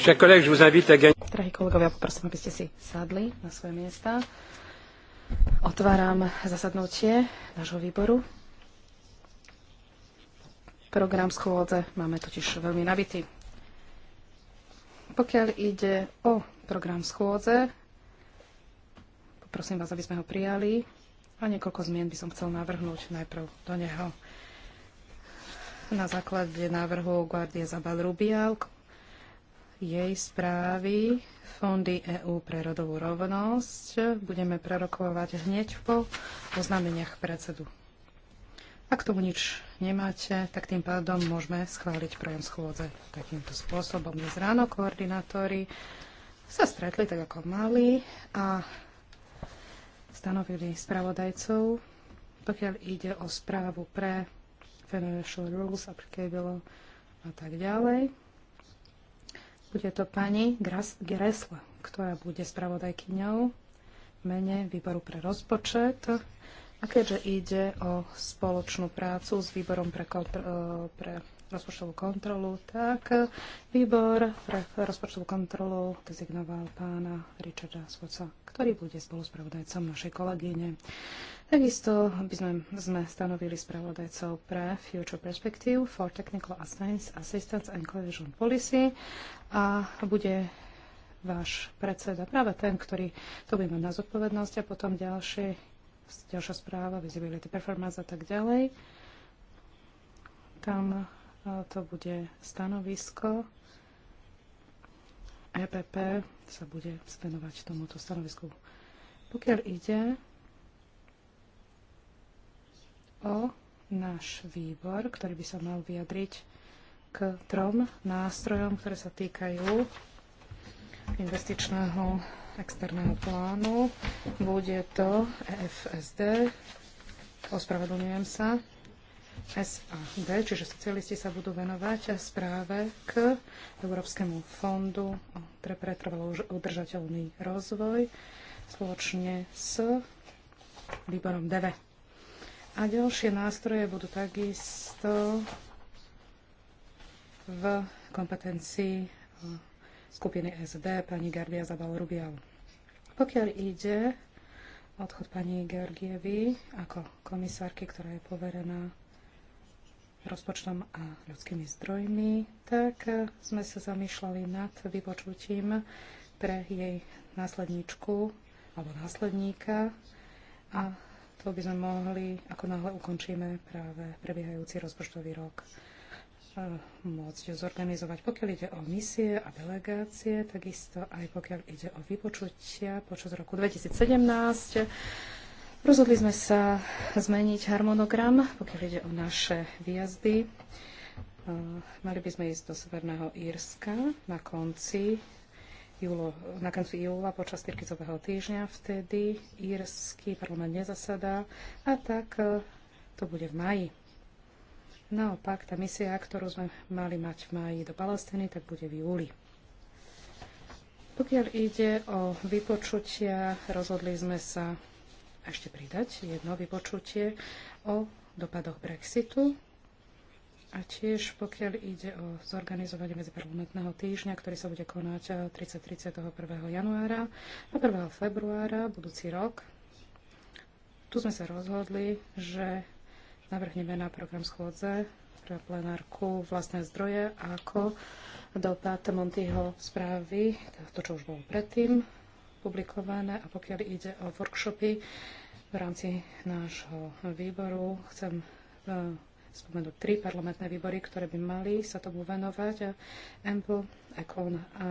Drahí kolegovia, poprosím, aby ste si sadli na svoje miesta. Otváram zasadnutie nášho výboru. Program schôdze máme totiž veľmi nabitý. Pokiaľ ide o program schôdze, poprosím vás, aby sme ho prijali a niekoľko zmien by som chcel navrhnúť najprv do neho na základe návrhu Guardie Zabal Rubial, jej správy Fondy EÚ pre rodovú rovnosť. Budeme prerokovať hneď po oznámeniach predsedu. Ak tomu nič nemáte, tak tým pádom môžeme schváliť program schôdze takýmto spôsobom. Dnes ráno koordinátori sa stretli tak, ako mali a stanovili spravodajcov, pokiaľ ide o správu pre Financial Rules, Applicable a tak ďalej. Bude to pani Gresl, ktorá bude spravodajkyňou v mene výboru pre rozpočet. A keďže ide o spoločnú prácu s výborom pre, kontr- e, pre rozpočtovú kontrolu, tak výbor pre rozpočtovú kontrolu dezignoval pána Richarda Svoca, ktorý bude spravodajcom našej kolegyne. Takisto by sme, sme stanovili spravodajcov pre Future Perspective for Technical Assistance Assistance and Cohesion Policy a bude váš predseda, práve ten, ktorý to bude mať na zodpovednosť a potom ďalšie, ďalšia správa, visibility performance a tak ďalej. Tam e, to bude stanovisko EPP sa bude venovať tomuto stanovisku. Pokiaľ ide o náš výbor, ktorý by sa mal vyjadriť k trom nástrojom, ktoré sa týkajú investičného externého plánu. Bude to EFSD, ospravedlňujem sa, SAD, čiže socialisti sa budú venovať správe k Európskemu fondu pre pretrvalo udržateľný rozvoj spoločne s výborom DV. A ďalšie nástroje budú takisto v kompetencii skupiny SD pani Gardia Zabal Rubial. Pokiaľ ide odchod pani Georgievi ako komisárky, ktorá je poverená rozpočtom a ľudskými zdrojmi, tak sme sa zamýšľali nad vypočutím pre jej následníčku alebo následníka a to by sme mohli, ako náhle ukončíme práve prebiehajúci rozpočtový rok, e, môcť zorganizovať. Pokiaľ ide o misie a delegácie, takisto aj pokiaľ ide o vypočutia počas roku 2017, rozhodli sme sa zmeniť harmonogram, pokiaľ ide o naše výjazdy. E, mali by sme ísť do Severného Írska na konci júlo, na konci júla počas Tyrkicového týždňa. Vtedy írsky parlament nezasadá a tak e, to bude v maji. Naopak, tá misia, ktorú sme mali mať v maji do Palestiny, tak bude v júli. Pokiaľ ide o vypočutia, rozhodli sme sa ešte pridať jedno vypočutie o dopadoch Brexitu a tiež pokiaľ ide o zorganizovanie medziparlamentného týždňa, ktorý sa bude konať 30.31. Eh, 31. januára a 1. februára budúci rok, tu sme sa rozhodli, že navrhneme na program schôdze pre plenárku vlastné zdroje ako dopad Montyho správy, to, čo už bolo predtým publikované. A pokiaľ ide o workshopy v rámci nášho výboru, chcem eh, spomenúť tri parlamentné výbory, ktoré by mali sa tomu venovať. EMPL, ECON a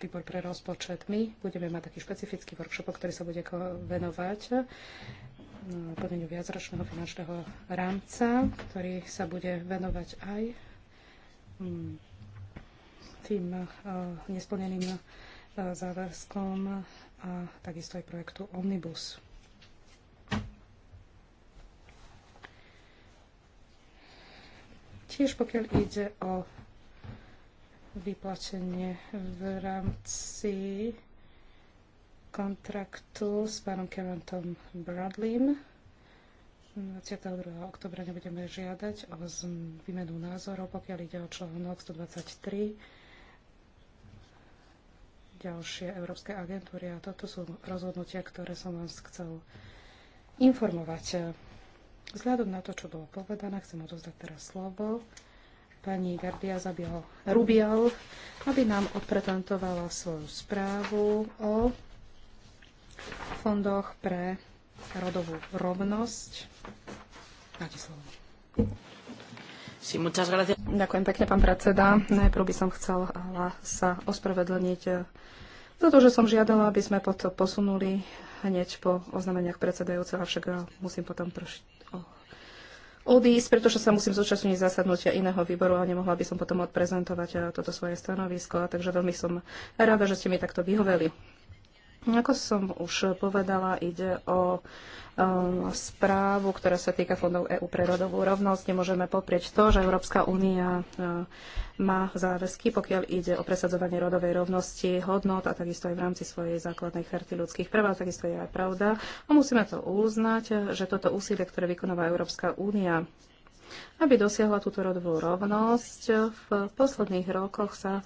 výbor pre rozpočet. My budeme mať taký špecifický workshop, ktorý sa bude venovať no, plneniu viacročného finančného rámca, ktorý sa bude venovať aj mm, tým e, nesplneným e, záväzkom a takisto aj projektu Omnibus. Tiež pokiaľ ide o vyplačenie v rámci kontraktu s pánom Kevantom Bradleym. 22. oktobra nebudeme žiadať o výmenu názorov, pokiaľ ide o článok 123 ďalšie európske agentúry. A toto sú rozhodnutia, ktoré som vás chcel informovať. Vzhľadom na to, čo bolo povedané, chcem odozdať teraz slovo pani Gardia Zabiel Rubial, aby nám odprezentovala svoju správu o fondoch pre rodovú rovnosť. Máte slovo. Ďakujem pekne, pán predseda. Najprv by som chcela sa ospravedlniť za to, že som žiadala, aby sme posunuli hneď po oznameniach predsedajúceho, avšak e, musím potom odísť, pretože sa musím zúčastniť zasadnutia iného výboru a nemohla by som potom odprezentovať eh, toto svoje stanovisko. Takže veľmi som rada, že ste mi takto vyhoveli. Ako som už povedala, ide o um, správu, ktorá sa týka fondov EÚ pre rodovú rovnosť. Nemôžeme poprieť to, že Európska únia uh, má záväzky, pokiaľ ide o presadzovanie rodovej rovnosti, hodnot a takisto aj v rámci svojej základnej charty ľudských práv, takisto je aj pravda. A musíme to uznať, že toto úsilie, ktoré vykonáva Európska únia aby dosiahla túto rodovú rovnosť, v posledných rokoch sa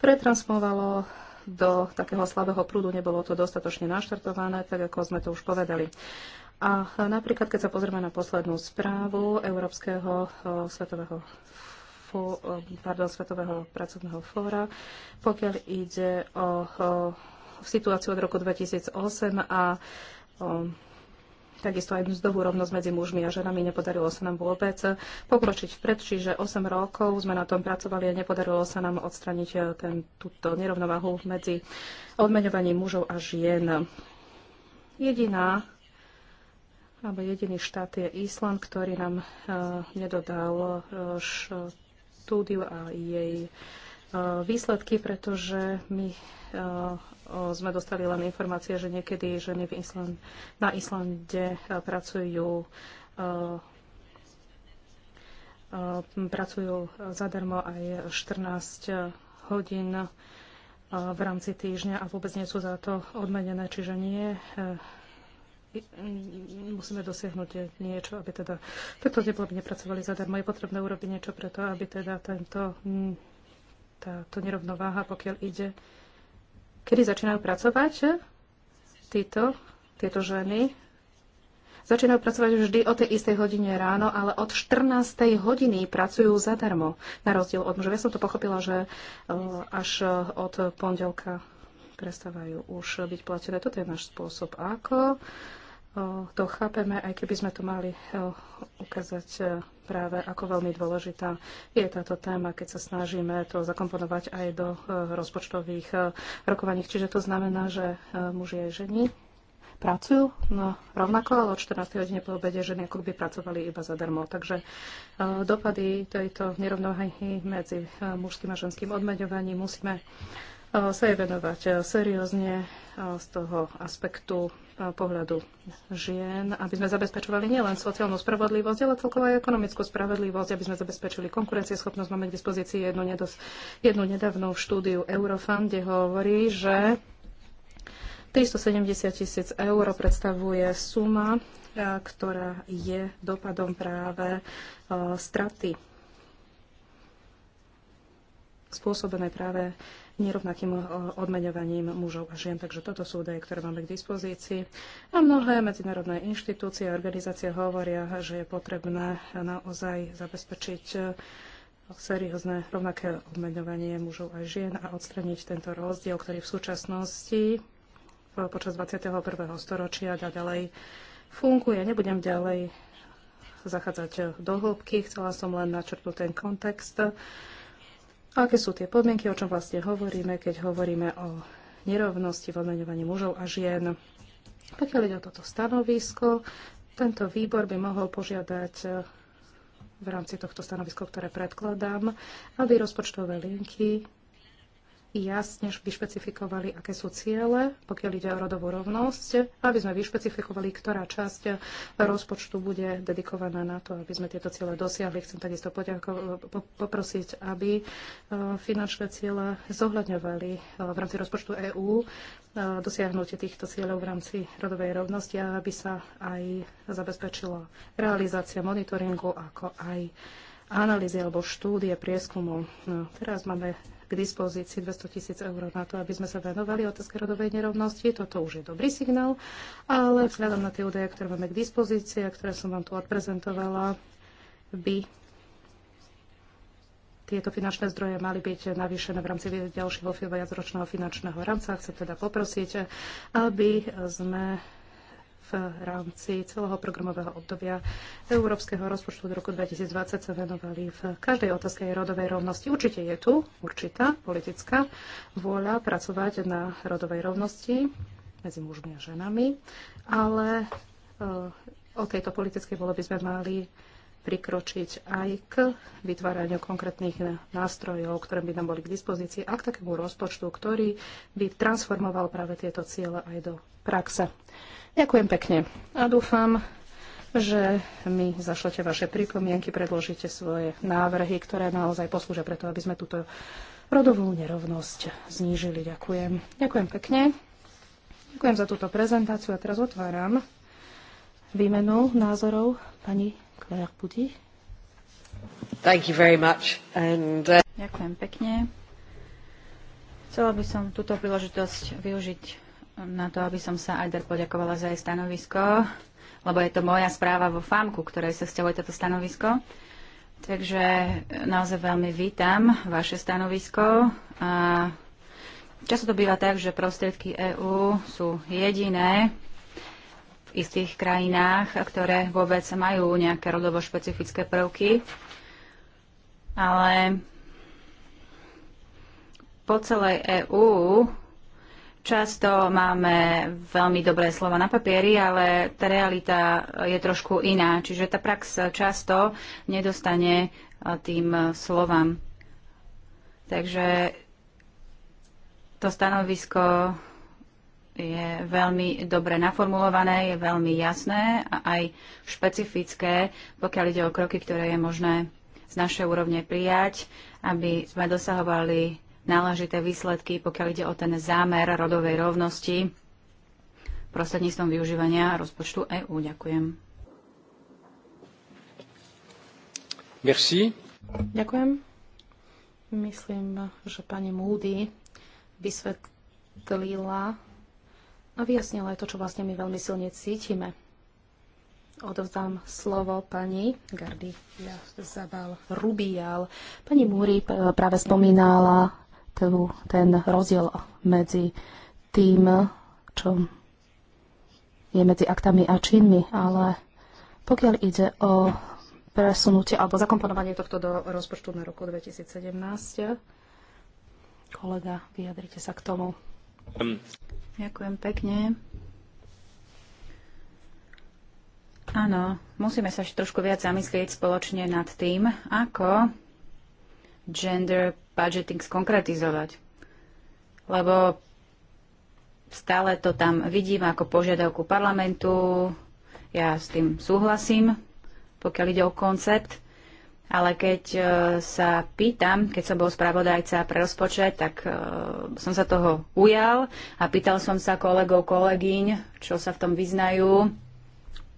pretransmovalo do takého slabého prúdu, nebolo to dostatočne naštartované, tak ako sme to už povedali. A napríklad, keď sa pozrieme na poslednú správu Európskeho eh, svetového eh, pardon, Svetového pracovného fóra, pokiaľ ide o, o situáciu od roku 2008 a o, takisto aj mzdovú rovnosť medzi mužmi a ženami. Nepodarilo sa nám vôbec pokročiť vpred, čiže 8 rokov sme na tom pracovali a nepodarilo sa nám odstraniť eh, ten, túto nerovnováhu medzi odmeňovaním mužov a žien. Jediná alebo jediný štát je Island, ktorý nám uh, nedodal uh, štúdiu a jej uh, výsledky, pretože my sme dostali len informácie, že niekedy ženy v Island, na Islande e, pracujú e, e, pracujú zadarmo aj 14 hodín v rámci týždňa a vôbec nie sú za to odmenené, čiže nie musíme dosiahnuť niečo, aby teda preto teploby nepracovali zadarmo. Je potrebné urobiť niečo preto, aby teda tento, táto nerovnováha, pokiaľ ide Kedy začínajú pracovať títo, tieto ženy? Začínajú pracovať vždy o tej istej hodine ráno, ale od 14. hodiny pracujú zadarmo. Na rozdiel od mužov. Ja som to pochopila, že e, až e, od pondelka prestávajú už byť platené. Toto je náš spôsob, ako to chápeme, aj keby sme to mali ukázať e, práve ako veľmi dôležitá je táto téma, keď sa snažíme to zakomponovať aj do e, rozpočtových e, rokovaní. Čiže to znamená, že muži aj ženy pracujú no, rovnako, ale od 14. hodine po obede ženy ako by pracovali iba zadarmo. Takže dopady tejto nerovnováhy medzi mužským a ženským odmeňovaním musíme sa je venovať seriózne z toho aspektu E, pohľadu žien, aby sme zabezpečovali nielen sociálnu spravodlivosť, ale celkovo aj ekonomickú spravodlivosť, aby sme zabezpečili konkurencieschopnosť. Máme k dispozícii jednu, nedos, jednu nedávnu štúdiu Eurofund, kde hovorí, že 370 tisíc eur predstavuje suma, e, ktorá je dopadom práve e, straty spôsobené práve nerovnakým eh, odmeňovaním mužov a žien. Takže toto sú údaje, ktoré máme k dispozícii. A mnohé medzinárodné inštitúcie a organizácie hovoria, že je potrebné naozaj zabezpečiť eh, seriózne rovnaké odmeňovanie mužov a žien a odstraniť tento rozdiel, ktorý v súčasnosti eh, počas 21. storočia a ďalej funguje. Nebudem ďalej zachádzať do hĺbky, chcela som len načrtnúť ten kontext Aké sú tie podmienky, o čom vlastne hovoríme, keď hovoríme o nerovnosti v odmeňovaní mužov a žien? Pokiaľ ide o toto stanovisko, tento výbor by mohol požiadať eh, v rámci tohto stanoviska, ktoré predkladám, aby rozpočtové linky jasne vyšpecifikovali, aké sú ciele, pokiaľ ide o rodovú rovnosť, aby sme vyšpecifikovali, ktorá časť rozpočtu bude dedikovaná na to, aby sme tieto ciele dosiahli. Chcem takisto poprosiť, aby e, finančné ciele zohľadňovali e, v rámci rozpočtu EÚ e, dosiahnutie týchto cieľov v rámci rodovej rovnosti, a aby sa aj zabezpečila realizácia monitoringu, ako aj analýzy alebo štúdie prieskumu. No, teraz máme k dispozícii 200 tisíc eur na to, aby sme sa venovali otázke rodovej nerovnosti. Toto už je dobrý signál, ale vzhľadom na tie údaje, ktoré máme k dispozícii a ktoré som vám tu odprezentovala, by tieto finančné zdroje mali byť navýšené v rámci ďalšieho viacročného finančného rámca. Chcem teda poprosiť, aby sme v rámci celého programového obdobia Európskeho rozpočtu od roku 2020 sa venovali v každej otázke rodovej rovnosti. Určite je tu určitá politická vôľa pracovať na rodovej rovnosti medzi mužmi a ženami, ale eh, o tejto politickej vôle by sme mali prikročiť aj k vytváraniu konkrétnych nástrojov, ktoré by nám boli k dispozícii a k takému rozpočtu, ktorý by transformoval práve tieto ciele aj do praxe. Ďakujem pekne a dúfam, že mi zašlete vaše pripomienky, predložíte svoje návrhy, ktoré naozaj poslúžia preto, aby sme túto rodovú nerovnosť znížili. Ďakujem. Ďakujem pekne. Ďakujem za túto prezentáciu a teraz otváram výmenu názorov pani Claire Budi. Thank you very much. And, uh... Ďakujem pekne. Chcela by som túto príležitosť využiť na to, aby som sa Ajder poďakovala za jej stanovisko, lebo je to moja správa vo FAMku, ktorej sa vzťahuje toto stanovisko. Takže naozaj veľmi vítam vaše stanovisko. A často to býva tak, že prostriedky EÚ sú jediné v istých krajinách, ktoré vôbec majú nejaké rodovo špecifické prvky. Ale po celej EÚ Často máme veľmi dobré slova na papieri, ale tá realita je trošku iná. Čiže tá prax často nedostane e, tým slovám. Takže to stanovisko je veľmi dobre naformulované, je veľmi jasné a aj špecifické, pokiaľ ide o kroky, ktoré je možné z našej úrovne prijať, aby sme dosahovali náležité výsledky, pokiaľ ide o ten zámer rodovej rovnosti prostredníctvom využívania rozpočtu EÚ. Ďakujem. Merci. Ďakujem. Myslím, že pani Moody vysvetlila a vyjasnila aj to, čo vlastne my veľmi silne cítime. Odovzdám slovo pani Gardy ja, Zabal Rubial. Pani Múri e, práve spomínala tú, ten rozdiel medzi tým, čo je medzi aktami a činmi, ale pokiaľ ide o presunutie alebo zakomponovanie tohto do rozpočtu na roku 2017, kolega, vyjadrite sa k tomu. Ďakujem pekne. Áno, musíme sa ešte trošku viac zamyslieť spoločne nad tým, ako gender budgeting skonkretizovať. Lebo stále to tam vidím ako požiadavku parlamentu, ja s tým súhlasím, pokiaľ ide o koncept, ale keď e, sa pýtam, keď som bol spravodajca pre rozpočet, tak e, som sa toho ujal a pýtal som sa kolegov, kolegyň, čo sa v tom vyznajú,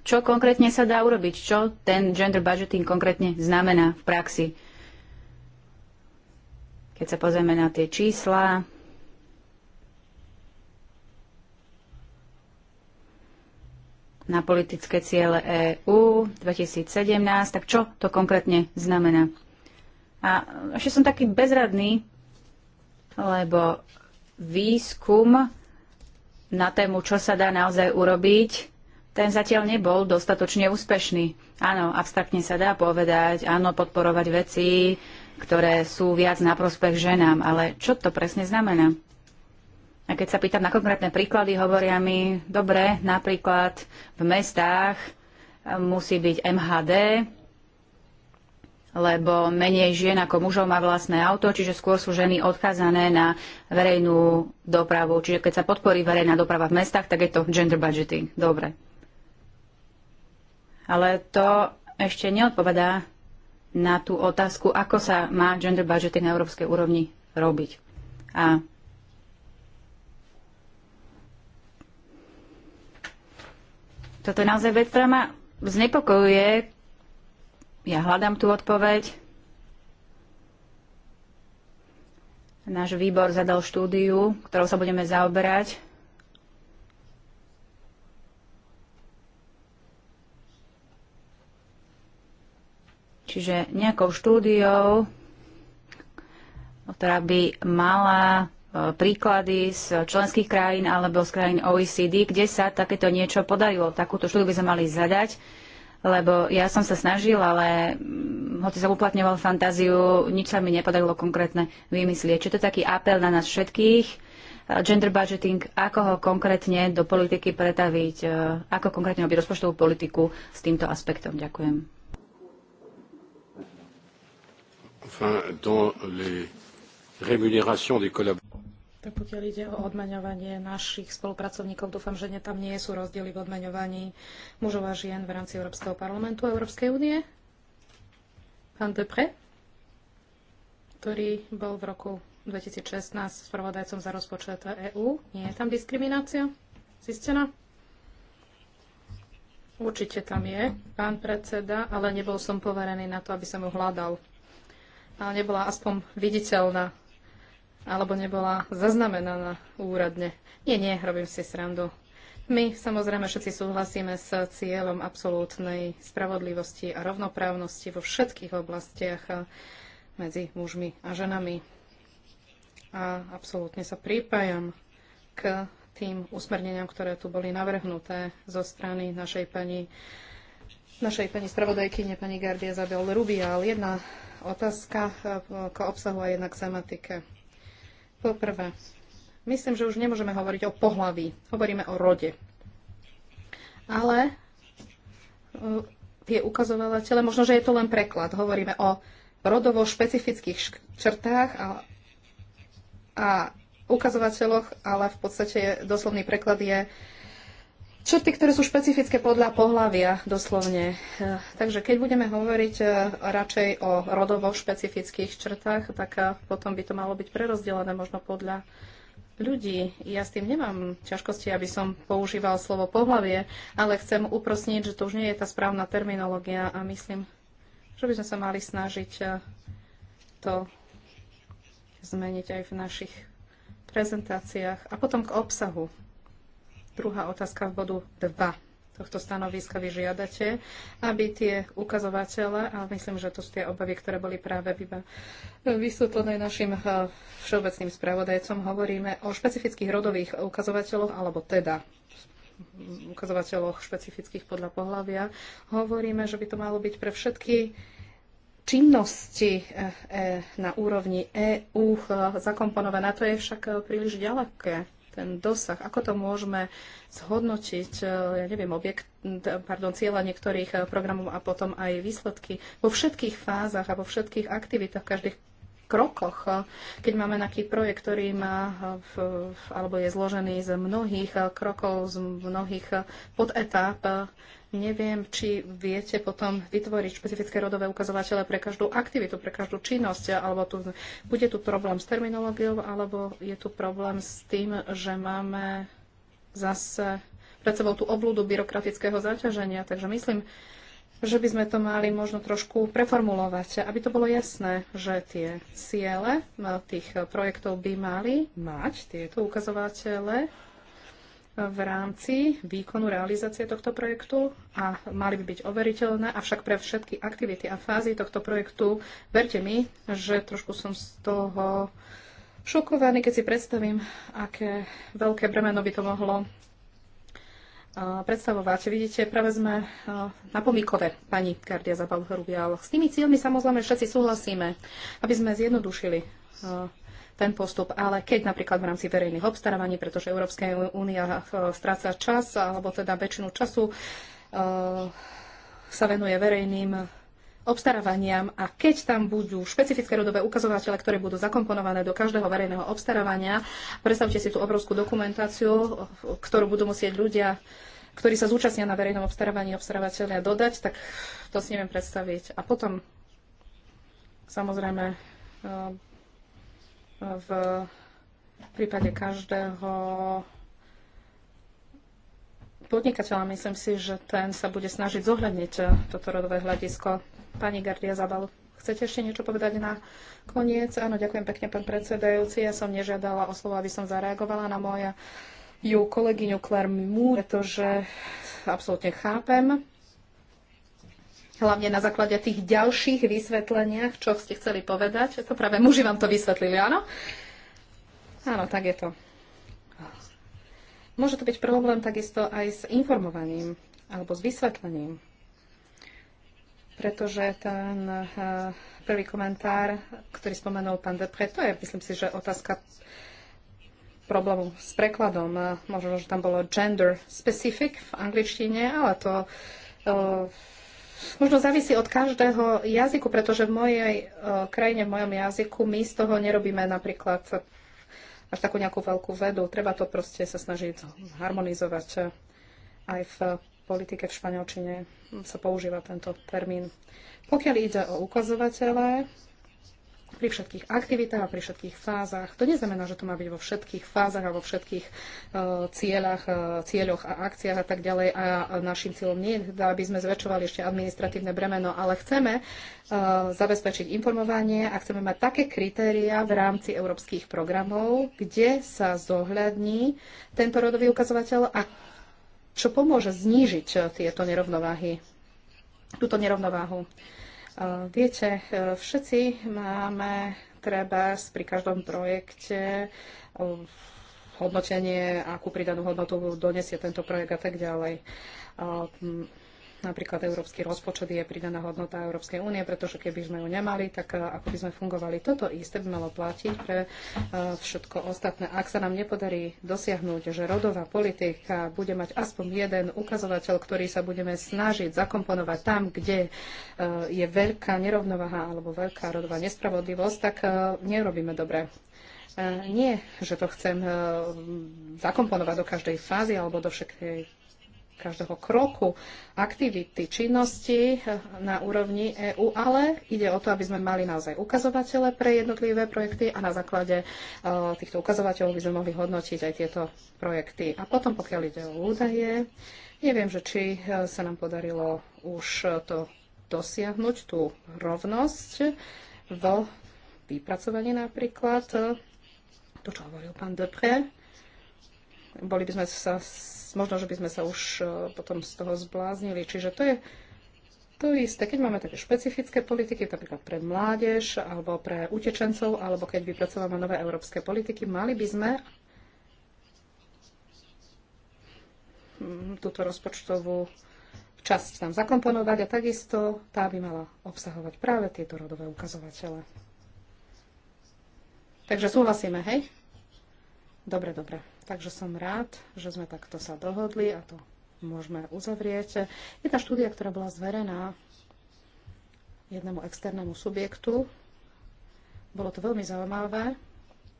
čo konkrétne sa dá urobiť, čo ten gender budgeting konkrétne znamená v praxi. Keď sa pozrieme na tie čísla, na politické ciele EÚ 2017, tak čo to konkrétne znamená? A ešte som taký bezradný, lebo výskum na tému, čo sa dá naozaj urobiť, ten zatiaľ nebol dostatočne úspešný. Áno, abstraktne sa dá povedať, áno, podporovať veci, ktoré sú viac na prospech ženám. Ale čo to presne znamená? A keď sa pýtam na konkrétne príklady, hovoria mi, dobre, napríklad v mestách eh, musí byť MHD, lebo menej žien ako mužov má vlastné auto, čiže skôr sú ženy odkázané na verejnú dopravu. Čiže keď sa podporí verejná doprava v mestách, tak je to gender budgeting. Dobre. Ale to ešte neodpovedá na tú otázku, ako sa má gender budgeting na európskej úrovni robiť. A toto je naozaj vec, ktorá ma znepokojuje. Ja hľadám tú odpoveď. Náš výbor zadal štúdiu, ktorou sa budeme zaoberať Čiže nejakou štúdiou, ktorá by mala e, príklady z členských krajín alebo z krajín OECD, kde sa takéto niečo podarilo. Takúto štúdiu by sme mali zadať, lebo ja som sa snažil, ale mm, hoci som uplatňoval fantáziu, nič sa mi nepodarilo konkrétne vymyslieť. Čiže to je taký apel na nás všetkých. E, gender budgeting, ako ho konkrétne do politiky pretaviť, e, ako konkrétne robiť rozpočtovú politiku s týmto aspektom. Ďakujem. enfin dans les rémunérations des collaborateurs. Tak pokiaľ ide o odmaňovanie našich spolupracovníkov, dúfam, že tam nie sú rozdiely v odmaňovaní mužov a žien v rámci Európskeho parlamentu a Európskej únie. Pán Depre, ktorý bol v roku 2016 spravodajcom za rozpočet EÚ, nie je tam diskriminácia? Zistená? Určite tam je, pán predseda, ale nebol som poverený na to, aby som ju hľadal nebola aspoň viditeľná alebo nebola zaznamenaná úradne. Nie, nie, robím si srandu. My samozrejme všetci súhlasíme s cieľom absolútnej spravodlivosti a rovnoprávnosti vo všetkých oblastiach medzi mužmi a ženami. A absolútne sa prípajam k tým usmerneniam, ktoré tu boli navrhnuté zo strany našej pani, našej pani spravodajkyne, pani Gardia Zabel Rubial. Jedna otázka eh, k obsahu a jednak sematike. Poprvé, myslím, že už nemôžeme hovoriť o pohlaví, hovoríme o rode. Ale tie eh, ukazovateľe, možno, že je to len preklad, hovoríme o rodovo špecifických črtách a, a ukazovateľoch, ale v podstate doslovný preklad je črty, ktoré sú špecifické podľa pohlavia, doslovne. E, takže keď budeme hovoriť e, radšej o rodovo špecifických črtách, tak e, potom by to malo byť prerozdelené možno podľa ľudí. Ja s tým nemám ťažkosti, aby som používal slovo pohlavie, ale chcem uprosniť, že to už nie je tá správna terminológia a myslím, že by sme sa mali snažiť to zmeniť aj v našich prezentáciách. A potom k obsahu. Druhá otázka v bodu 2 tohto stanoviska vy žiadate, aby tie ukazovatele, a myslím, že to sú tie obavy, ktoré boli práve vysvetlené našim eh, všeobecným spravodajcom, hovoríme o špecifických rodových ukazovateľoch, alebo teda ukazovateľoch špecifických podľa pohľavia. Hovoríme, že by to malo byť pre všetky činnosti eh, eh, na úrovni EU zakomponované. To je však príliš ďaleké ten dosah, ako to môžeme zhodnotiť, eh, ja neviem, objekt, pardon, cieľa niektorých eh, programov a potom aj výsledky vo všetkých fázach a vo všetkých aktivitách, každých krokoch. Keď máme nejaký projekt, ktorý má v, alebo je zložený z mnohých krokov, z mnohých podetáp, Neviem, či viete potom vytvoriť špecifické rodové ukazovatele pre každú aktivitu, pre každú činnosť, alebo tu, bude tu problém s terminológiou, alebo je tu problém s tým, že máme zase pred sebou tú oblúdu byrokratického zaťaženia. Takže myslím, že by sme to mali možno trošku preformulovať, aby to bolo jasné, že tie ciele e, tých projektov by mali mať tieto ukazovatele e, v rámci výkonu realizácie tohto projektu a mali by byť overiteľné, avšak pre všetky aktivity a fázy tohto projektu, verte mi, že trošku som z toho šokovaný, keď si predstavím, aké veľké bremeno by to mohlo predstavovať. Vidíte, práve sme na pomíkove, pani Kardia Zabal Hrubial. S tými cieľmi samozrejme všetci súhlasíme, aby sme zjednodušili ten postup, ale keď napríklad v rámci verejných obstarávaní, pretože Európska únia stráca čas, alebo teda väčšinu času sa venuje verejným obstarávaniam a keď tam budú špecifické rodové ukazovatele, ktoré budú zakomponované do každého verejného obstarávania, predstavte si tú obrovskú dokumentáciu, ktorú budú musieť ľudia ktorí sa zúčastnia na verejnom obstarávaní obstarávateľia dodať, tak to si neviem predstaviť. A potom samozrejme eh, v prípade každého podnikateľa myslím si, že ten sa bude snažiť zohľadniť eh, toto rodové hľadisko Pani Gardia Zabal, chcete ešte niečo povedať na koniec? Áno, ďakujem pekne, pán predsedajúci. Ja som nežiadala o slovo, aby som zareagovala na moja ju kolegyňu Claire Mu, pretože absolútne chápem, hlavne na základe tých ďalších vysvetleniach, čo ste chceli povedať. To práve muži vám to vysvetlili, áno? Áno, tak je to. Môže to byť problém takisto aj s informovaním alebo s vysvetlením pretože ten eh, prvý komentár, ktorý spomenul pán Depre, to je, myslím si, že otázka problému s prekladom. Eh, možno, že tam bolo gender specific v angličtine, ale to eh, možno závisí od každého jazyku, pretože v mojej krajine, v mojom jazyku, my z toho nerobíme napríklad až takú nejakú veľkú vedu. Treba to proste sa snažiť harmonizovať aj v politike v španielčine sa používa tento termín. Pokiaľ ide o ukazovatele, pri všetkých aktivitách a pri všetkých fázach. To neznamená, že to má byť vo všetkých fázach a vo všetkých uh, cieľach, uh, cieľoch a akciách a tak ďalej. A, a našim cieľom nie je, aby sme zväčšovali ešte administratívne bremeno, ale chceme uh, zabezpečiť informovanie a chceme mať také kritéria v rámci európskych programov, kde sa zohľadní tento rodový ukazovateľ a čo pomôže znížiť e, tieto nerovnováhy, túto nerovnováhu. E, viete, e, všetci máme treba pri každom projekte hodnotenie, akú pridanú hodnotu donesie tento projekt a tak ďalej. Napríklad európsky rozpočet je pridaná hodnota Európskej únie, pretože keby sme ju nemali, tak eh, ako by sme fungovali toto isté, by malo platiť pre eh, všetko ostatné. Ak sa nám nepodarí dosiahnuť, že rodová politika bude mať aspoň jeden ukazovateľ, ktorý sa budeme snažiť zakomponovať tam, kde eh, je veľká nerovnováha alebo veľká rodová nespravodlivosť, tak nerobíme dobre nie, že to chcem zakomponovať do každej fázy alebo do všetkej každého kroku aktivity, činnosti eh, na úrovni EÚ, ale ide o to, aby sme mali naozaj ukazovatele pre jednotlivé projekty a na základe eh, týchto ukazovateľov by sme mohli hodnotiť aj tieto projekty. A potom, pokiaľ ide o údaje, neviem, že či eh, sa nám podarilo už to dosiahnuť, tú rovnosť v vypracovaní napríklad, to, čo hovoril pán Depré, boli by sme sa, možno, že by sme sa už e, potom z toho zbláznili. Čiže to je to isté, keď máme také špecifické politiky, napríklad pre mládež alebo pre utečencov, alebo keď vypracováme nové európske politiky, mali by sme túto rozpočtovú časť tam zakomponovať a takisto tá by mala obsahovať práve tieto rodové ukazovatele. Takže súhlasíme, hej? Dobre, dobre. Takže som rád, že sme takto sa dohodli a to môžeme uzavrieť. Je tá štúdia, ktorá bola zverená jednému externému subjektu, bolo to veľmi zaujímavé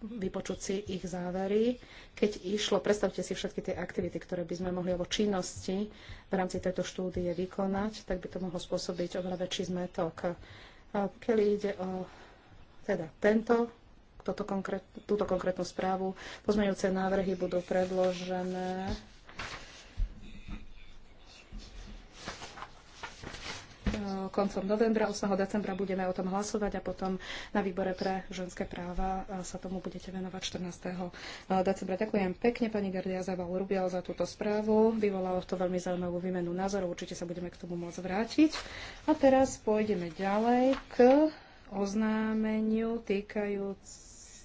vypočuť si ich závery, keď išlo, predstavte si všetky tie aktivity, ktoré by sme mohli, alebo činnosti v rámci tejto štúdie vykonať, tak by to mohlo spôsobiť oveľa väčší zmetok. Keď ide o teda tento toto konkrét, túto konkrétnu správu. Pozmeňujúce návrhy budú predložené koncom novembra, 8. decembra budeme o tom hlasovať a potom na výbore pre ženské práva sa tomu budete venovať 14. decembra. Ďakujem pekne pani Gardia Zabal Rubial za túto správu. Vyvolalo to veľmi zaujímavú výmenu názorov, určite sa budeme k tomu môcť vrátiť. A teraz pôjdeme ďalej k oznámeniu týkajúc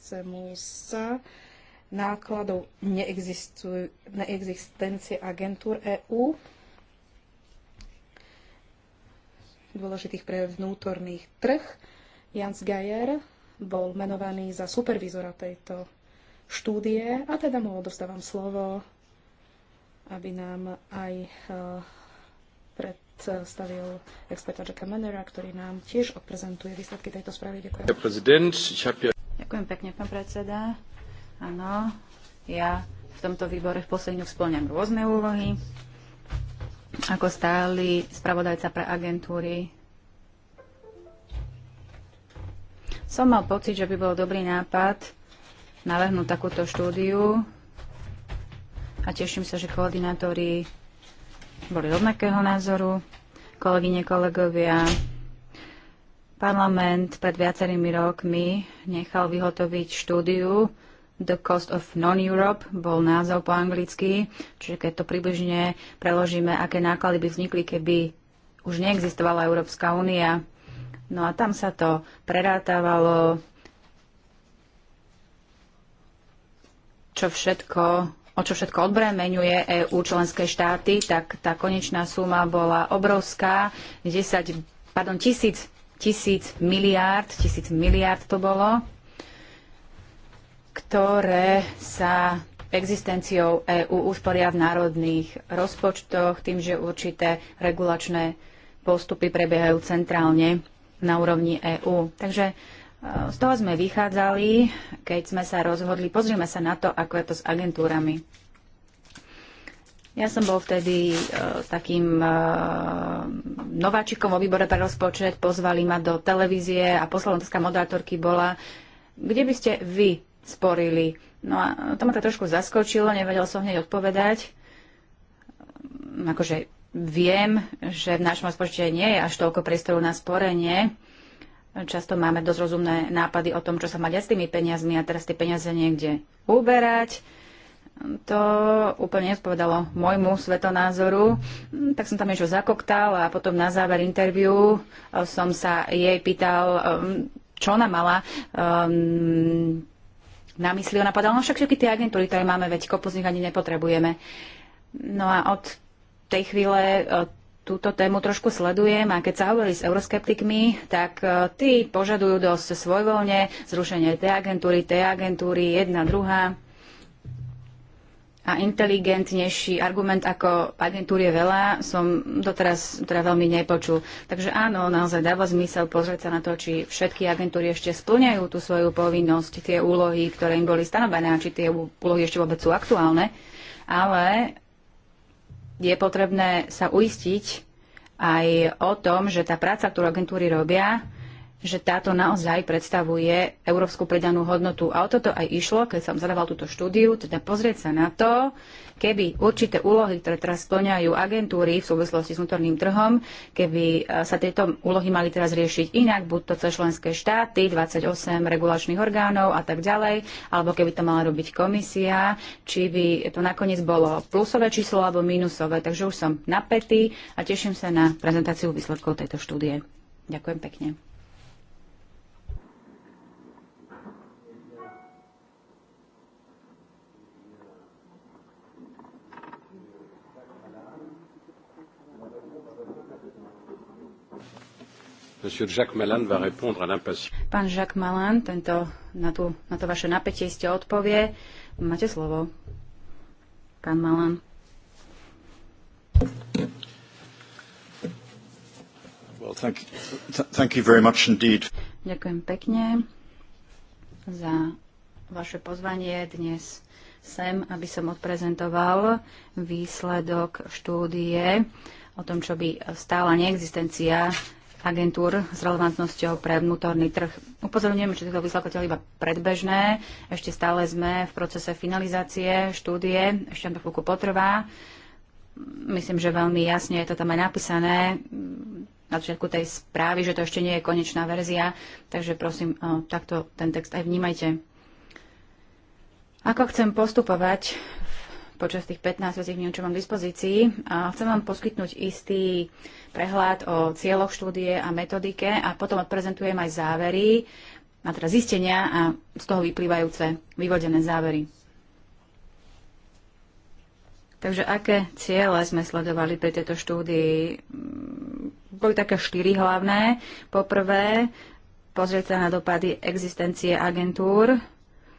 týkajúcemu sa nákladov neexistencie agentúr EÚ, dôležitých pre vnútorných trh. Jans Geier bol menovaný za supervizora tejto štúdie a teda mu odostávam slovo, aby nám aj eh, predstavil experta Jacka Mannera, ktorý nám tiež odprezentuje výsledky tejto správy. Ďakujem. Ďakujem pekne, pán predseda. Áno, ja v tomto výbore v posledňu splňam rôzne úlohy. Ako stály spravodajca pre agentúry som mal pocit, že by bol dobrý nápad navrhnúť takúto štúdiu a teším sa, že koordinátori boli rovnakého názoru. Kolegyne, kolegovia, Parlament pred viacerými rokmi nechal vyhotoviť štúdiu The Cost of Non-Europe, bol názov po anglicky, čiže keď to približne preložíme, aké náklady by vznikli, keby už neexistovala Európska únia. No a tam sa to prerátavalo, čo všetko, o čo všetko odbremenuje EU členské štáty, tak tá konečná suma bola obrovská, 10, pardon, tisíc tisíc miliárd, tisíc miliárd to bolo, ktoré sa existenciou EÚ usporia v národných rozpočtoch, tým, že určité regulačné postupy prebiehajú centrálne na úrovni EÚ. Takže e, z toho sme vychádzali, keď sme sa rozhodli, pozrime sa na to, ako je to s agentúrami. Ja som bol vtedy uh, takým uh, nováčikom vo výbore pre rozpočet, pozvali ma do televízie a posledná moderátorky bola, kde by ste vy sporili? No a to ma to trošku zaskočilo, nevedel som hneď odpovedať. Akože viem, že v našom rozpočte nie je až toľko priestoru na sporenie. Často máme dosť rozumné nápady o tom, čo sa má s tými peniazmi a teraz tie peniaze niekde uberať to úplne odpovedalo môjmu svetonázoru. Tak som tam niečo zakoktal a potom na záver interviu eh, som sa jej pýtal, eh, čo ona mala um, na mysli. Ona povedala, no však všetky tie agentúry, ktoré máme, veď kopu z nich ani nepotrebujeme. No a od tej chvíle eh, túto tému trošku sledujem a keď sa hovorí s euroskeptikmi, tak tí požadujú dosť svojvoľne zrušenie tej agentúry, tej agentúry, jedna, druhá a inteligentnejší argument ako agentúr je veľa, som doteraz teda veľmi nepočul. Takže áno, naozaj dáva zmysel pozrieť sa na to, či všetky agentúry ešte splňajú tú svoju povinnosť, tie úlohy, ktoré im boli stanovené, a či tie úlohy ešte vôbec sú aktuálne. Ale je potrebné sa uistiť aj o tom, že tá práca, ktorú agentúry robia, že táto naozaj predstavuje európsku pridanú hodnotu. A o toto aj išlo, keď som zadával túto štúdiu, teda pozrieť sa na to, keby určité úlohy, ktoré teraz splňajú agentúry v súvislosti s vnútorným trhom, keby e, sa tieto úlohy mali teraz riešiť inak, buď to cez členské štáty, 28 regulačných orgánov a tak ďalej, alebo keby to mala robiť komisia, či by to nakoniec bolo plusové číslo alebo minusové. Takže už som napätý a teším sa na prezentáciu výsledkov tejto štúdie. Ďakujem pekne. Pán Jacques Malan, tento, na, tú, na to vaše napätie ste odpovie. Máte slovo. Pán Malan. Well, thank you, thank you very much indeed. Ďakujem pekne za vaše pozvanie dnes sem, aby som odprezentoval výsledok štúdie o tom, čo by stála neexistencia agentúr s relevantnosťou pre vnútorný trh. Upozorňujeme, že tieto výsledky iba predbežné. Ešte stále sme v procese finalizácie štúdie. Ešte to chvíľku potrvá. Myslím, že veľmi jasne je to tam aj napísané na začiatku tej správy, že to ešte nie je konečná verzia. Takže prosím, eh, takto ten text aj vnímajte. Ako chcem postupovať počas tých 15 minút, čo mám v dispozícii. A chcem vám poskytnúť istý prehľad o cieľoch štúdie a metodike a potom odprezentujem aj závery, a teda zistenia a z toho vyplývajúce vyvodené závery. Takže aké ciele sme sledovali pri tejto štúdii? Boli také štyri hlavné. Poprvé, pozrieť sa na dopady existencie agentúr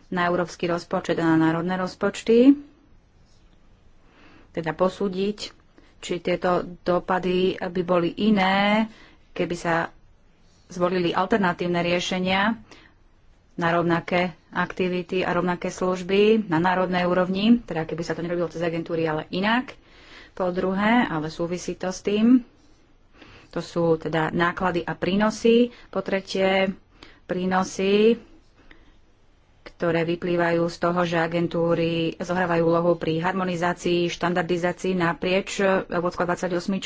na európsky rozpočet a na národné rozpočty teda posúdiť, či tieto dopady by boli iné, keby sa zvolili alternatívne riešenia na rovnaké aktivity a rovnaké služby na národnej úrovni, teda keby sa to nerobilo cez agentúry, ale inak. Po druhé, ale súvisí to s tým, to sú teda náklady a prínosy. Po tretie, prínosy ktoré vyplývajú z toho, že agentúry zohrávajú úlohu pri harmonizácii, štandardizácii naprieč e, Európskou 28.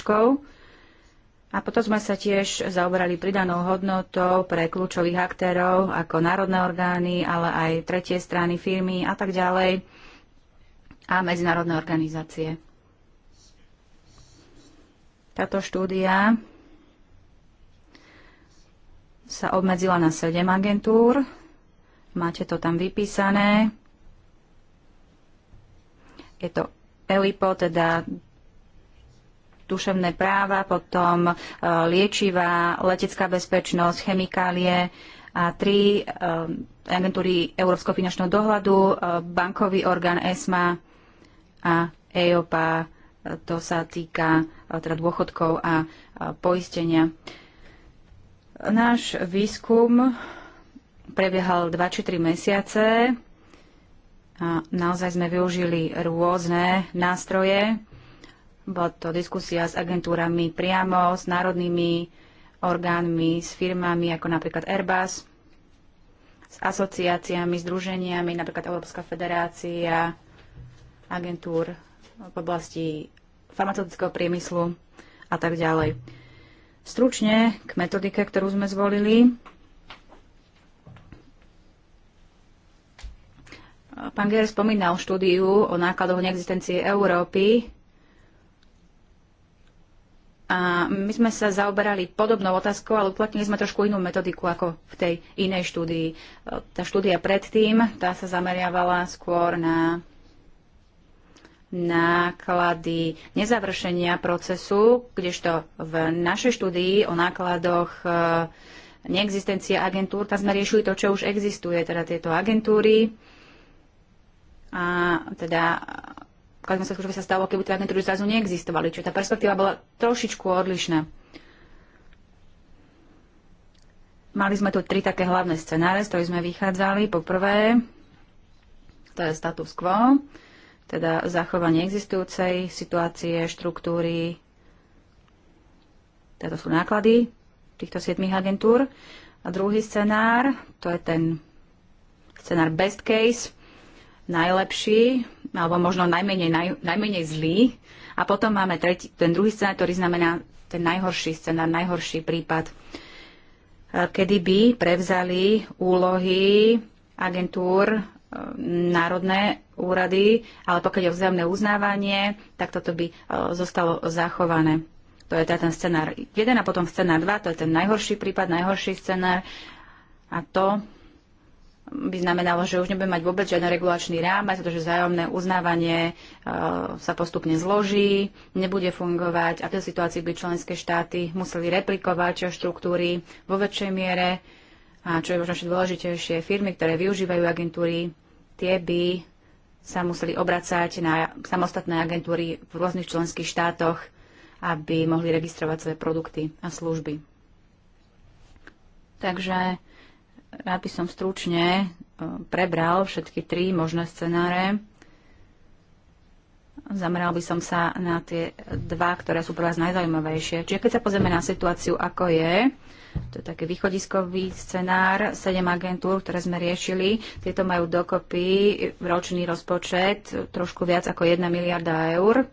A potom sme sa tiež zaoberali pridanou hodnotou pre kľúčových aktérov ako národné orgány, ale aj tretie strany, firmy a tak ďalej a medzinárodné organizácie. Táto štúdia sa obmedzila na 7 agentúr Máte to tam vypísané. Je to ELIPO, teda duševné práva, potom e, liečivá, letecká bezpečnosť, chemikálie a tri e, agentúry Európskeho finančného dohľadu, e, bankový orgán ESMA a EOPA. To sa týka teda dôchodkov a poistenia. Náš výskum prebiehal 2 či 3 mesiace a naozaj sme využili rôzne nástroje. Bola to diskusia s agentúrami priamo, s národnými orgánmi, s firmami ako napríklad Airbus, s asociáciami, združeniami, napríklad Európska federácia agentúr v oblasti farmaceutického priemyslu a tak ďalej. Stručne k metodike, ktorú sme zvolili. Pán Ger spomínal štúdiu o nákladoch neexistencie Európy. A my sme sa zaoberali podobnou otázkou, ale uplatnili sme trošku inú metodiku ako v tej inej štúdii. Tá štúdia predtým, tá sa zameriavala skôr na náklady nezavršenia procesu, kdežto v našej štúdii o nákladoch e, neexistencie agentúr, tam sme riešili to, čo už existuje, teda tieto agentúry, a teda kladme sa skôr, sa stalo, keby teda druhy zrazu neexistovali. Čiže tá perspektíva bola trošičku odlišná. Mali sme tu tri také hlavné scenáre, z ktorých sme vychádzali. Po prvé, to je status quo, teda zachovanie existujúcej situácie, štruktúry, teda sú náklady týchto siedmých agentúr. A druhý scenár, to je ten scenár best case, najlepší, alebo možno najmenej, naj, najmenej zlý. A potom máme tretí, ten druhý scenár, ktorý znamená ten najhorší scenár, najhorší prípad, e, kedy by prevzali úlohy agentúr e, národné úrady, ale pokiaľ je vzájomné uznávanie, tak toto by e, zostalo zachované. To je teda ten scenár 1 a potom scenár 2, to je ten najhorší prípad, najhorší scenár a to by znamenalo, že už nebudeme mať vôbec žiadny regulačný rámec, pretože vzájomné uznávanie e, sa postupne zloží, nebude fungovať a v tej situácii by členské štáty museli replikovať štruktúry vo väčšej miere a čo je možno dôležitejšie, firmy, ktoré využívajú agentúry, tie by sa museli obracať na samostatné agentúry v rôznych členských štátoch, aby mohli registrovať svoje produkty a služby. Takže Rád by som stručne e, prebral všetky tri možné scenáre. Zameral by som sa na tie dva, ktoré sú pre vás najzaujímavejšie. Čiže keď sa pozrieme na situáciu, ako je, to je taký východiskový scenár, sedem agentúr, ktoré sme riešili, tieto majú dokopy ročný rozpočet trošku viac ako 1 miliarda eur,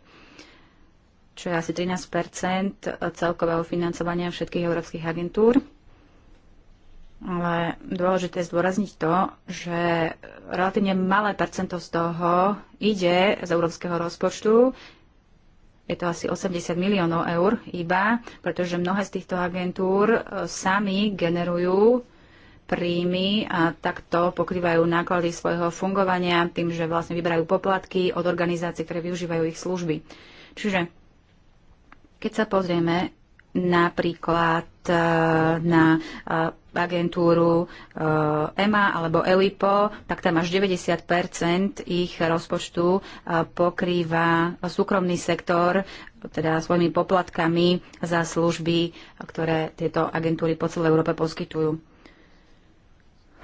čo je asi 13 celkového financovania všetkých európskych agentúr. Ale dôležité je zdôrazniť to, že relatívne malé percento z toho ide z európskeho rozpočtu. Je to asi 80 miliónov eur iba, pretože mnohé z týchto agentúr e, sami generujú príjmy a takto pokrývajú náklady svojho fungovania tým, že vlastne vyberajú poplatky od organizácií, ktoré využívajú ich služby. Čiže keď sa pozrieme napríklad e, na e, agentúru EMA e alebo ELIPO, tak tam až 90 ich rozpočtu pokrýva súkromný sektor, teda svojimi poplatkami za služby, ktoré tieto agentúry po celej Európe poskytujú.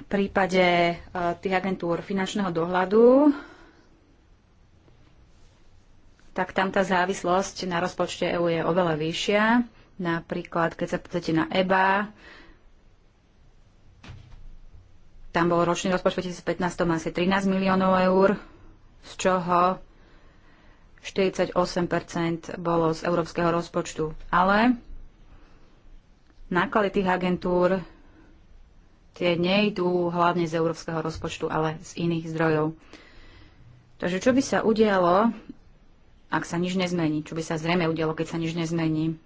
V prípade tých agentúr finančného dohľadu tak tam tá závislosť na rozpočte EÚ je oveľa vyššia Napríklad, keď sa pozrite na EBA, tam bol ročný rozpočet 2015 asi 13 miliónov eur, z čoho 48% bolo z európskeho rozpočtu. Ale náklady tých agentúr tie nejdú hlavne z európskeho rozpočtu, ale z iných zdrojov. Takže čo by sa udialo, ak sa nič nezmení? Čo by sa zrejme udialo, keď sa nič nezmení?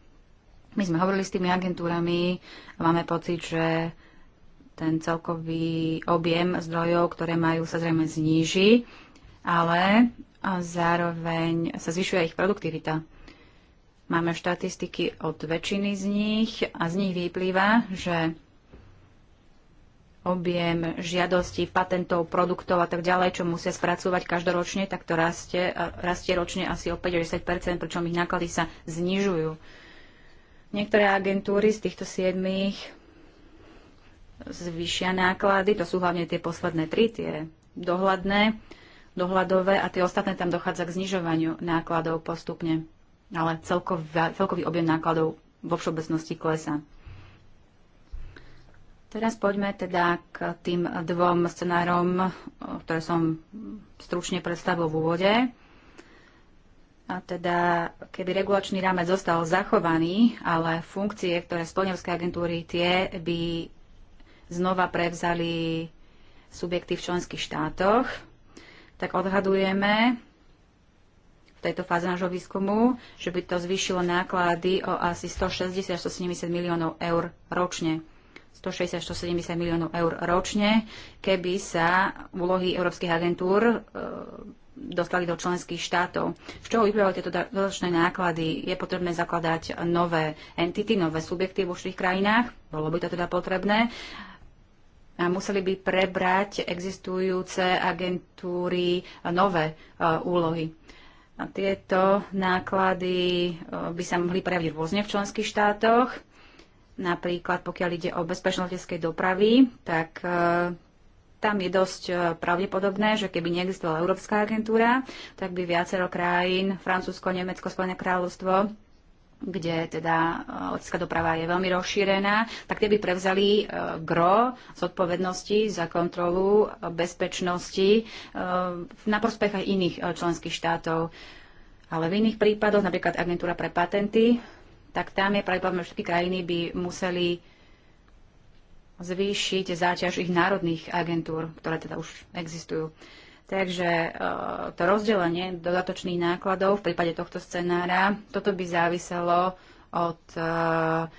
My sme hovorili s tými agentúrami a máme pocit, že ten celkový objem zdrojov, ktoré majú, sa zrejme zníži, ale zároveň sa zvyšuje ich produktivita. Máme štatistiky od väčšiny z nich a z nich vyplýva, že objem žiadostí, patentov, produktov a tak ďalej, čo musia spracovať každoročne, tak to rastie, rastie ročne asi o 50 pričom ich náklady sa znižujú. Niektoré agentúry z týchto siedmých zvýšia náklady, to sú hlavne tie posledné tri, tie dohľadné, dohľadové a tie ostatné tam dochádza k znižovaniu nákladov postupne. Ale celkový, celkový objem nákladov vo všeobecnosti klesa. Teraz poďme teda k tým dvom scenárom, ktoré som stručne predstavil v úvode. A teda, keby regulačný rámec zostal zachovaný, ale funkcie, ktoré splňovské agentúry tie by znova prevzali subjekty v členských štátoch, tak odhadujeme v tejto fáze nášho výskumu, že by to zvýšilo náklady o asi 160-170 miliónov eur ročne. 160-170 miliónov eur ročne, keby sa úlohy európskych agentúr dostali do členských štátov. Z čoho vyplývajú tieto dodatočné náklady? Je potrebné zakladať nové entity, nové subjekty v určitých krajinách? Bolo by to teda potrebné? A museli by prebrať existujúce agentúry nové e, úlohy. A tieto náklady e, by sa mohli prejaviť rôzne v členských štátoch. Napríklad, pokiaľ ide o bezpečnosť dopravy, tak e, tam je dosť e, pravdepodobné, že keby neexistovala Európska agentúra, tak by viacero krajín, Francúzsko, Nemecko, Spojené kráľovstvo, kde teda letecká doprava je veľmi rozšírená, tak tie by prevzali e, gro zodpovednosti za kontrolu bezpečnosti e, na prospech aj iných členských štátov. Ale v iných prípadoch, napríklad agentúra pre patenty, tak tam je pravdepodobné, že všetky krajiny by museli zvýšiť záťaž ich národných agentúr, ktoré teda už existujú. Takže e, to rozdelenie dodatočných nákladov v prípade tohto scenára, toto by záviselo od e,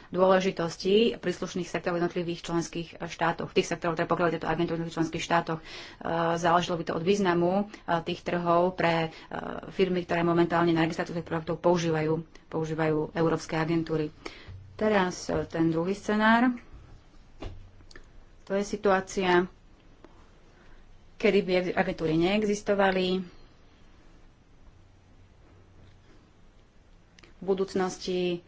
dôležitosti príslušných sektorov jednotlivých členských štátoch, tých sektorov, ktoré pokrývajú tieto agentúry v členských štátoch. E, Záležilo by to od významu tých trhov pre firmy, ktoré momentálne na registráciu tých produktov používajú, používajú európske agentúry. Teraz ten druhý scenár to je situácia, kedy by agentúry neexistovali. V budúcnosti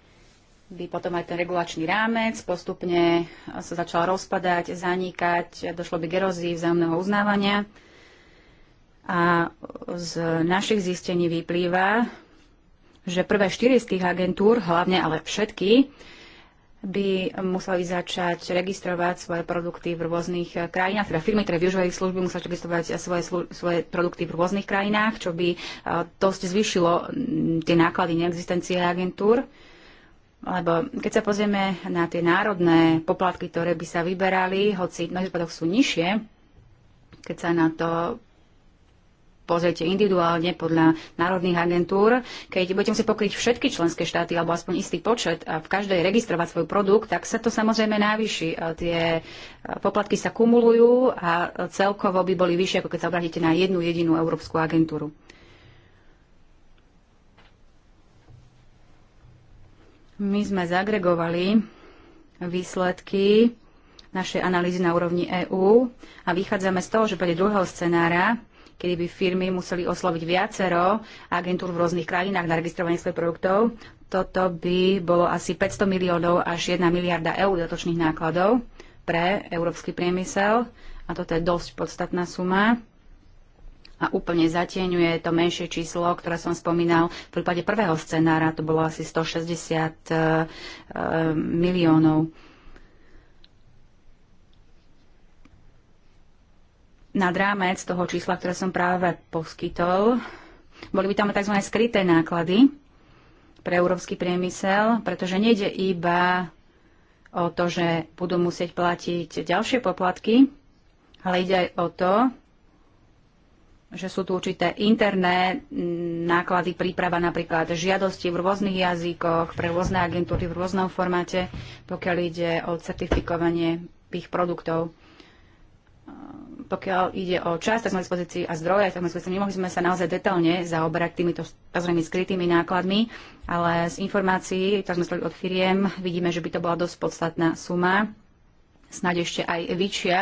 by potom aj ten regulačný rámec postupne sa začal rozpadať, zanikať, došlo by k erózii vzájomného uznávania. A z našich zistení vyplýva, že prvé štyri z tých agentúr, hlavne ale všetky, by museli začať registrovať svoje produkty v rôznych eh, krajinách, teda firmy, ktoré využívajú ich služby, museli registrovať svoje, svoje produkty v rôznych krajinách, čo by eh, dosť zvýšilo mm, tie náklady neexistencie agentúr. Lebo keď sa pozrieme na tie národné poplatky, ktoré by sa vyberali, hoci v mnohých prípadoch sú nižšie, keď sa na to pozriete individuálne podľa národných agentúr, keď budete musieť pokryť všetky členské štáty alebo aspoň istý počet a v každej registrovať svoj produkt, tak sa to samozrejme navýši. Tie e, poplatky sa kumulujú a celkovo by boli vyššie, ako keď sa obratíte na jednu jedinú európsku agentúru. My sme zagregovali výsledky našej analýzy na úrovni EÚ a vychádzame z toho, že pre druhého scenára kedy by firmy museli osloviť viacero agentúr v rôznych krajinách na registrovanie svojich produktov. Toto by bolo asi 500 miliónov až 1 miliarda eur dotočných nákladov pre európsky priemysel a toto je dosť podstatná suma a úplne zatieňuje to menšie číslo, ktoré som spomínal. V prípade prvého scenára to bolo asi 160 e, e, miliónov nad rámec toho čísla, ktoré som práve poskytol. Boli by tam tzv. skryté náklady pre európsky priemysel, pretože nejde iba o to, že budú musieť platiť ďalšie poplatky, ale ide aj o to, že sú tu určité interné náklady, príprava napríklad žiadosti v rôznych jazykoch, pre rôzne agentúry v rôznom formáte, pokiaľ ide o certifikovanie ich produktov pokiaľ ide o čas, tak sme v dispozícii a zdroje, tak sme dispozícii. Nemohli sme sa naozaj detálne zaoberať týmito tzv. skrytými nákladmi, ale z informácií, ktoré sme stali od firiem, vidíme, že by to bola dosť podstatná suma snáď ešte aj vyššia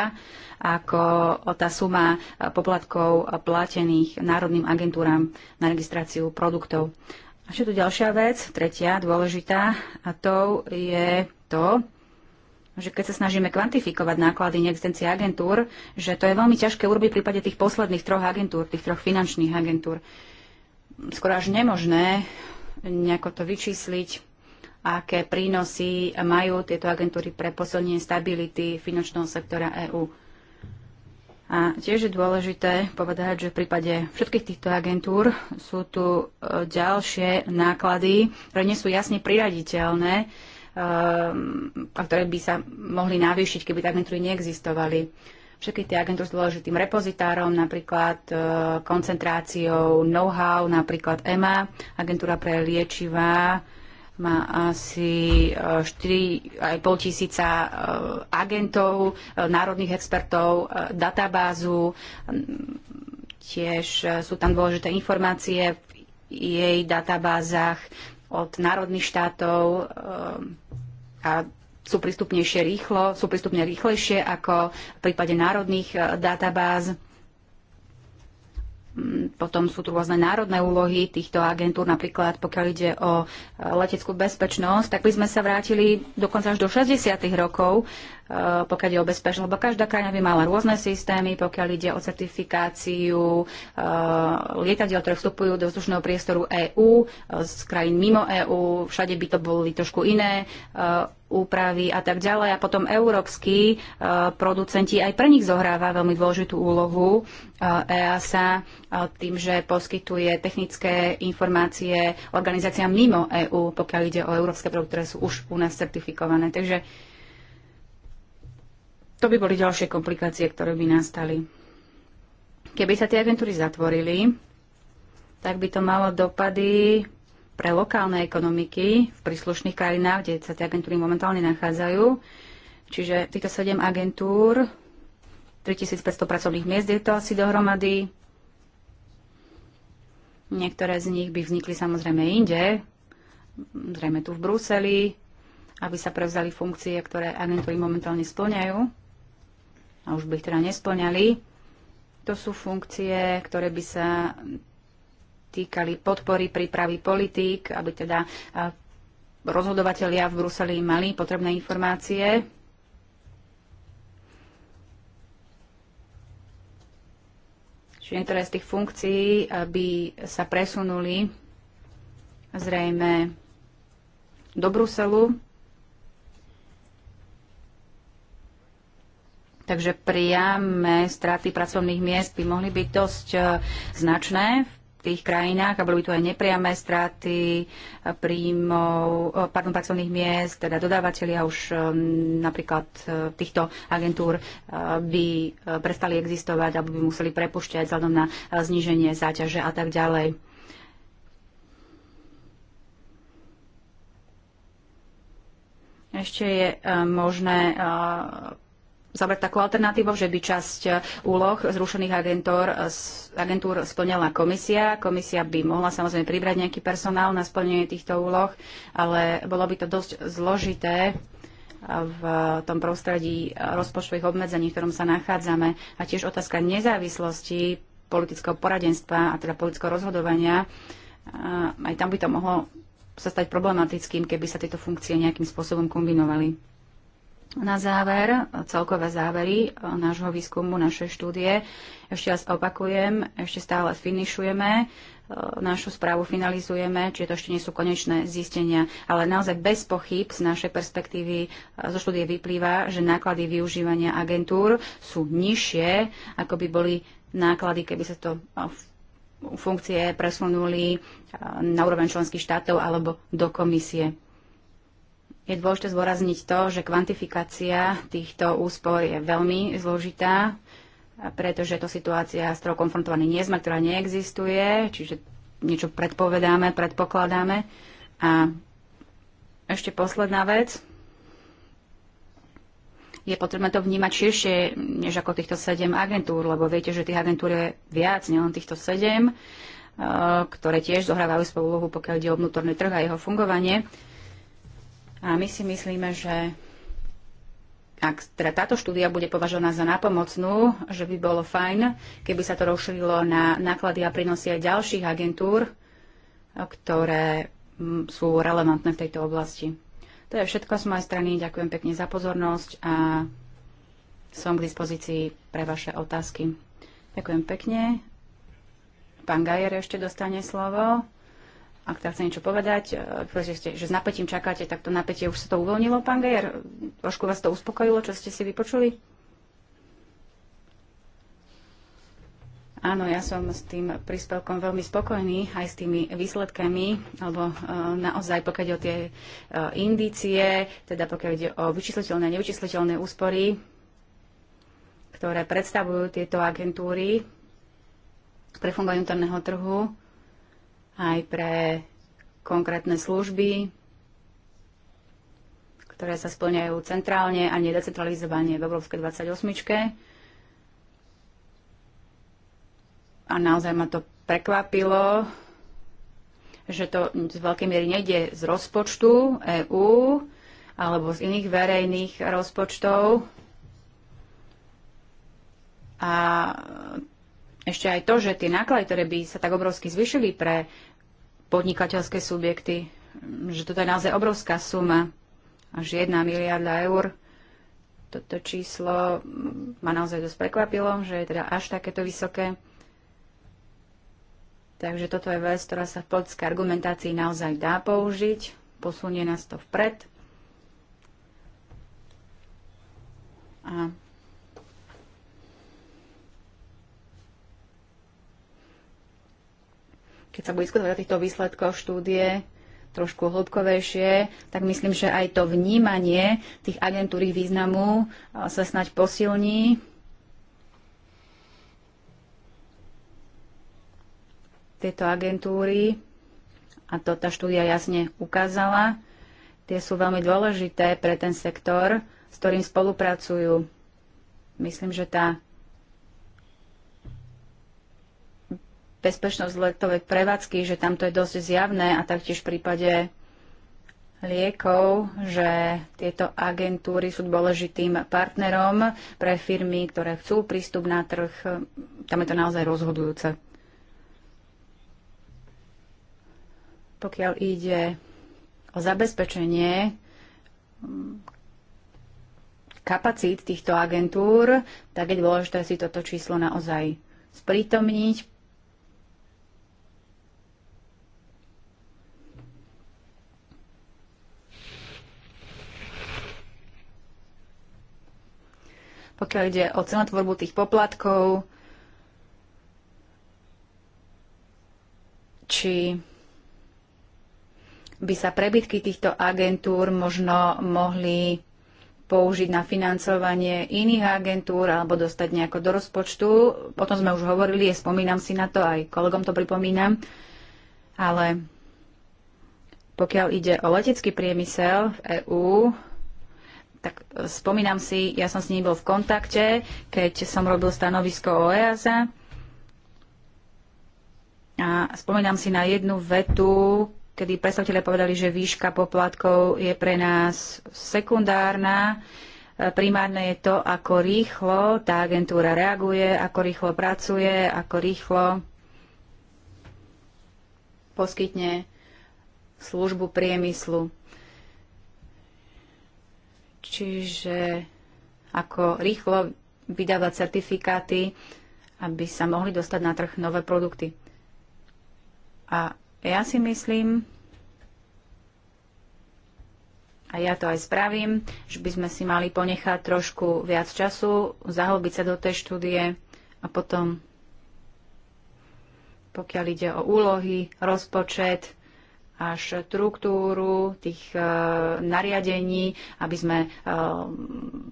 ako tá suma poplatkov platených národným agentúram na registráciu produktov. A čo tu ďalšia vec, tretia dôležitá, a to je to, že keď sa snažíme kvantifikovať náklady neexistencie agentúr, že to je veľmi ťažké urobiť v prípade tých posledných troch agentúr, tých troch finančných agentúr. Skoro až nemožné nejako to vyčísliť, aké prínosy majú tieto agentúry pre posilnenie stability finančného sektora EÚ. A tiež je dôležité povedať, že v prípade všetkých týchto agentúr sú tu e, ďalšie náklady, ktoré nie sú jasne priraditeľné a ktoré by sa mohli navýšiť, keby tie agentúry neexistovali. Všetky tie agentúry s dôležitým repozitárom, napríklad e, koncentráciou know-how, napríklad EMA, agentúra pre liečivá, má asi 4,5 e, tisíca e, agentov, národných expertov, databázu, tiež sú tam dôležité informácie v jej databázach, od národných štátov eh, a sú prístupnejšie rýchlo, sú prístupne rýchlejšie ako v prípade národných eh, databáz. Potom sú tu rôzne národné úlohy týchto agentúr, napríklad pokiaľ ide o e, leteckú bezpečnosť, tak by sme sa vrátili dokonca až do 60. rokov, e, pokiaľ ide o bezpečnosť, lebo každá krajina by mala rôzne systémy, pokiaľ ide o certifikáciu e, lietadiel, ktoré vstupujú do vzdušného priestoru EÚ, z krajín mimo EÚ, všade by to boli trošku iné úpravy a tak ďalej. A potom európsky e, producenti, aj pre nich zohráva veľmi dôležitú úlohu EASA e e, tým, že poskytuje technické informácie organizáciám mimo EÚ, pokiaľ ide o európske produkty, ktoré sú už u nás certifikované. Takže to by boli ďalšie komplikácie, ktoré by nastali. Keby sa tie agentúry zatvorili, tak by to malo dopady pre lokálne ekonomiky v príslušných krajinách, kde sa tie agentúry momentálne nachádzajú. Čiže týchto 7 agentúr, 3500 pracovných miest je to asi dohromady. Niektoré z nich by vznikli samozrejme inde, zrejme tu v Bruseli, aby sa prevzali funkcie, ktoré agentúry momentálne splňajú a už by ich teda nesplňali. To sú funkcie, ktoré by sa týkali podpory prípravy politík, aby teda e, rozhodovateľia v Bruseli mali potrebné informácie. Čiže niektoré z tých funkcií e, by sa presunuli zrejme do Bruselu. Takže priame straty pracovných miest by mohli byť dosť e, značné tých krajinách a boli by tu aj nepriame straty eh, príjmov, eh, pardon, pracovných miest, teda dodávateľia už eh, napríklad týchto agentúr by prestali existovať alebo by museli prepušťať vzhľadom na zníženie záťaže a tak ďalej. Ešte je možné zobrať takú alternatívou, že by časť e, úloh zrušených agentúr, e, agentúr splňala komisia. Komisia by mohla samozrejme pribrať nejaký personál na splnenie týchto úloh, ale bolo by to dosť zložité e, v tom prostredí rozpočtových obmedzení, v ktorom sa nachádzame. A tiež otázka nezávislosti politického poradenstva a teda politického rozhodovania. Aj tam by to mohlo sa stať problematickým, keby sa tieto funkcie nejakým spôsobom kombinovali. Na záver, celkové závery e, nášho výskumu, našej štúdie. Ešte raz opakujem, ešte stále finišujeme, e, našu správu finalizujeme, čiže to ešte nie sú konečné zistenia. Ale naozaj bez pochyb z našej perspektívy e, zo štúdie vyplýva, že náklady využívania agentúr sú nižšie, ako by boli náklady, keby sa to funkcie presunuli na úroveň členských štátov alebo do komisie. Je dôležité zvorazniť to, že kvantifikácia týchto úspor je veľmi zložitá, pretože to situácia, s ktorou konfrontovaní nie sme, ktorá neexistuje, čiže niečo predpovedáme, predpokladáme. A ešte posledná vec. Je potrebné to vnímať širšie, než ako týchto sedem agentúr, lebo viete, že tých agentúr je viac, nielen týchto sedem, eh, ktoré tiež zohrávajú svoju úlohu, pokiaľ ide o vnútorný trh a jeho fungovanie. A my si myslíme, že ak teda táto štúdia bude považovaná za napomocnú, že by bolo fajn, keby sa to rozšírilo na náklady a prínosy aj ďalších agentúr, ktoré mm, sú relevantné v tejto oblasti. To je všetko z mojej strany. Ďakujem pekne za pozornosť a som k dispozícii pre vaše otázky. Ďakujem pekne. Pán Gajer ešte dostane slovo. Ak teda chce niečo povedať, že, ste, že s napätím čakáte, tak to napätie už sa to uvoľnilo, pán Gejer? Trošku vás to uspokojilo, čo ste si vypočuli? Áno, ja som s tým príspevkom veľmi spokojný, aj s tými výsledkami, alebo e, naozaj, pokiaľ ide o tie e, indície, teda pokiaľ ide o vyčísliteľné a nevyčísliteľné úspory, ktoré predstavujú tieto agentúry pre fungovanie interného trhu, aj pre konkrétne služby, ktoré sa splňajú centrálne a nedecentralizovanie v Európskej 28. A naozaj ma to prekvapilo, že to z veľkej miery nejde z rozpočtu EÚ alebo z iných verejných rozpočtov. A ešte aj to, že tie náklady, ktoré by sa tak obrovsky zvyšili pre podnikateľské subjekty, že toto je naozaj obrovská suma, až jedna miliarda eur. Toto číslo ma naozaj dosť prekvapilo, že je teda až takéto vysoké. Takže toto je vec, ktorá sa v politickej argumentácii naozaj dá použiť. Posunie nás to vpred. A keď sa bude diskutovať o týchto výsledkoch štúdie trošku hĺbkovejšie, tak myslím, že aj to vnímanie tých agentúry významu sa snať posilní. Tieto agentúry, a to tá štúdia jasne ukázala, tie sú veľmi dôležité pre ten sektor, s ktorým spolupracujú. Myslím, že tá bezpečnosť letovej prevádzky, že tam to je dosť zjavné a taktiež v prípade liekov, že tieto agentúry sú dôležitým partnerom pre firmy, ktoré chcú prístup na trh. Tam je to naozaj rozhodujúce. Pokiaľ ide o zabezpečenie mm, kapacít týchto agentúr, tak je dôležité si toto číslo naozaj sprítomniť, pokiaľ ide o cenotvorbu tých poplatkov, či by sa prebytky týchto agentúr možno mohli použiť na financovanie iných agentúr alebo dostať nejako do rozpočtu. O tom sme už hovorili, ja spomínam si na to, aj kolegom to pripomínam. Ale pokiaľ ide o letecký priemysel v EÚ, tak e, spomínam si, ja som s ním bol v kontakte, keď som robil stanovisko o EASA. A spomínam si na jednu vetu, kedy predstaviteľe povedali, že výška poplatkov je pre nás sekundárna. E, primárne je to, ako rýchlo tá agentúra reaguje, ako rýchlo pracuje, ako rýchlo poskytne službu priemyslu. Čiže ako rýchlo vydávať certifikáty, aby sa mohli dostať na trh nové produkty. A ja si myslím, a ja to aj spravím, že by sme si mali ponechať trošku viac času, zahlbiť sa do tej štúdie a potom, pokiaľ ide o úlohy, rozpočet, a štruktúru tých e, nariadení, aby sme e,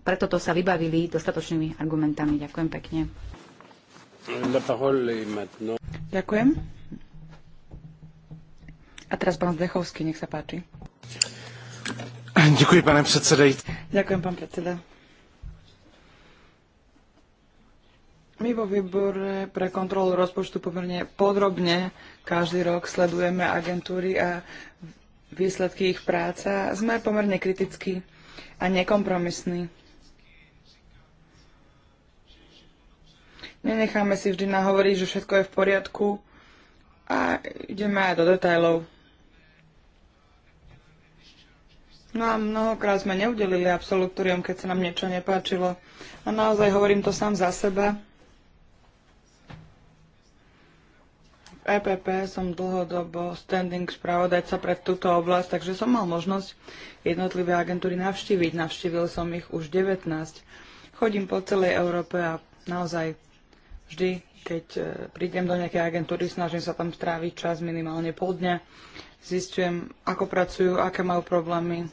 preto to sa vybavili dostatočnými argumentami. Ďakujem pekne. Ďakujem. A teraz pán Zdechovský, nech sa páči. Ďakujem, pane predsedajúci. Ďakujem, pán predseda. My vo výbore pre kontrolu rozpočtu pomerne podrobne každý rok sledujeme agentúry a výsledky ich práce a Sme pomerne kritickí a nekompromisní. Nenecháme si vždy nahovoriť, že všetko je v poriadku a ideme aj do detajlov. No a mnohokrát sme neudelili absolutorium, keď sa nám niečo nepáčilo. A naozaj hovorím to sám za seba. EPP som dlhodobo standing spravodajca pre túto oblasť, takže som mal možnosť jednotlivé agentúry navštíviť. Navštívil som ich už 19. Chodím po celej Európe a naozaj vždy, keď e, prídem do nejakej agentúry, snažím sa tam stráviť čas minimálne pol dňa, zistujem, ako pracujú, aké majú problémy.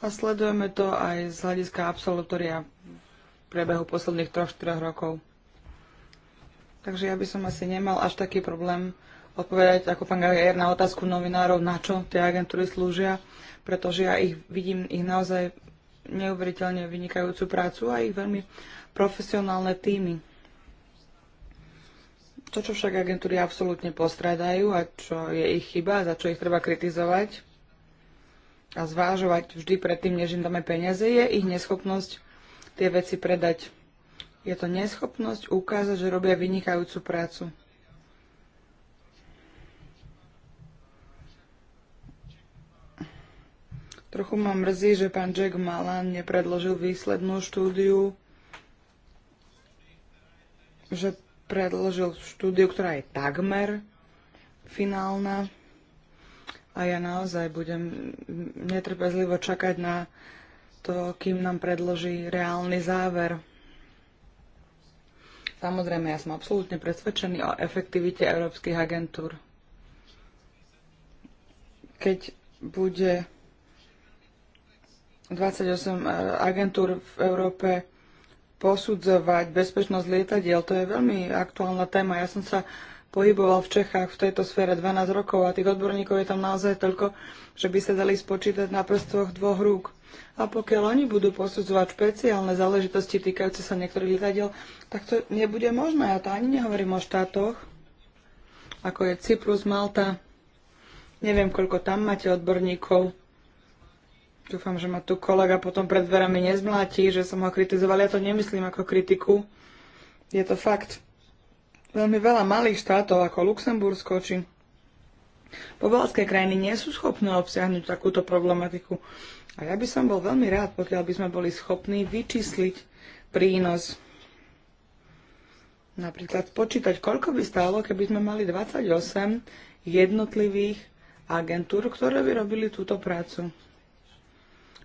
A sledujeme to aj z hľadiska absolutória v priebehu posledných 3-4 rokov. Takže ja by som asi nemal až taký problém odpovedať ako pán Gajer na otázku novinárov, na čo tie agentúry slúžia, pretože ja ich vidím ich naozaj neuveriteľne vynikajúcu prácu a ich veľmi profesionálne týmy. To, čo však agentúry absolútne postradajú a čo je ich chyba, za čo ich treba kritizovať a zvážovať vždy predtým, než im dáme peniaze, je ich neschopnosť tie veci predať je to neschopnosť ukázať, že robia vynikajúcu prácu. Trochu ma mrzí, že pán Jack Malan nepredložil výslednú štúdiu, že predložil štúdiu, ktorá je takmer finálna a ja naozaj budem netrpezlivo čakať na to, kým nám predloží reálny záver. Samozrejme, ja som absolútne presvedčený o efektivite európskych agentúr. Keď bude 28 eh, agentúr v Európe posudzovať bezpečnosť lietadiel. To je veľmi aktuálna téma. Ja som sa pohyboval v Čechách v tejto sfére 12 rokov a tých odborníkov je tam naozaj toľko, že by sa dali spočítať na prstoch dvoch rúk. A pokiaľ oni budú posudzovať špeciálne záležitosti týkajúce sa niektorých lietadiel, tak to nebude možné. Ja to ani nehovorím o štátoch, ako je Cyprus, Malta. Neviem, koľko tam máte odborníkov. Dúfam, že ma tu kolega potom pred dverami nezmláti, že som ho kritizoval. Ja to nemyslím ako kritiku. Je to fakt. Veľmi veľa malých štátov, ako Luxembursko či Pobalské krajiny nie sú schopné obsiahnuť takúto problematiku. A ja by som bol veľmi rád, pokiaľ by sme boli schopní vyčísliť prínos. Napríklad počítať, koľko by stálo, keby sme mali 28 jednotlivých agentúr, ktoré by robili túto prácu.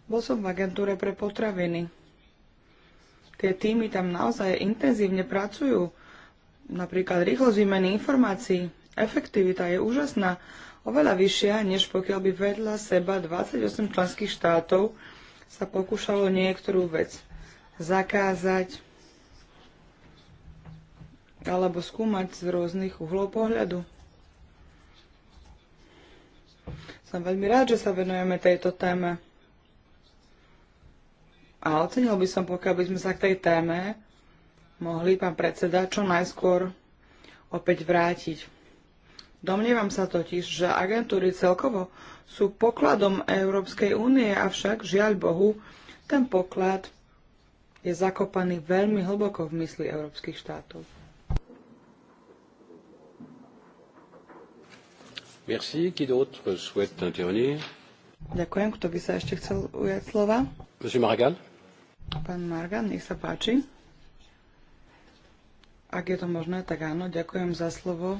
Bol som v agentúre pre potraviny. Tie týmy tam naozaj intenzívne pracujú. Napríklad rýchlo výmeny informácií, efektivita je úžasná, oveľa vyššia, než pokiaľ by vedľa seba 28 členských štátov sa pokúšalo niektorú vec zakázať alebo skúmať z rôznych uhlov pohľadu. Som veľmi rád, že sa venujeme tejto téme. A ocenil by som, pokiaľ by sme sa k tej téme mohli, pán predseda, čo najskôr opäť vrátiť. Domnievam sa totiž, že agentúry celkovo sú pokladom Európskej únie, avšak žiaľ Bohu, ten poklad je zakopaný veľmi hlboko v mysli európskych štátov. Merci. Qui d'autre souhaite intervenir? Ďakujem. Kto by sa ešte chcel ujať slova? Monsieur Margan. Pán Margan, nech sa páči. Ak je to možné, tak áno, ďakujem za slovo.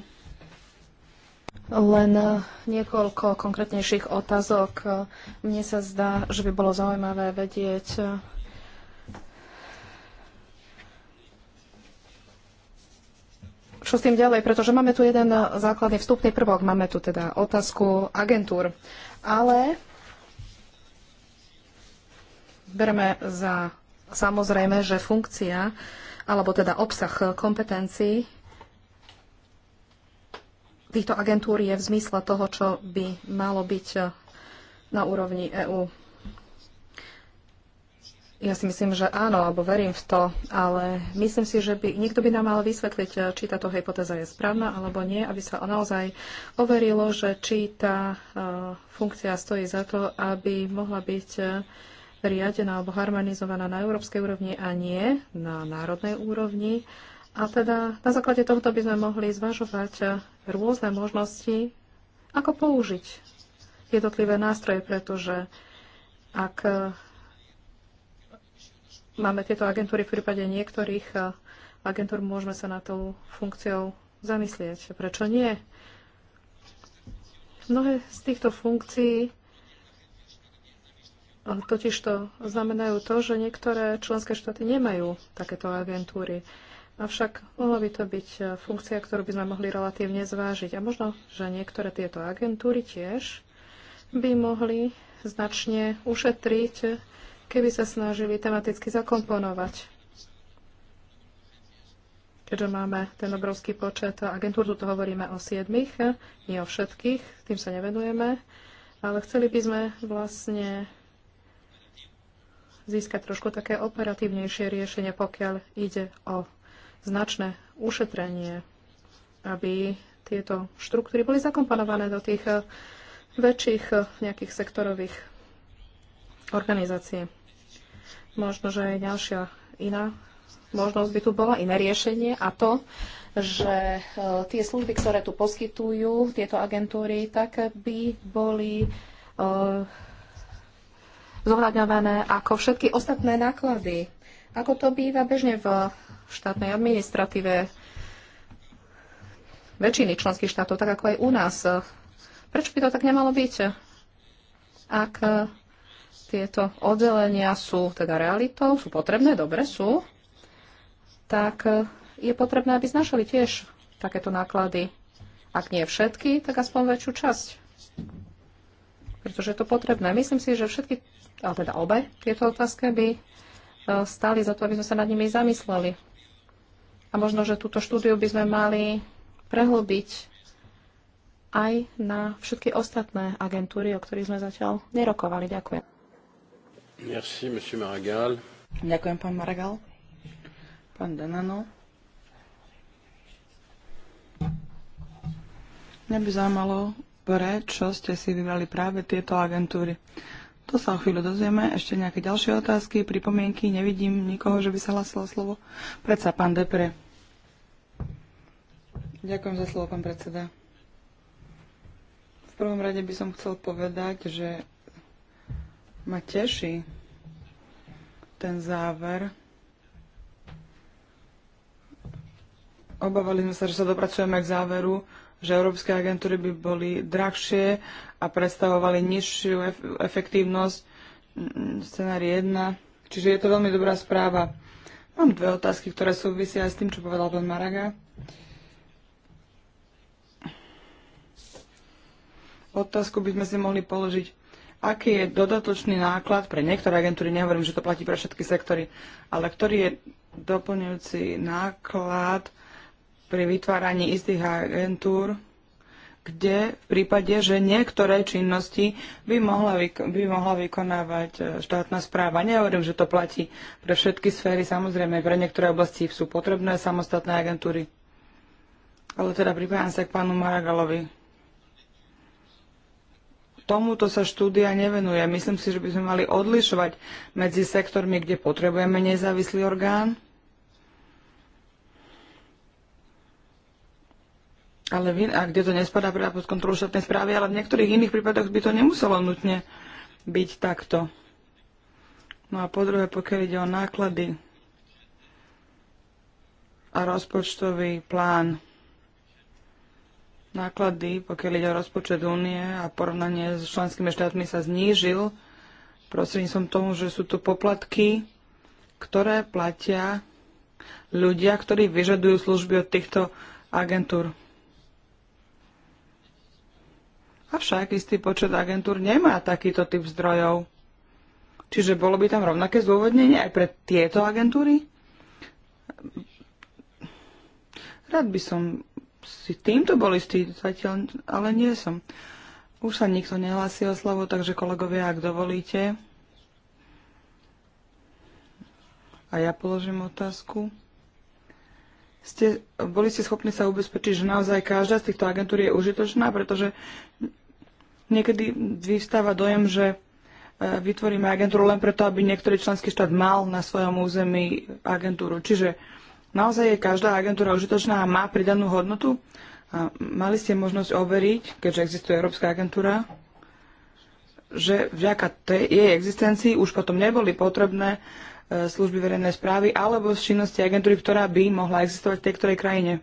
Len eh, niekoľko konkrétnejších otázok. Mne sa zdá, že by bolo zaujímavé vedieť, eh, čo s tým ďalej, pretože máme tu jeden eh, základný vstupný prvok, máme tu teda otázku agentúr, ale bereme za samozrejme, že funkcia alebo teda obsah kompetencií týchto agentúr je v zmysle toho, čo by malo byť eh, na úrovni EÚ. Ja si myslím, že áno, alebo verím v to, ale myslím si, že by, niekto by nám mal vysvetliť, eh, či táto hypotéza je správna alebo nie, aby sa naozaj overilo, že či tá uh, funkcia stojí za to, aby mohla byť uh, riadená alebo harmonizovaná na európskej úrovni a nie na národnej úrovni. Uh, a teda na základe tohto by sme mohli zvažovať rôzne možnosti, ako použiť jednotlivé nástroje, pretože ak máme tieto agentúry v prípade niektorých eh, agentúr, môžeme sa na tou funkciou zamyslieť. Prečo nie? Mnohé z týchto funkcií eh, totiž to znamenajú to, že niektoré členské štáty nemajú takéto agentúry. Avšak mohla by to byť e, funkcia, ktorú by sme mohli relatívne zvážiť. A možno, že niektoré tieto agentúry tiež by mohli značne ušetriť, keby sa snažili tematicky zakomponovať. Keďže máme ten obrovský počet agentúr, tu hovoríme o siedmich, e, nie o všetkých, tým sa nevenujeme, ale chceli by sme vlastne získať trošku také operatívnejšie riešenie, pokiaľ ide o značné ušetrenie, aby tieto štruktúry boli zakomponované do tých eh, väčších eh, nejakých sektorových organizácií. Možno, že aj ďalšia iná možnosť by tu bola, iné riešenie a to, že eh, tie služby, ktoré tu poskytujú tieto agentúry, tak by boli zohľadňované ako všetky ostatné náklady. Ako to býva bežne v štátnej administratíve väčšiny členských štátov, tak ako aj u nás. Prečo by to tak nemalo byť? Ak tieto oddelenia sú teda realitou, sú potrebné, dobre sú, tak je potrebné, aby znašali tiež takéto náklady. Ak nie všetky, tak aspoň väčšiu časť. Pretože je to potrebné. Myslím si, že všetky, ale teda obe tieto otázky by eh, stali za to, aby sme sa nad nimi zamysleli. A možno, že túto štúdiu by sme mali prehlbiť aj na všetky ostatné agentúry, o ktorých sme zatiaľ nerokovali. Ďakujem. Merci, monsieur Maragall. Ďakujem, pán Maragall. Pán Denano. Mňa by zaujímalo, prečo ste si vybrali práve tieto agentúry. To sa o chvíľu dozvieme. Ešte nejaké ďalšie otázky, pripomienky? Nevidím nikoho, že by sa hlasilo slovo. Predsa pán Depre. Ďakujem za slovo, pán predseda. V prvom rade by som chcel povedať, že ma teší ten záver. Obávali sme sa, že sa dopracujeme k záveru, že európske agentúry by boli drahšie a predstavovali nižšiu efektívnosť mm, scenár 1. Čiže je to veľmi dobrá správa. Mám dve otázky, ktoré súvisia aj s tým, čo povedal pán Maraga. Otázku by sme si mohli položiť, aký je dodatočný náklad pre niektoré agentúry, nehovorím, že to platí pre všetky sektory, ale ktorý je doplňujúci náklad pri vytváraní istých agentúr, kde v prípade, že niektoré činnosti by mohla, by mohla vykonávať e, štátna správa. Nehovorím, že to platí pre všetky sféry, samozrejme pre niektoré oblasti sú potrebné samostatné agentúry. Ale teda pripájam sa k pánu Maragalovi. Tomuto sa štúdia nevenuje. Myslím si, že by sme mali odlišovať medzi sektormi, kde potrebujeme nezávislý orgán ale vy, a kde to nespadá práve pod kontrolu štátnej správy, ale v niektorých iných prípadoch by to nemuselo nutne byť takto. No a po druhé, pokiaľ ide o náklady a rozpočtový plán, náklady, pokiaľ ide o rozpočet únie a porovnanie s členskými štátmi sa znížil prosím som tomu, že sú tu poplatky, ktoré platia ľudia, ktorí vyžadujú služby od týchto agentúr. Avšak istý počet agentúr nemá takýto typ zdrojov. Čiže bolo by tam rovnaké zdôvodnenie aj pre tieto agentúry? Rád by som si týmto bol istý zatiaľ, ale nie som. Už sa nikto nehlási o slovo, takže kolegovia, ak dovolíte. A ja položím otázku ste, boli ste schopní sa ubezpečiť, že naozaj každá z týchto agentúr je užitočná, pretože niekedy vyvstáva dojem, že e, vytvoríme agentúru len preto, aby niektorý členský štát mal na svojom území agentúru. Čiže naozaj je každá agentúra užitočná a má pridanú hodnotu. A mali ste možnosť overiť, keďže existuje Európska agentúra, že vďaka tej, jej existencii už potom neboli potrebné E, služby verejnej správy alebo z činnosti agentúry, ktorá by mohla existovať v tej ktorej krajine.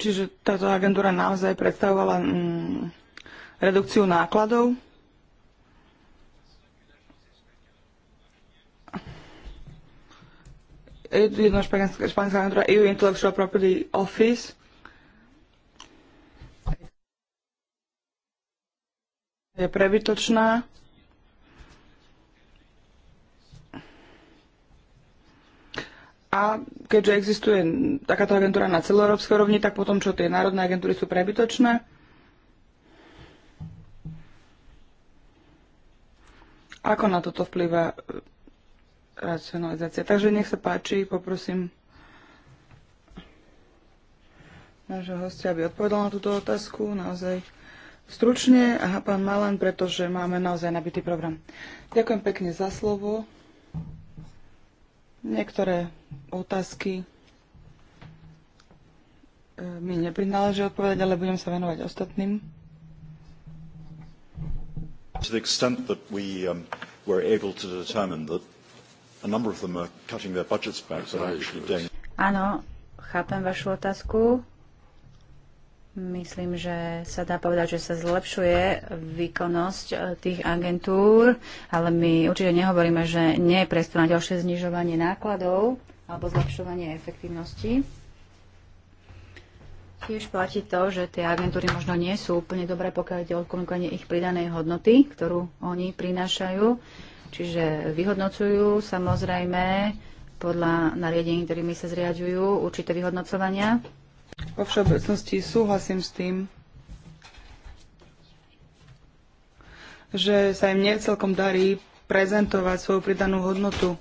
Čiže táto agentúra naozaj predstavovala mm, redukciu nákladov. Jedna španielská agentúra EU Intellectual Property Office je prebytočná. A keďže existuje takáto agentúra na celoeurópskej rovni, tak potom čo tie národné agentúry sú prebytočné? Ako na toto vplýva e, racionalizácia? Takže nech sa páči, poprosím nášho hostia, aby odpovedal na túto otázku. Naozaj Stručne, aha, pán Malan, pretože máme naozaj nabitý program. Ďakujem pekne za slovo. Niektoré otázky e, mi neprináleží odpovedať, ale budem sa venovať ostatným. To the extent that we um, were able to determine that a number of them are cutting their budgets back, they're actually doing. Áno, chápem vašu otázku. Myslím, že sa dá povedať, že sa zlepšuje výkonnosť e, tých agentúr, ale my určite nehovoríme, že nie je priestor na ďalšie znižovanie nákladov alebo zlepšovanie efektívnosti. Tiež platí to, že tie agentúry možno nie sú úplne dobré, pokiaľ ide o komunikovanie ich pridanej hodnoty, ktorú oni prinášajú. Čiže vyhodnocujú samozrejme podľa nariadení, ktorými sa zriaďujú určité vyhodnocovania vo všeobecnosti súhlasím s tým, že sa im necelkom darí prezentovať svoju pridanú hodnotu.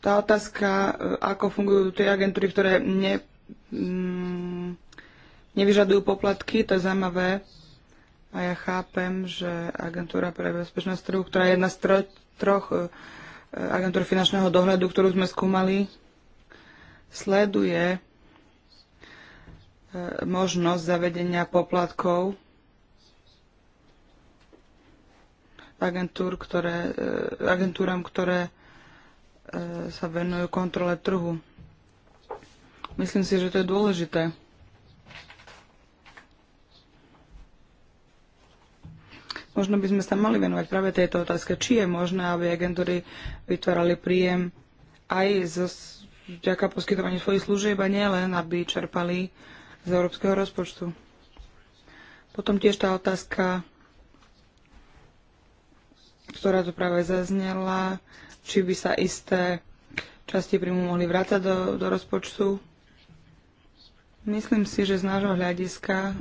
Tá otázka, e, ako fungujú tie agentúry, ktoré ne, mm, nevyžadujú poplatky, to je zaujímavé. A ja chápem, že agentúra pre bezpečnosť trhu, ktorá je jedna z tro, troch e, agentúr finančného dohľadu, ktorú sme skúmali, sleduje e, možnosť zavedenia poplatkov agentúr, ktoré, e, agentúram, ktoré sa venujú kontrole trhu. Myslím si, že to je dôležité. Možno by sme sa mali venovať práve tejto otázke, či je možné, aby agentúry vytvárali príjem aj zo, vďaka poskytovaniu svojich služieb a nielen, aby čerpali z európskeho rozpočtu. Potom tiež tá otázka, ktorá tu práve zaznela, či by sa isté časti príjmu mohli vrácať do, do rozpočtu. Myslím si, že z nášho hľadiska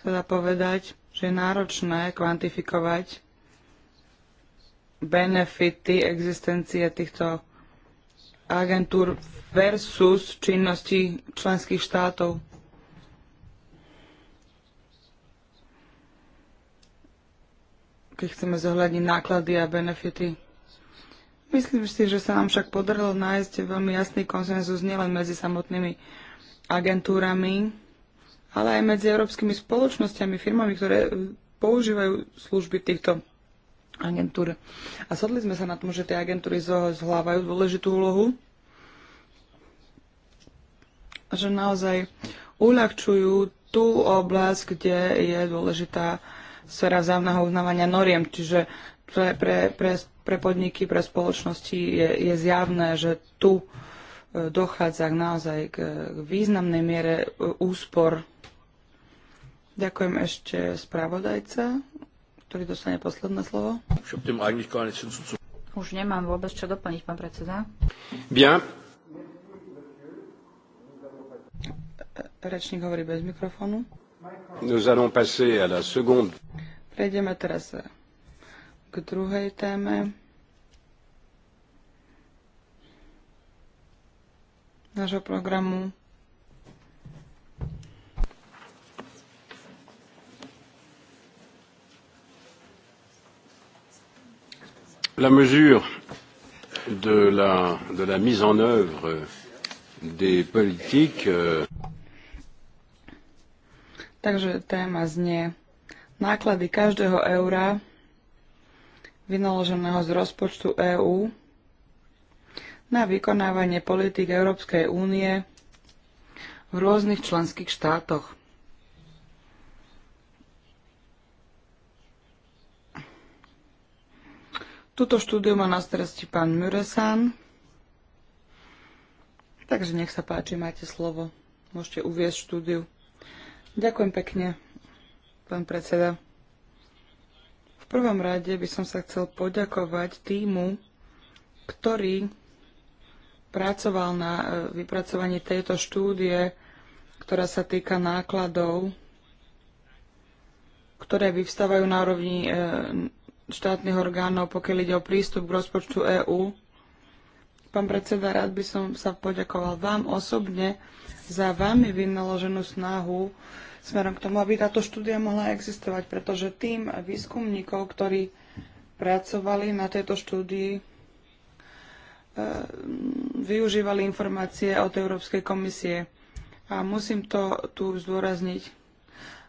sa dá povedať, že je náročné kvantifikovať benefity existencie týchto agentúr versus činnosti členských štátov. Keď chceme zohľadniť náklady a benefity. Myslím si, že sa nám však podarilo nájsť veľmi jasný konsenzus nielen medzi samotnými agentúrami, ale aj medzi európskymi spoločnosťami, firmami, ktoré e, používajú služby týchto agentúr. A shodli sme sa na tom, že tie agentúry zhlávajú dôležitú úlohu že naozaj uľahčujú tú oblasť, kde je dôležitá sfera vzájomného uznávania noriem. Čiže pre, pre, pre, pre podniky, pre spoločnosti je, je zjavné, že tu uh, dochádza naozaj k významnej miere e, úspor. Ďakujem ešte spravodajca, ktorý dostane posledné slovo. Už nemám vôbec čo doplniť, pán predseda. Bien. Rečník hovorí bez mikrofónu. Nous allons passer à la seconde. Prejdeme teraz k druhej téme. nášho programu. La mesure de la, de la mise en œuvre des politiques. Euh, Takže téma znie náklady každého eura vynaloženého z rozpočtu EÚ na vykonávanie politik Európskej únie v rôznych členských štátoch. Tuto štúdiu má na starosti pán Muresan. Takže nech sa páči, máte slovo. Môžete uviezť štúdiu. Ďakujem pekne, pán predseda. V prvom rade by som sa chcel poďakovať týmu, ktorý pracoval na e, vypracovaní tejto štúdie, ktorá sa týka nákladov, ktoré vyvstávajú na úrovni e, štátnych orgánov, pokiaľ ide o prístup k rozpočtu EÚ. Pán predseda, rád by som sa poďakoval vám osobne za vami vynaloženú snahu smerom k tomu, aby táto štúdia mohla existovať, pretože tým výskumníkov, ktorí pracovali na tejto štúdii, Eh, využívali informácie od Európskej komisie. A musím to tu zdôrazniť.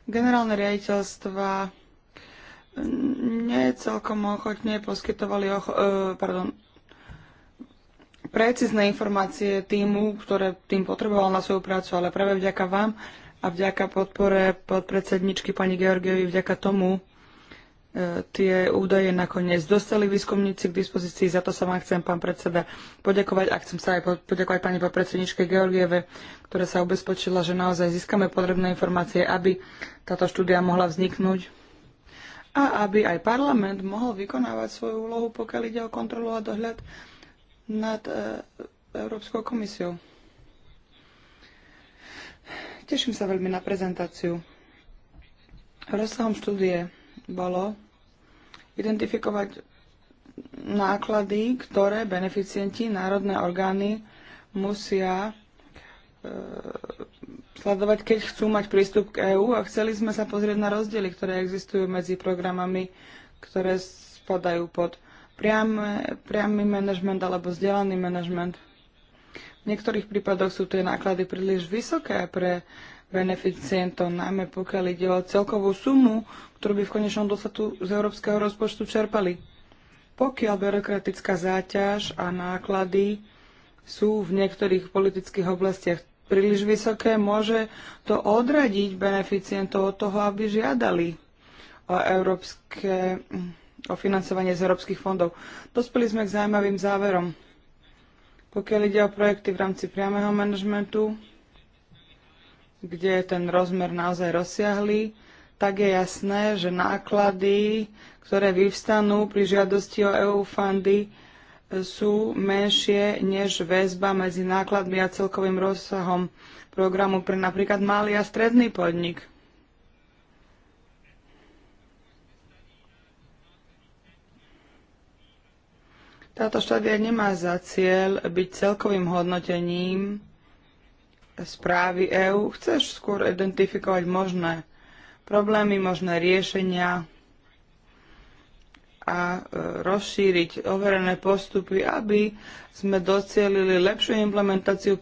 Generálne riaditeľstva mm, nie celkom ochotne poskytovali e, pardon, precízne informácie týmu, ktoré tým potreboval na svoju prácu, ale práve vďaka vám a vďaka podpore podpredsedničky pani Georgievi, vďaka tomu tie údaje nakoniec dostali výskumníci k dispozícii. Za to sa vám chcem, pán predseda, poďakovať a chcem sa aj poďakovať pani podpredsedničke Georgieve, ktorá sa ubezpečila, že naozaj získame potrebné informácie, aby táto štúdia mohla vzniknúť a aby aj parlament mohol vykonávať svoju úlohu, pokiaľ ide o kontrolu a dohľad nad e, Európskou komisiou. Teším sa veľmi na prezentáciu. Rozsahom štúdie bolo, identifikovať náklady, ktoré beneficienti, národné orgány musia e, sledovať, keď chcú mať prístup k EÚ a chceli sme sa pozrieť na rozdiely, ktoré existujú medzi programami, ktoré spadajú pod priame, priamy manažment alebo vzdelaný manažment. V niektorých prípadoch sú tie náklady príliš vysoké pre beneficientom, najmä pokiaľ ide o celkovú sumu, ktorú by v konečnom dôsledku z európskeho rozpočtu čerpali. Pokiaľ byrokratická záťaž a náklady sú v niektorých politických oblastiach príliš vysoké, môže to odradiť beneficientov od toho, aby žiadali o, európske, o financovanie z európskych fondov. Dospeli sme k zaujímavým záverom. Pokiaľ ide o projekty v rámci priameho manažmentu, kde je ten rozmer naozaj rozsiahlý, tak je jasné, že náklady, ktoré vyvstanú pri žiadosti o EU fundy, sú menšie než väzba medzi nákladmi a celkovým rozsahom programu pre napríklad malý a stredný podnik. Táto štádia nemá za cieľ byť celkovým hodnotením správy EÚ, chceš skôr identifikovať možné problémy, možné riešenia a e, rozšíriť overené postupy, aby sme docielili lepšiu implementáciu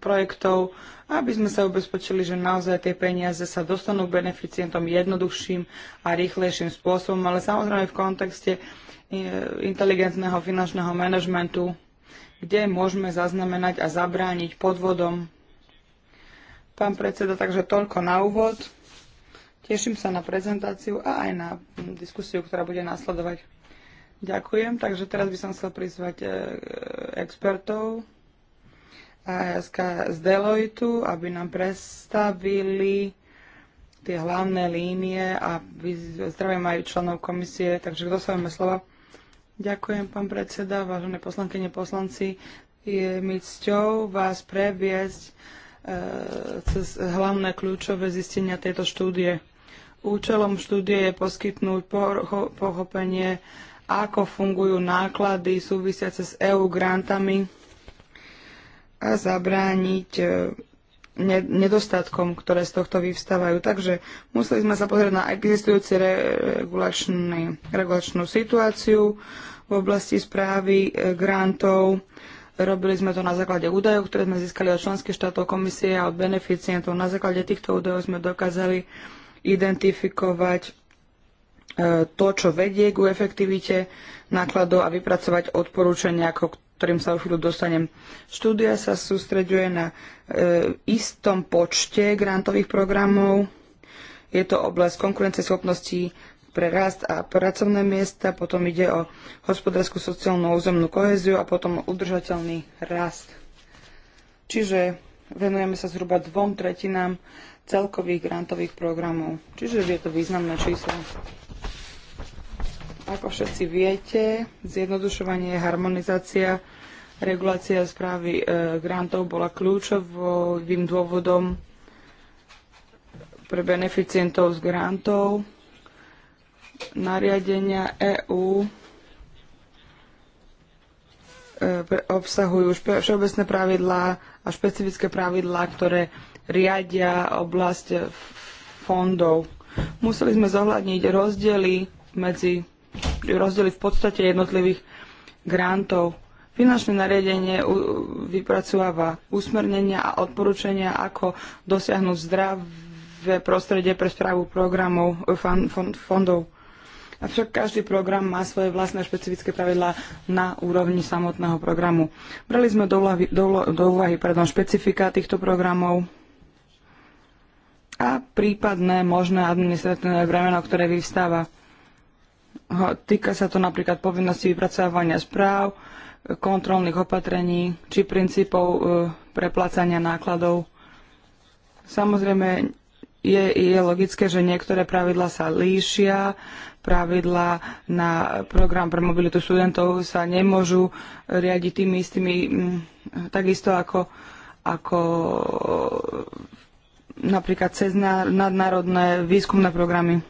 projektov, aby sme sa ubezpečili, že naozaj tie peniaze sa dostanú beneficientom jednoduchším a rýchlejším spôsobom, ale samozrejme v kontexte e, inteligentného finančného manažmentu kde môžeme zaznamenať a zabrániť podvodom. Pán predseda, takže toľko na úvod. Teším sa na prezentáciu a aj na diskusiu, ktorá bude následovať. Ďakujem, takže teraz by som chcel prizvať e, expertov z Deloitu, aby nám predstavili tie hlavné línie a zdravím aj členov komisie, takže kto sa máme slova? Ďakujem, pán predseda, vážené poslankyne, poslanci. Je mi cťou vás previesť e, cez hlavné kľúčové zistenia tejto štúdie. Účelom štúdie je poskytnúť pochopenie, ako fungujú náklady súvisiace s EU grantami a zabrániť e, nedostatkom, ktoré z tohto vyvstávajú. Takže museli sme sa pozrieť na existujúci regulačnú situáciu v oblasti správy e, grantov. Robili sme to na základe údajov, ktoré sme získali od členských štátov komisie a od beneficientov. Na základe týchto údajov sme dokázali identifikovať e, to, čo vedie ku efektivite nákladov a vypracovať odporúčania, ako ktorým sa o chvíľu dostanem. Štúdia sa sústreďuje na e, istom počte grantových programov. Je to oblasť konkurencieschopnosti pre rast a pracovné miesta, potom ide o hospodárskú, sociálnu, územnú koheziu a potom o udržateľný rast. Čiže venujeme sa zhruba dvom tretinám celkových grantových programov. Čiže je to významné číslo. Ako všetci viete, zjednodušovanie, harmonizácia, regulácia správy e, grantov bola kľúčovým dôvodom pre beneficientov z grantov. Nariadenia EÚ e, obsahujú všeobecné pravidlá a špecifické pravidlá, ktoré riadia oblasť fondov. Museli sme zohľadniť rozdiely medzi pri rozdeli v podstate jednotlivých grantov. Finančné nariadenie vypracováva usmernenia a odporúčania, ako dosiahnuť zdravé prostredie pre správu programov fondov. Avšak každý program má svoje vlastné špecifické pravidlá na úrovni samotného programu. Brali sme do, úvahy, špecifika týchto programov a prípadné možné administratívne bremeno, ktoré vyvstáva. Týka sa to napríklad povinnosti vypracovania správ, kontrolných opatrení či princípov e, preplácania nákladov. Samozrejme, je, je logické, že niektoré pravidlá sa líšia, pravidlá na program pre mobilitu študentov sa nemôžu riadiť tými istými, mm, takisto ako, ako e, napríklad cez nadnárodné výskumné programy.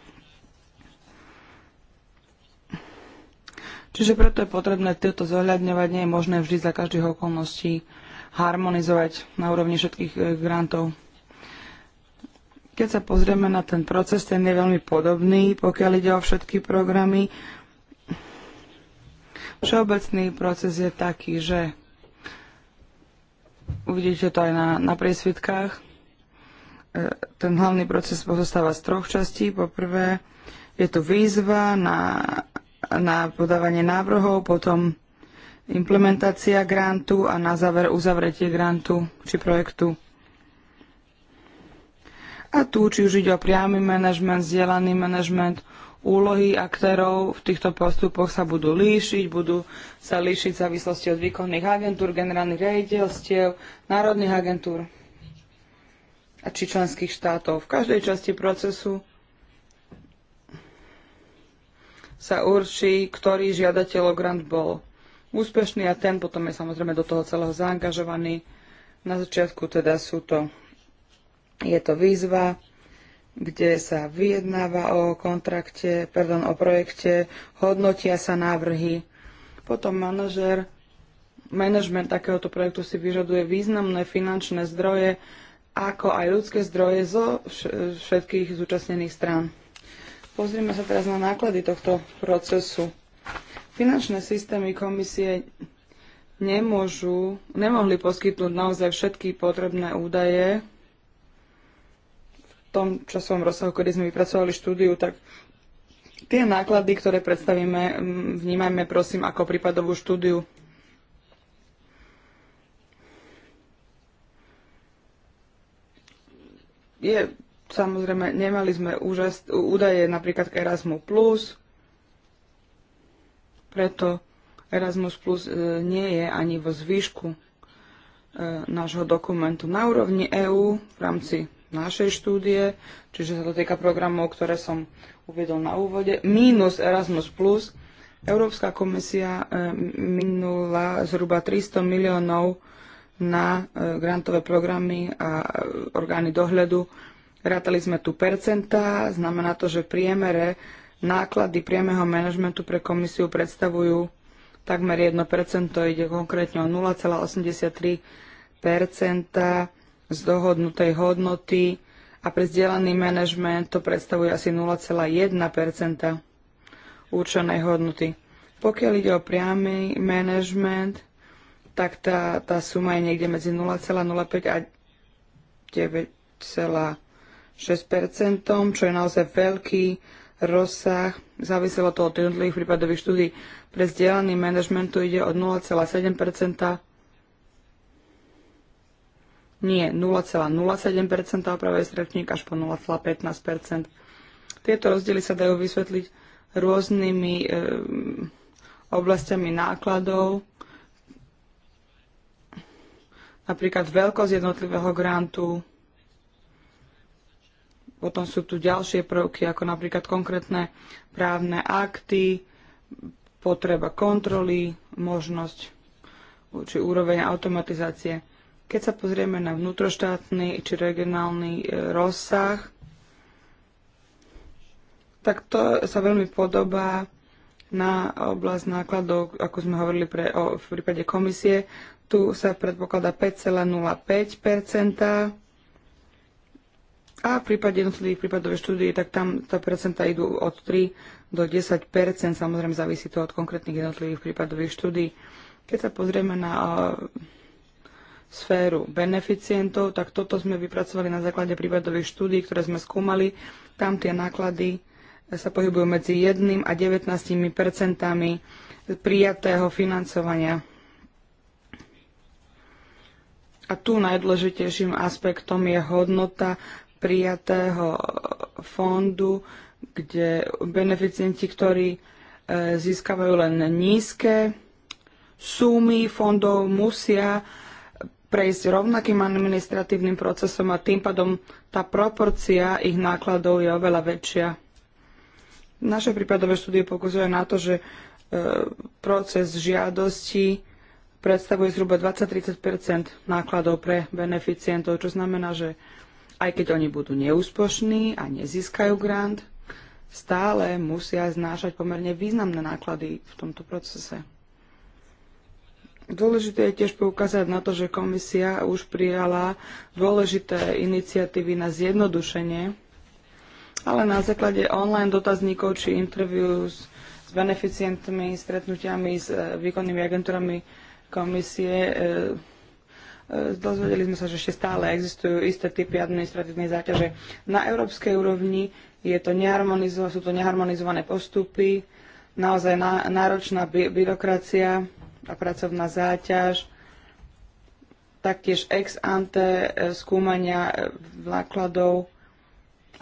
Čiže preto je potrebné tieto zohľadňovať. Nie je možné vždy za každých okolností harmonizovať na úrovni všetkých e, grantov. Keď sa pozrieme na ten proces, ten je veľmi podobný, pokiaľ ide o všetky programy. Všeobecný proces je taký, že uvidíte to aj na, na priesvitkách. E, ten hlavný proces pozostáva z troch častí. Poprvé, je tu výzva na na podávanie návrhov, potom implementácia grantu a na záver uzavretie grantu či projektu. A tu, či už ide o priamy manažment, zdieľaný manažment, úlohy aktérov v týchto postupoch sa budú líšiť, budú sa líšiť v závislosti od výkonných agentúr, generálnych riaditeľstiev, národných agentúr a či členských štátov. V každej časti procesu sa určí, ktorý žiadateľ o grant bol úspešný a ten potom je samozrejme do toho celého zaangažovaný. Na začiatku teda sú to, je to výzva, kde sa vyjednáva o kontrakte, pardon, o projekte, hodnotia sa návrhy. Potom manažer, manažment takéhoto projektu si vyžaduje významné finančné zdroje, ako aj ľudské zdroje zo všetkých zúčastnených strán. Pozrieme sa teraz na náklady tohto procesu. Finančné systémy komisie nemôžu, nemohli poskytnúť naozaj všetky potrebné údaje v tom časovom rozsahu, kedy sme vypracovali štúdiu, tak tie náklady, ktoré predstavíme, vnímajme prosím ako prípadovú štúdiu. Je Samozrejme, nemali sme úžas, údaje napríklad k Erasmu+, preto Erasmus Plus e, nie je ani vo zvýšku e, nášho dokumentu. Na úrovni EÚ v rámci našej štúdie, čiže sa to týka programov, ktoré som uvedol na úvode, mínus Erasmus+, Plus, Európska komisia e, minula zhruba 300 miliónov na grantové programy a orgány dohľadu Rátali sme tu percentá, znamená to, že v priemere náklady priemeho manažmentu pre komisiu predstavujú takmer 1%, ide konkrétne o 0,83% z dohodnutej hodnoty a pre zdieľaný manažment to predstavuje asi 0,1% určenej hodnoty. Pokiaľ ide o priamy manažment, tak tá, tá suma je niekde medzi 0,05 a 9,5 6%, čo je naozaj veľký rozsah. Záviselo to od jednotlivých prípadových štúdí. Pre vzdielaný manažment tu ide od 0,7%. Nie, 0,07% opravuje stretník až po 0,15%. Tieto rozdiely sa dajú vysvetliť rôznymi e, oblastiami nákladov, napríklad veľkosť jednotlivého grantu, potom sú tu ďalšie prvky, ako napríklad konkrétne právne akty, potreba kontroly, možnosť či úroveň automatizácie. Keď sa pozrieme na vnútroštátny či regionálny e, rozsah, tak to sa veľmi podobá na oblasť nákladov, ako sme hovorili pre, o, v prípade komisie. Tu sa predpokladá 5,05 a v prípade jednotlivých prípadovej štúdie, tak tam tá percenta idú od 3 do 10 samozrejme závisí to od konkrétnych jednotlivých prípadových štúdí. Keď sa pozrieme na sféru beneficientov, tak toto sme vypracovali na základe prípadových štúdí, ktoré sme skúmali. Tam tie náklady sa pohybujú medzi 1 a 19 percentami prijatého financovania. A tu najdôležitejším aspektom je hodnota prijatého fondu, kde beneficienti, ktorí e, získavajú len nízke sumy fondov, musia prejsť rovnakým administratívnym procesom a tým pádom tá proporcia ich nákladov je oveľa väčšia. Naše prípadové štúdie pokusujú na to, že e, proces žiadosti predstavuje zhruba 20-30 nákladov pre beneficientov, čo znamená, že aj keď oni budú neúspešní a nezískajú grant, stále musia znášať pomerne významné náklady v tomto procese. Dôležité je tiež poukázať na to, že komisia už prijala dôležité iniciatívy na zjednodušenie, ale na základe online dotazníkov či interviu s, s beneficientmi, stretnutiami s e, výkonnými agentúrami komisie e, E, dozvedeli sme sa, že ešte stále existujú isté typy administratívnej záťaže. Na európskej úrovni je to sú to neharmonizované postupy, naozaj náročná by, byrokracia a pracovná záťaž, taktiež ex ante e, skúmania e, nákladov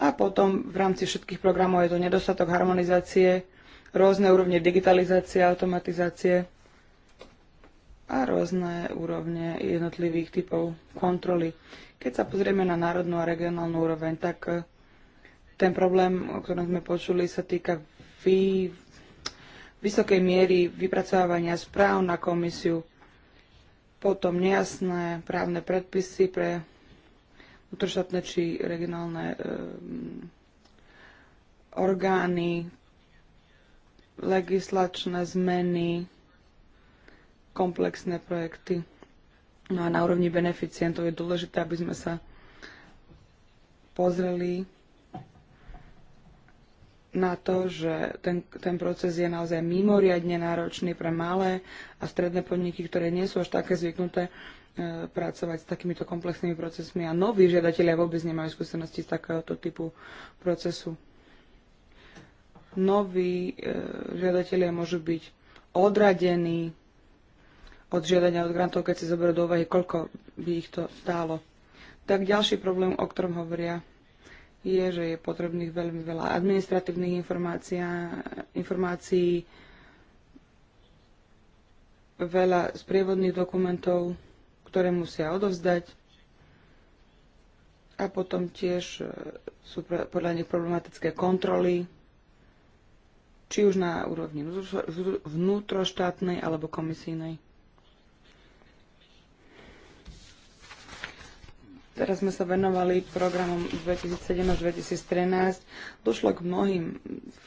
a potom v rámci všetkých programov je to nedostatok harmonizácie, rôzne úrovne digitalizácie, automatizácie a rôzne úrovne jednotlivých typov kontroly. Keď sa pozrieme na národnú a regionálnu úroveň, tak eh, ten problém, o ktorom sme počuli, sa týka vy, vysokej miery vypracovávania správ na komisiu, potom nejasné právne predpisy pre vnútroštátne či regionálne e, orgány, legislačné zmeny, komplexné projekty. No a na úrovni beneficientov je dôležité, aby sme sa pozreli na to, že ten, ten proces je naozaj mimoriadne náročný pre malé a stredné podniky, ktoré nie sú až také zvyknuté e, pracovať s takýmito komplexnými procesmi a noví žiadatelia vôbec nemajú skúsenosti z takéhoto typu procesu. Noví e, žiadatelia môžu byť odradení od žiadania od grantov, keď si zoberú do úvahy, koľko by ich to stálo. Tak ďalší problém, o ktorom hovoria, je, že je potrebných veľmi veľa administratívnych informácií, veľa sprievodných dokumentov, ktoré musia odovzdať. A potom tiež e, sú podľa nich problematické kontroly, či už na úrovni vnútroštátnej alebo komisijnej. Teraz sme sa venovali programom 2007 až 2013. Došlo k mnohým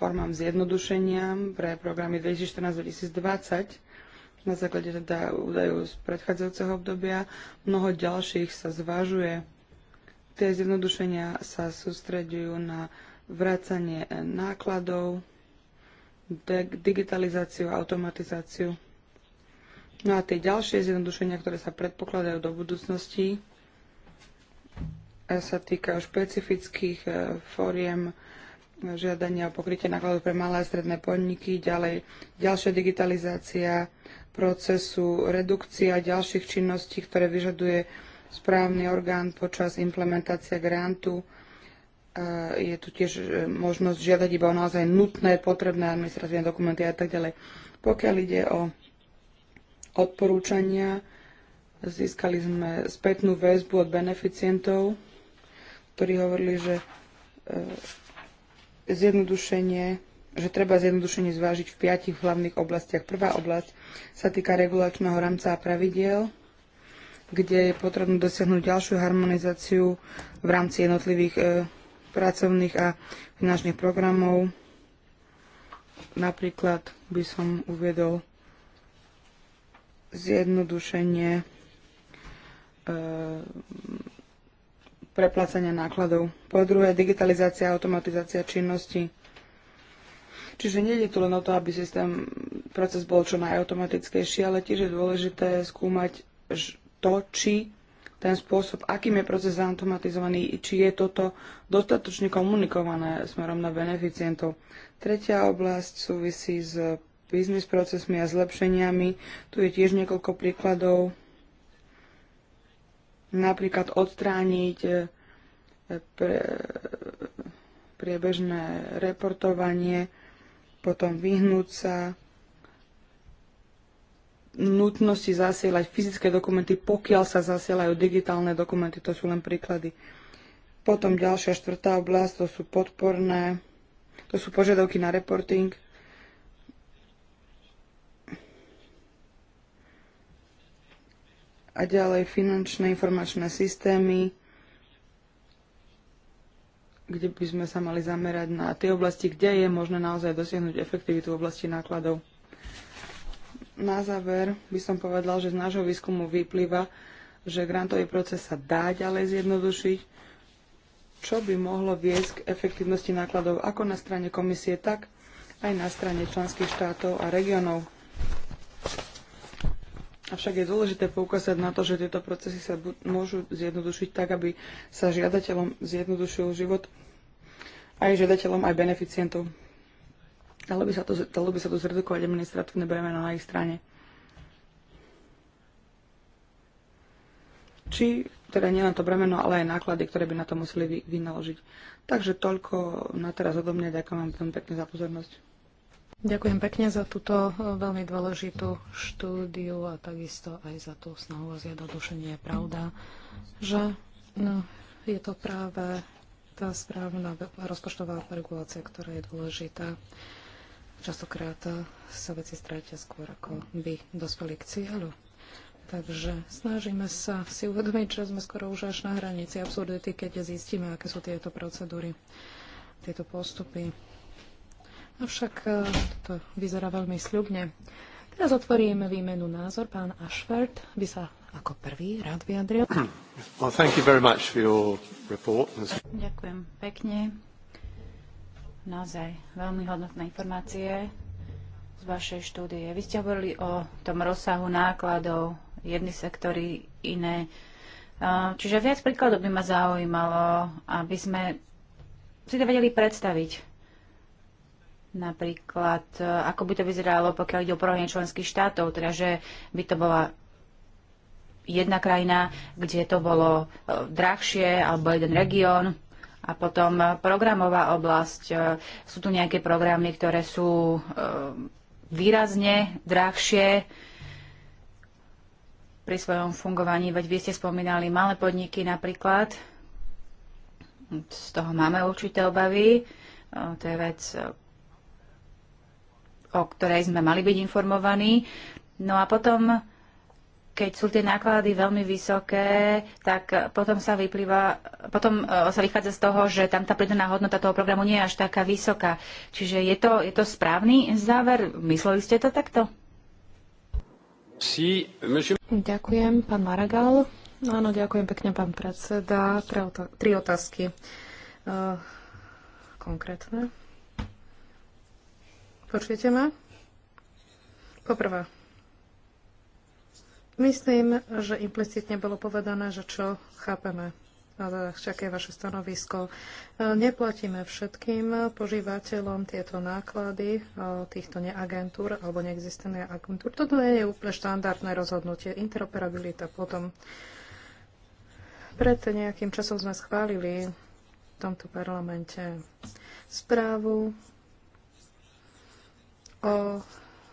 formám zjednodušenia pre programy 2014-2020 na základe teda údajov z predchádzajúceho obdobia. Mnoho ďalších sa zvažuje. Tie zjednodušenia sa sústreďujú na vracanie nákladov, digitalizáciu, automatizáciu. No a tie ďalšie zjednodušenia, ktoré sa predpokladajú do budúcnosti, sa týka špecifických e, fóriem e, žiadania o pokrytie nákladov pre malé a stredné podniky, ďalej ďalšia digitalizácia procesu, redukcia ďalších činností, ktoré vyžaduje správny orgán počas implementácia grantu. E, je tu tiež možnosť žiadať iba o naozaj nutné, potrebné administratívne dokumenty a tak ďalej. Pokiaľ ide o odporúčania, získali sme spätnú väzbu od beneficientov, ktorí hovorili, že e, zjednodušenie že treba zjednodušenie zvážiť v piatich hlavných oblastiach. Prvá oblasť sa týka regulačného rámca a pravidiel, kde je potrebné dosiahnuť ďalšiu harmonizáciu v rámci jednotlivých e, pracovných a finančných programov. Napríklad by som uviedol zjednodušenie e, preplácania nákladov. Po druhé, digitalizácia a automatizácia činnosti. Čiže nie je to len o to, aby systém, proces bol čo najautomatickejší, ale tiež je dôležité skúmať to, či ten spôsob, akým je proces zautomatizovaný, či je toto dostatočne komunikované smerom na beneficientov. Tretia oblasť súvisí s biznis procesmi a zlepšeniami. Tu je tiež niekoľko príkladov napríklad odstrániť e, pre, priebežné reportovanie, potom vyhnúť sa nutnosti zasielať fyzické dokumenty, pokiaľ sa zasielajú digitálne dokumenty. To sú len príklady. Potom ďalšia štvrtá oblasť, to sú podporné, to sú požiadavky na reporting, a ďalej finančné informačné systémy, kde by sme sa mali zamerať na tie oblasti, kde je možné naozaj dosiahnuť efektivitu v oblasti nákladov. Na záver by som povedal, že z nášho výskumu vyplýva, že grantový proces sa dá ďalej zjednodušiť, čo by mohlo viesť k efektivnosti nákladov ako na strane komisie, tak aj na strane členských štátov a regionov. Avšak je dôležité poukázať na to, že tieto procesy sa môžu zjednodušiť tak, aby sa žiadateľom zjednodušil život aj žiadateľom, aj beneficientov. Dalo by sa to, dalo by sa to zredukovať administratívne bremeno na ich strane. Či teda nie len to bremeno, ale aj náklady, ktoré by na to museli vy, vynaložiť. Takže toľko na teraz odo mňa. Ďakujem vám veľmi pekne za pozornosť. Ďakujem pekne za túto e, veľmi dôležitú štúdiu a takisto aj za tú snahu a zjednodušenie. Je pravda, že no, je to práve tá správna rozpočtová regulácia, ktorá je dôležitá. Častokrát e, sa veci strátia skôr, ako by dospeli k cieľu. Takže snažíme sa si uvedomiť, že sme skoro už až na hranici absurdity, keď zistíme, aké sú tieto procedúry, tieto postupy. Avšak e, toto vyzerá veľmi sľubne. Teraz otvoríme výmenu názor. Pán Ashford by sa ako prvý rád vyjadril. Well, thank you very much for your report. Ďakujem pekne. Naozaj veľmi hodnotné informácie z vašej štúdie. Vy ste hovorili o tom rozsahu nákladov, jedny sektory, iné. Čiže viac príkladov by ma zaujímalo, aby sme si to vedeli predstaviť. Napríklad, e, ako by to vyzeralo, pokiaľ ide o porovnanie členských štátov, teda že by to bola jedna krajina, kde to bolo e, drahšie, alebo jeden región. A potom e, programová oblasť. Sú tu nejaké programy, ktoré sú výrazne drahšie pri svojom fungovaní, veď vy ste spomínali malé podniky napríklad. Z toho máme určité obavy. To je vec, o ktorej sme mali byť informovaní. No a potom, keď sú tie náklady veľmi vysoké, tak potom sa vyplýva, potom e, sa vychádza z toho, že tam tá pridaná hodnota toho programu nie je až taká vysoká. Čiže je to, je to správny záver? Mysleli ste to takto? Ďakujem, pán Maragal. Áno, ďakujem pekne, pán predseda. Tri otázky. E, konkrétne Počujete ma? Poprvé, myslím, že implicitne bolo povedané, že čo chápeme však je vaše stanovisko. Neplatíme všetkým požívateľom tieto náklady týchto neagentúr alebo neexistené agentúr. Toto nie je úplne štandardné rozhodnutie. Interoperabilita potom. Pred nejakým časom sme schválili v tomto parlamente správu o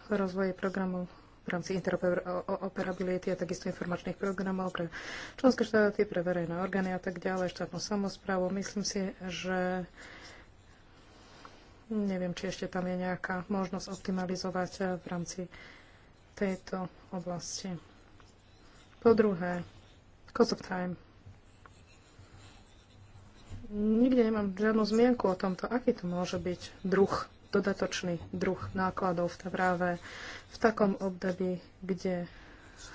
rozvoji programu v rámci interoperability a takisto informačných programov pre členské štáty, pre verejné orgány a tak ďalej, štátnu samozprávu. Myslím si, že neviem, či ešte tam je nejaká možnosť optimalizovať v rámci tejto oblasti. Po druhé, cost of time. Nikde nemám žiadnu zmienku o tomto, aký to môže byť druh dodatočný druh nákladov v práve v takom období, kde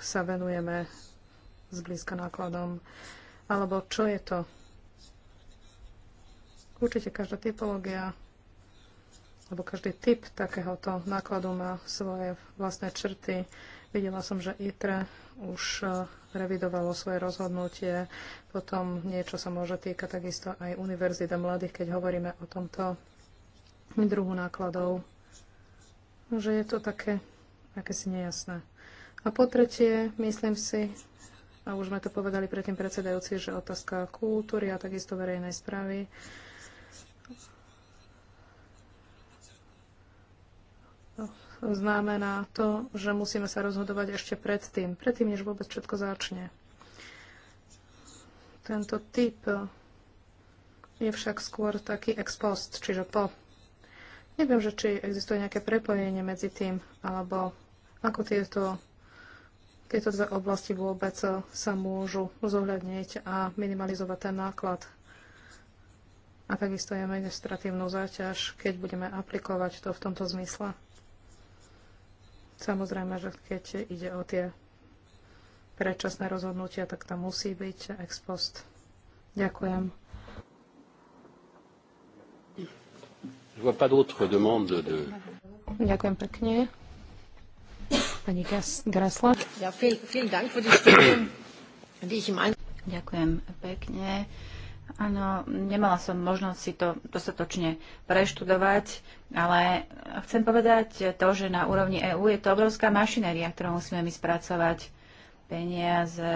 sa venujeme zblízka nákladom, alebo čo je to. Určite každá typológia alebo každý typ takéhoto nákladu má svoje vlastné črty. Videla som, že ITRE už e, revidovalo svoje rozhodnutie. Potom niečo sa môže týkať takisto aj Univerzita mladých, keď hovoríme o tomto druhu nákladov. Že je to také si nejasné. A po tretie, myslím si, a už sme to povedali predtým predsedajúci, že otázka kultúry a takisto verejnej správy znamená to, že musíme sa rozhodovať ešte predtým, predtým, než vôbec všetko začne. Tento typ je však skôr taký ex post, čiže po Neviem, že či existuje nejaké prepojenie medzi tým, alebo ako tieto, tieto dve oblasti vôbec sa môžu zohľadniť a minimalizovať ten náklad a takisto je administratívnu záťaž, keď budeme aplikovať to v tomto zmysle. Samozrejme, že keď ide o tie predčasné rozhodnutia, tak tam musí byť ex post. Ďakujem. Ďakujem pekne. Pani Grasla. Ďakujem pekne. Áno, nemala som možnosť si to dostatočne preštudovať, ale chcem povedať to, že na úrovni EÚ je to obrovská mašinéria, ktorú musíme my spracovať peniaze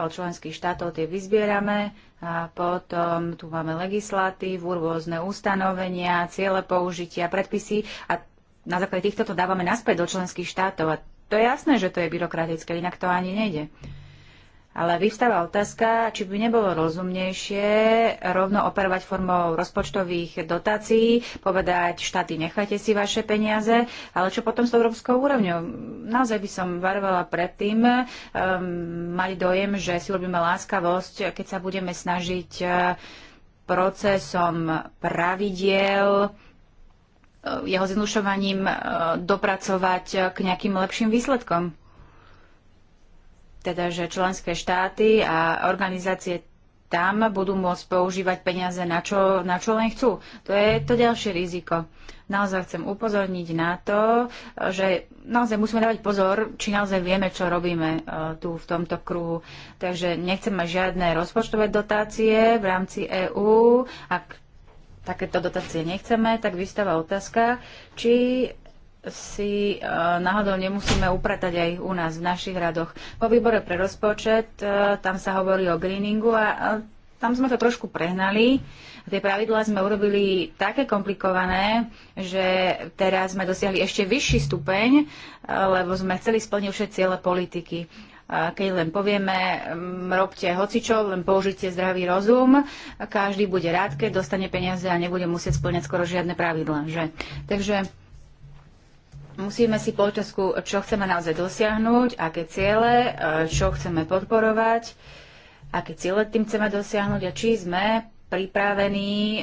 od členských štátov, tie vyzbierame a potom tu máme legislatívu, rôzne ustanovenia, ciele použitia, predpisy a na základe týchto to dávame naspäť do členských štátov. A to je jasné, že to je byrokratické, inak to ani nejde. Ale vystáva otázka, či by nebolo rozumnejšie rovno operovať formou rozpočtových dotácií, povedať štáty, nechajte si vaše peniaze, ale čo potom s európskou úrovňou? Naozaj by som varovala predtým um, mať dojem, že si robíme láskavosť, keď sa budeme snažiť uh, procesom pravidiel, uh, jeho zjednušovaním uh, dopracovať k nejakým lepším výsledkom teda že členské štáty a organizácie tam budú môcť používať peniaze na čo, na čo len chcú. To je to ďalšie riziko. Naozaj chcem upozorniť na to, že naozaj musíme dávať pozor, či naozaj vieme, čo robíme e, tu v tomto kruhu. Takže nechceme žiadne rozpočtové dotácie v rámci EÚ. Ak takéto dotácie nechceme, tak vystáva otázka, či si e, náhodou nemusíme upratať aj u nás v našich radoch. Po výbore pre rozpočet e, tam sa hovorí o greeningu a tam sme to trošku prehnali. Tie pravidlá sme urobili také komplikované, že teraz sme dosiahli ešte vyšší stupeň, e, lebo sme chceli splniť všetky ciele politiky keď len povieme, mm, robte hocičo, len použite zdravý rozum, každý bude rád, keď dostane peniaze a nebude musieť splňať skoro žiadne pravidla. Že? Takže musíme si po otázku, čo chceme naozaj dosiahnuť, aké ciele, e, čo chceme podporovať, aké ciele tým chceme dosiahnuť a či sme pripravení e,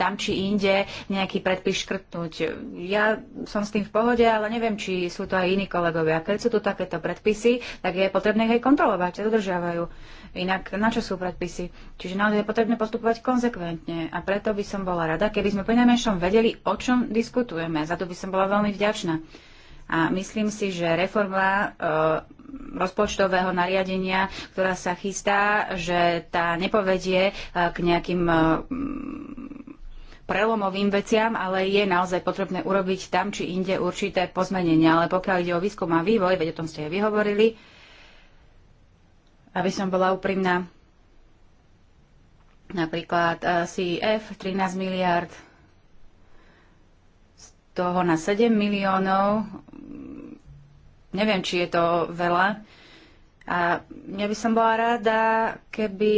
tam či inde nejaký predpis škrtnúť. Ja som s tým v pohode, ale neviem, či sú to aj iní kolegovia. Keď sú tu takéto predpisy, tak je potrebné ich aj kontrolovať a dodržiavajú. Inak na čo sú predpisy? Čiže naozaj je potrebné postupovať konzekventne a preto by som bola rada, keby sme prinajmenšom vedeli, o čom diskutujeme. Za to by som bola veľmi vďačná. A myslím si, že reforma e, rozpočtového nariadenia, ktorá sa chystá, že tá nepovedie e, k nejakým e, prelomovým veciam, ale je naozaj potrebné urobiť tam či inde určité pozmenenia. Ale pokiaľ ide o výskum a vývoj, veď o tom ste aj vyhovorili, aby som bola úprimná, napríklad eh, CF e 13 miliard, z toho na 7 miliónov, neviem, či je to veľa, a ja by som bola rada, keby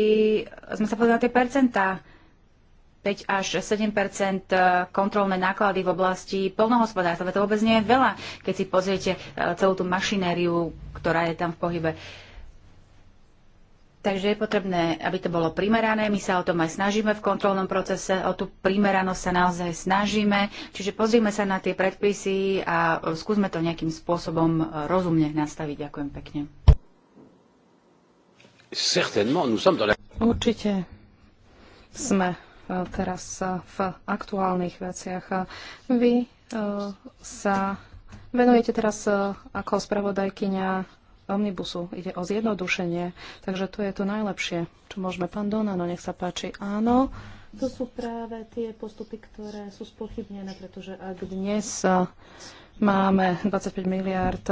sme sa pozreli na tie percentá, 5 až 7 e, kontrolné náklady v oblasti polnohospodárstva. To vôbec nie je veľa, keď si pozriete e, celú tú mašinériu, ktorá je tam v pohybe. Takže je potrebné, aby to bolo primerané. My sa o tom aj snažíme v kontrolnom procese, o tú primeranosť sa naozaj snažíme. Čiže pozrime sa na tie predpisy a e, skúsme to nejakým spôsobom rozumne nastaviť. Ďakujem pekne. Určite sme teraz v aktuálnych veciach. Vy e, sa venujete teraz e, ako spravodajkyňa omnibusu. Ide o zjednodušenie, takže to je to najlepšie, čo môžeme. Pán no nech sa páči. Áno, to sú práve tie postupy, ktoré sú spochybnené, pretože ak dnes e, máme 25 miliard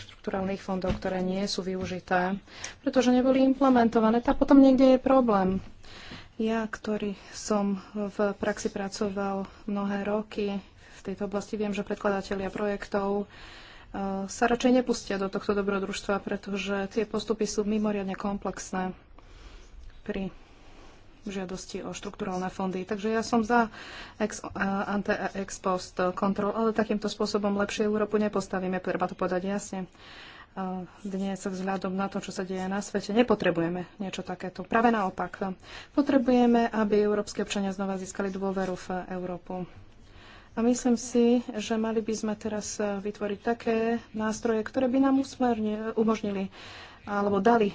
štruktúrálnych fondov, ktoré nie sú využité, pretože neboli implementované, tak potom niekde je problém. Ja, ktorý som v praxi pracoval mnohé roky v tejto oblasti, viem, že predkladatelia projektov e, sa radšej nepustia do tohto dobrodružstva, pretože tie postupy sú mimoriadne komplexné pri žiadosti o štruktúrne fondy. Takže ja som za ex, ante ex post kontrol, ale takýmto spôsobom lepšie Európu nepostavíme, treba to povedať jasne dnes vzhľadom na to, čo sa deje na svete. Nepotrebujeme niečo takéto. Práve naopak. Potrebujeme, aby európske občania znova získali dôveru v Európu. A myslím si, že mali by sme teraz vytvoriť také nástroje, ktoré by nám umožnili alebo dali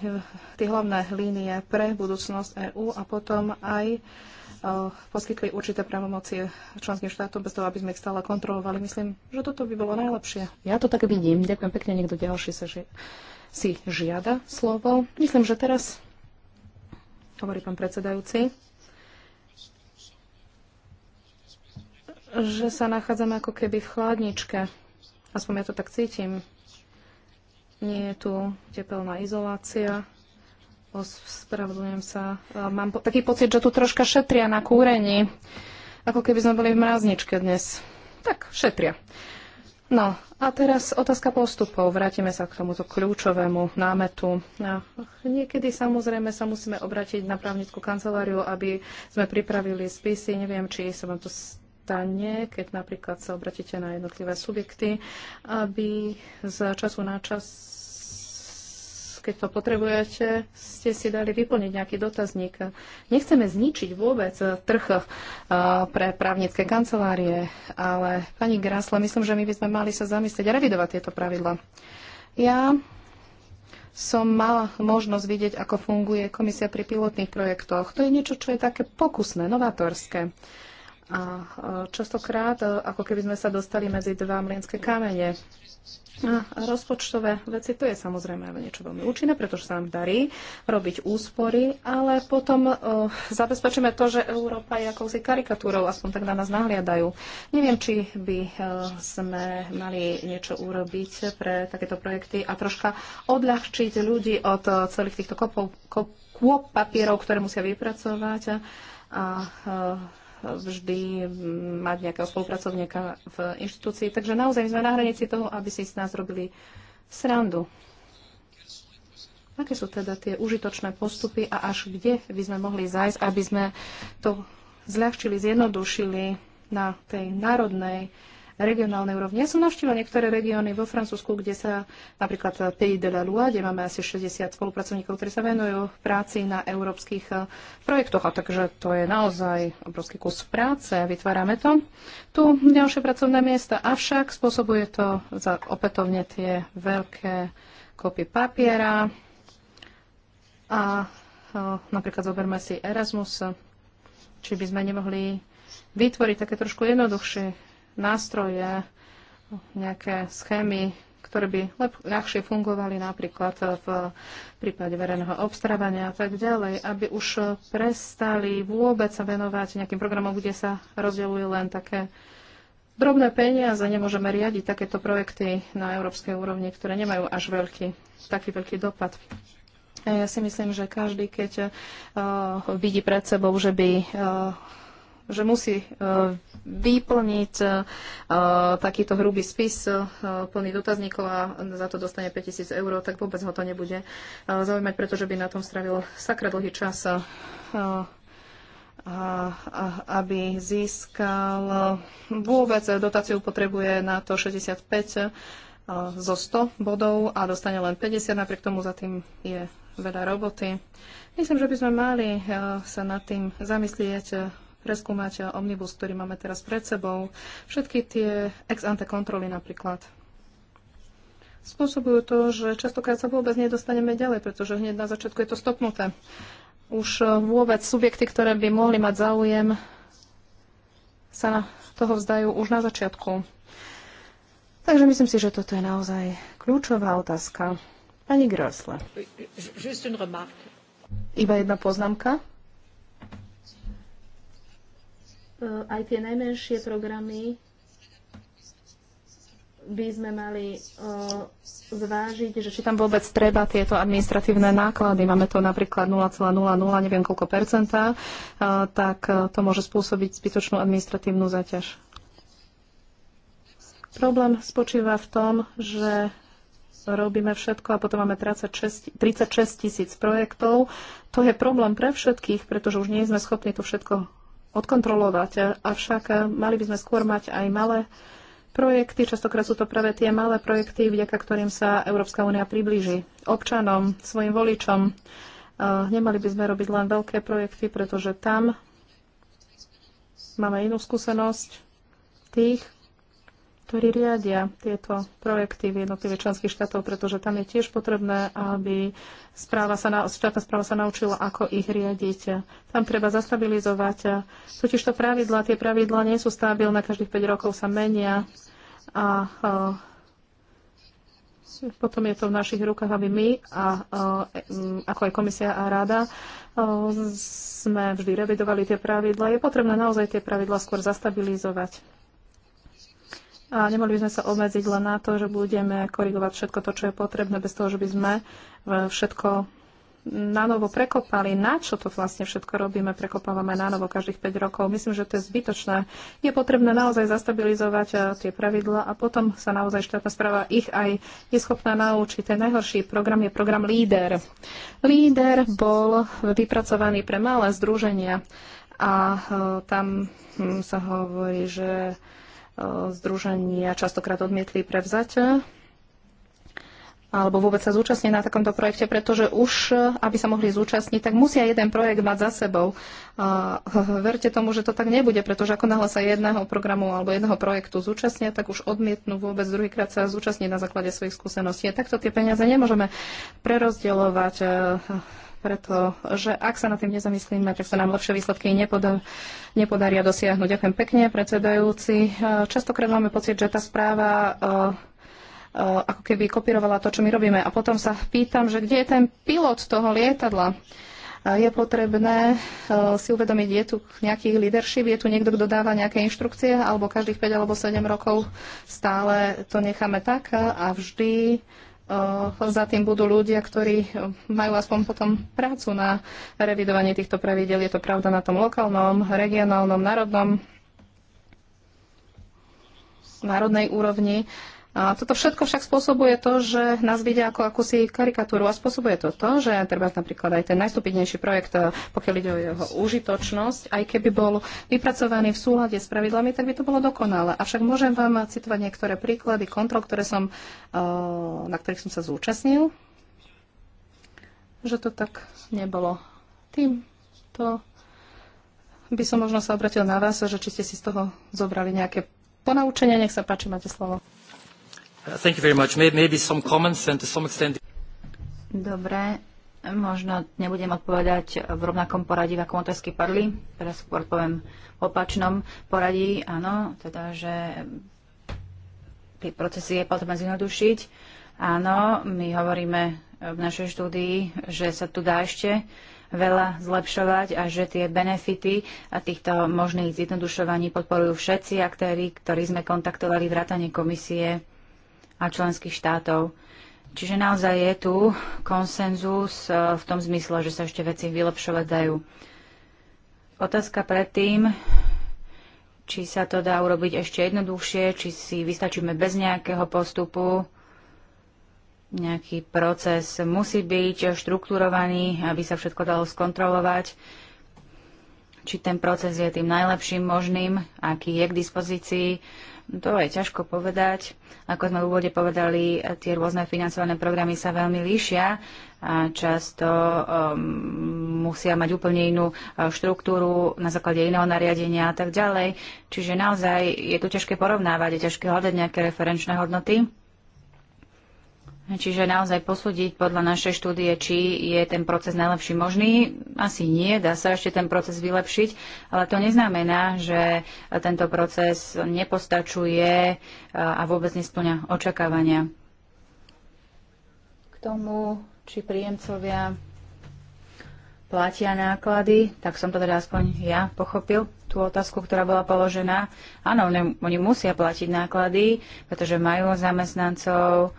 tie hlavné línie pre budúcnosť EÚ a potom aj poskytli určité právomoci členským štátom bez toho, aby sme ich stále kontrolovali. Myslím, že toto by bolo najlepšie. Ja to tak vidím. Ďakujem pekne. Niekto ďalší sa ži- si žiada slovo. Myslím, že teraz hovorí pán predsedajúci, že sa nachádzame ako keby v chladničke. Aspoň ja to tak cítim. Nie je tu tepelná izolácia Ospravedlňujem sa. Mám po- taký pocit, že tu troška šetria na kúrení. Ako keby sme boli v mrazničke dnes. Tak, šetria. No a teraz otázka postupov. Vrátime sa k tomuto kľúčovému námetu. No, niekedy samozrejme sa musíme obrátiť na právnickú kanceláriu, aby sme pripravili spisy. Neviem, či sa vám to stane, keď napríklad sa obratíte na jednotlivé subjekty, aby z času na čas keď to potrebujete, ste si dali vyplniť nejaký dotazník. Nechceme zničiť vôbec eh, trh eh, pre právnické kancelárie, ale pani Grasle, myslím, že my by sme mali sa zamyslieť a revidovať tieto pravidla. Ja som mala možnosť vidieť, ako funguje komisia pri pilotných projektoch. To je niečo, čo je také pokusné, novatorské. A e, častokrát, e, ako keby sme sa dostali medzi dva mlienské kamene. A rozpočtové veci, to je samozrejme niečo veľmi účinné, pretože sa nám darí robiť úspory, ale potom uh, zabezpečíme to, že Európa je akousi karikatúrou, aspoň tak na nás nahliadajú. Neviem, či by uh, sme mali niečo urobiť pre takéto projekty a troška odľahčiť ľudí od uh, celých týchto kopov, kop, kôp papierov, ktoré musia vypracovať. A, uh, vždy mať nejakého spolupracovníka v inštitúcii. Takže naozaj sme na hranici toho, aby si z nás robili srandu. Aké sú teda tie užitočné postupy a až kde by sme mohli zájsť, aby sme to zľahčili, zjednodušili na tej národnej regionálnej úrovni. Ja som navštívila niektoré regióny vo Francúzsku, kde sa napríklad Pays de la Loire, kde máme asi 60 spolupracovníkov, ktorí sa venujú práci na európskych eh, projektoch. A takže to je naozaj obrovský kus práce a vytvárame to. Tu ďalšie pracovné miesta, avšak spôsobuje to za opätovne tie veľké kopy papiera a eh, napríklad zoberme si Erasmus, či by sme nemohli vytvoriť také trošku jednoduchšie nástroje, nejaké schémy, ktoré by lep- ľahšie fungovali napríklad v prípade verejného obstarávania a tak ďalej, aby už prestali vôbec sa venovať nejakým programom, kde sa rozdeľujú len také drobné peniaze. Nemôžeme riadiť takéto projekty na európskej úrovni, ktoré nemajú až veľký, taký veľký dopad. Ja si myslím, že každý, keď uh, vidí pred sebou, že by uh, že musí e, vyplniť e, takýto hrubý spis e, plný dotazníkov a za to dostane 5000 eur, tak vôbec ho to nebude zaujímať, pretože by na tom stravil sakra dlhý čas, aby získal vôbec dotáciu potrebuje na to 65 zo 100 bodov a dostane len 50, napriek tomu za tým je veľa roboty. Myslím, že by sme mali sa nad tým zamyslieť, preskúmať omnibus, ktorý máme teraz pred sebou. Všetky tie ex ante kontroly napríklad spôsobujú to, že častokrát sa vôbec nedostaneme ďalej, pretože hneď na začiatku je to stopnuté. Už e, vôbec subjekty, ktoré by mohli mať záujem, sa na toho vzdajú už na začiatku. Takže myslím si, že toto je naozaj kľúčová otázka. Pani Grösle. Iba jedna poznámka. E, aj tie najmenšie programy by sme mali e, zvážiť, že či tam vôbec treba tieto administratívne náklady. Máme to napríklad 0,00, neviem koľko percenta, e, tak to môže spôsobiť zbytočnú administratívnu zaťaž. Problém spočíva v tom, že robíme všetko a potom máme 36, 36 tisíc projektov. To je problém pre všetkých, pretože už nie sme schopní to všetko odkontrolovať. Avšak eh, mali by sme skôr mať aj malé projekty, častokrát sú to práve tie malé projekty, vďaka ktorým sa Európska únia priblíži občanom, svojim voličom. Eh, nemali by sme robiť len veľké projekty, pretože tam máme inú skúsenosť tých, ktorí riadia tieto projekty v jednotlivých členských štátov, pretože tam je tiež potrebné, aby správa sa na, štátna správa sa naučila, ako ich riadiť. Tam treba zastabilizovať. Totiž to pravidla, tie pravidla nie sú stabilné, každých 5 rokov sa menia a e, potom je to v našich rukách, aby my, a, a, e, ako aj komisia a rada, a, e, sme vždy revidovali tie pravidla. Je potrebné naozaj tie pravidla skôr zastabilizovať. A nemali by sme sa obmedziť len na to, že budeme korigovať všetko to, čo je potrebné, bez toho, že by sme e, všetko na novo prekopali, na čo to vlastne všetko robíme, prekopávame na novo každých 5 rokov. Myslím, že to je zbytočné. Je potrebné naozaj zastabilizovať e, tie pravidla a potom sa naozaj štátna správa ich aj je schopná naučiť. Ten najhorší program je program Líder. Líder bol vypracovaný pre malé združenia a e, tam hm, sa hovorí, že združenia častokrát odmietli prevzať eh, alebo vôbec sa zúčastniť na takomto projekte, pretože už, eh, aby sa mohli zúčastniť, tak musia jeden projekt mať za sebou. A verte tomu, že to tak nebude, pretože ako náhle sa jedného programu alebo jedného projektu zúčastnia, tak už odmietnú vôbec druhýkrát sa zúčastniť na základe svojich skúseností. A takto tie peniaze nemôžeme prerozdeľovať eh, pretože ak sa nad tým nezamyslíme, tak sa nám lepšie výsledky nepoda- nepodaria dosiahnuť. Ďakujem pekne, predsedajúci. E, častokrát máme pocit, že tá správa e, e, ako keby kopírovala to, čo my robíme. A potom sa pýtam, že kde je ten pilot toho lietadla? je potrebné si uvedomiť, je tu nejaký leadership, je tu niekto, kto dáva nejaké inštrukcie, alebo každých 5 alebo 7 rokov stále to necháme tak a vždy Eh, za tým budú ľudia, ktorí eh, majú aspoň potom prácu na revidovanie týchto pravidel. Je to pravda na tom lokálnom, regionálnom, národnom, národnej úrovni a toto všetko však spôsobuje to, že nás vidia ako akúsi karikatúru a spôsobuje to to, že treba napríklad aj ten najstupidnejší projekt, e, pokiaľ ide o jeho užitočnosť, aj keby bol vypracovaný v súlade s pravidlami, tak by to bolo dokonalé. Avšak môžem vám citovať niektoré príklady kontrol, ktoré som, e, na ktorých som sa zúčastnil, že to tak nebolo. tým, to by som možno sa obratil na vás, že či ste si z toho zobrali nejaké ponaučenia. Nech sa páči, máte slovo. Thank you very much. Maybe some comments and to some extent... Dobre, možno nebudem odpovedať v rovnakom poradí, v akom otázky padli. Teraz skôr poviem v opačnom poradí. Áno, teda, že tie procesy je potrebné zjednodušiť. Áno, my hovoríme v našej štúdii, že sa tu dá ešte veľa zlepšovať a že tie benefity a týchto možných zjednodušovaní podporujú všetci aktéry, ktorí sme kontaktovali vrátane komisie a členských štátov. Čiže naozaj je tu konsenzus e, v tom zmysle, že sa ešte veci vylepšovať dajú. Otázka predtým, či sa to dá urobiť ešte jednoduchšie, či si vystačíme bez nejakého postupu. Nejaký proces musí byť štrukturovaný, aby sa všetko dalo skontrolovať. Či ten proces je tým najlepším možným, aký je k dispozícii to je ťažko povedať. Ako sme v úvode povedali, tie rôzne financované programy sa veľmi líšia a často um, musia mať úplne inú uh, štruktúru na základe iného nariadenia a tak ďalej. Čiže naozaj je tu ťažké porovnávať, je ťažké hľadať nejaké referenčné hodnoty. Čiže naozaj posúdiť podľa našej štúdie, či je ten proces najlepší možný, asi nie, dá sa ešte ten proces vylepšiť, ale to neznamená, že tento proces nepostačuje a vôbec nesplňa očakávania. K tomu, či príjemcovia platia náklady, tak som to teda aspoň ja pochopil tú otázku, ktorá bola položená. Áno, oni musia platiť náklady, pretože majú zamestnancov,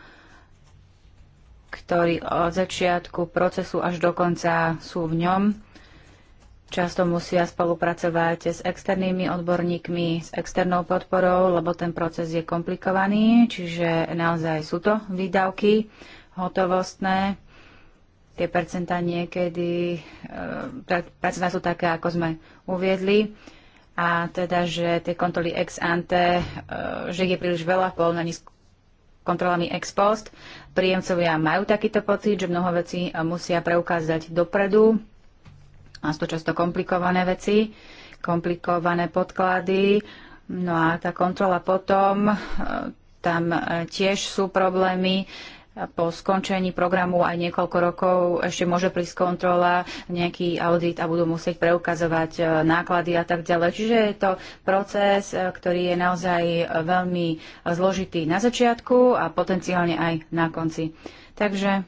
ktorí od začiatku procesu až do konca sú v ňom. Často musia spolupracovať s externými odborníkmi, s externou podporou, lebo ten proces je komplikovaný, čiže naozaj sú to výdavky hotovostné. Tie percentá niekedy, e, percentá sú také, ako sme uviedli a teda, že tie kontroly ex ante, e, že je príliš veľa v porovnaní s kontrolami ex post príjemcovia majú takýto pocit, že mnoho vecí eh, musia preukázať dopredu a sú to často komplikované veci, komplikované podklady. No a tá kontrola potom, eh, tam eh, tiež sú problémy po skončení programu aj niekoľko rokov ešte môže prísť kontrola, nejaký audit a budú musieť preukazovať e, náklady a tak ďalej. Čiže je to proces, e, ktorý je naozaj e, veľmi zložitý na začiatku a potenciálne aj na konci. Takže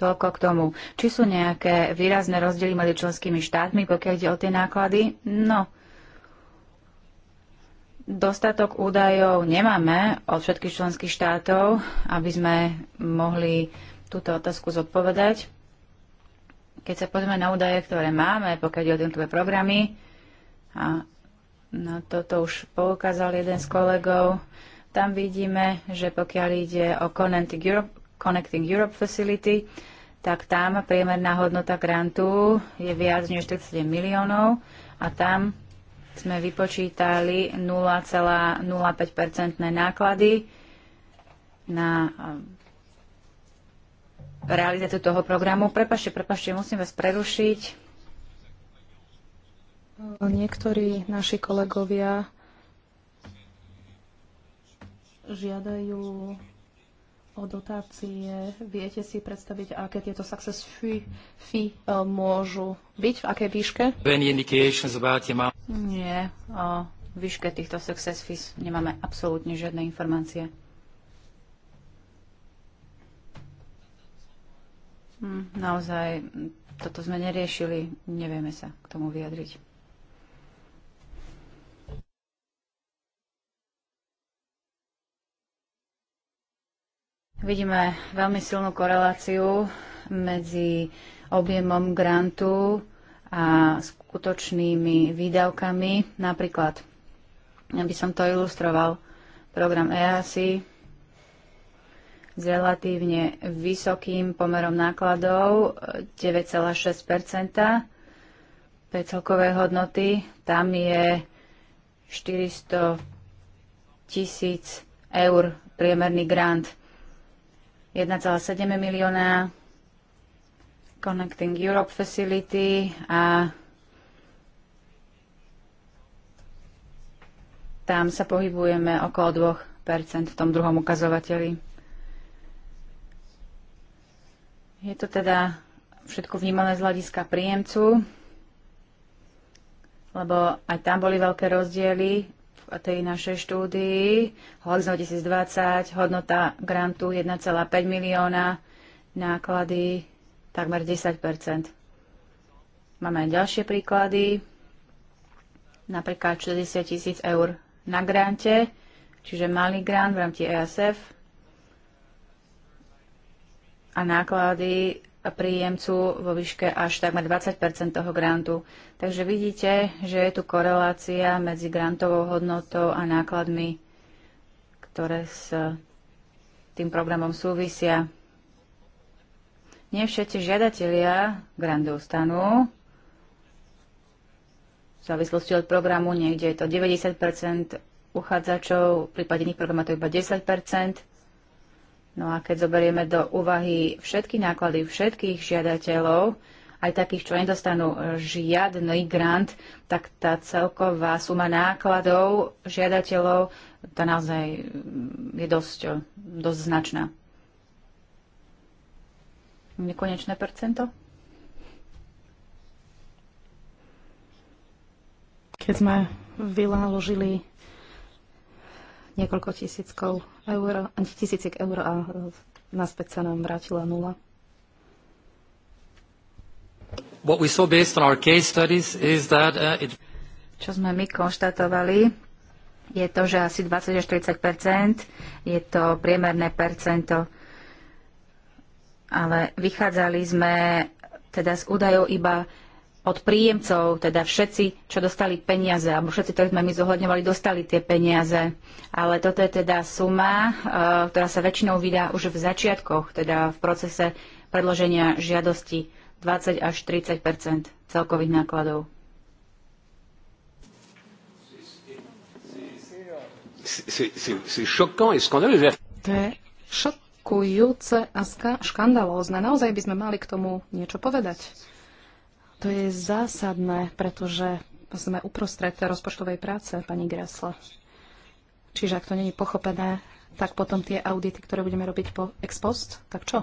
toľko k tomu. Či sú nejaké výrazné rozdiely medzi členskými štátmi, pokiaľ ide o tie náklady? No, Dostatok údajov nemáme od všetkých členských štátov, aby sme mohli túto otázku zodpovedať. Keď sa pozrieme na údaje, ktoré máme, pokiaľ ide o jednotlivé programy, a na toto už poukázal jeden z kolegov, tam vidíme, že pokiaľ ide o Connecting Europe, Connecting Europe Facility, tak tam priemerná hodnota grantu je viac než 37 miliónov a tam sme vypočítali 0,05% náklady na eh, realizáciu toho programu. Prepašte, prepašte, musím vás prerušiť. Niektorí naši kolegovia žiadajú o dotácie. Viete si predstaviť, aké tieto success fee, fee uh, môžu byť? V akej výške? Nie, o výške týchto success fees nemáme absolútne žiadne informácie. Hm, naozaj, toto sme neriešili, nevieme sa k tomu vyjadriť. Vidíme veľmi silnú koreláciu medzi objemom grantu a skutočnými výdavkami. Napríklad, aby som to ilustroval, program EASI s relatívne vysokým pomerom nákladov 9,6 pre celkové hodnoty. Tam je 400 tisíc eur priemerný grant – 1,7 milióna Connecting Europe Facility a tam sa pohybujeme okolo 2% v tom druhom ukazovateli. Je to teda všetko vnímané z hľadiska príjemcu, lebo aj tam boli veľké rozdiely tej našej štúdii Horizon 2020, hodnota grantu 1,5 milióna, náklady takmer 10 Máme aj ďalšie príklady, napríklad 60 tisíc eur na grante, čiže malý grant v rámci ESF a náklady príjemcu vo výške až takmer 20 toho grantu. Takže vidíte, že je tu korelácia medzi grantovou hodnotou a nákladmi, ktoré s tým programom súvisia. Nie všetci žiadatelia grant dostanú. V závislosti od programu niekde je to 90 uchádzačov, v prípade iných programov to iba 10 No a keď zoberieme do úvahy všetky náklady všetkých žiadateľov, aj takých, čo nedostanú e, žiadny grant, tak tá celková suma nákladov žiadateľov, tá naozaj mm, je dosť, e, dosť značná. Nekonečné percento? Keď sme vynaložili niekoľko tisíckov eur, tisíciek eur a e, naspäť sa nám vrátila nula. What we saw based on our case studies is that uh, it... Čo sme my konštatovali, je to, že asi 20 až 30% je to priemerné percento. Ale vychádzali sme teda z údajov iba od príjemcov, teda všetci, čo dostali peniaze, alebo všetci, ktorí sme my zohľadňovali, dostali tie peniaze. Ale toto je teda suma, e, ktorá sa väčšinou vydá už v začiatkoch, teda v procese predloženia žiadosti 20 až 30 celkových nákladov. To je šokujúce a škandalózne. Naozaj by sme mali k tomu niečo povedať. To je zásadné, pretože sme uprostred rozpočtovej práce, pani Gresla. Čiže ak to není pochopené, tak potom tie audity, ktoré budeme robiť po ex post, tak čo?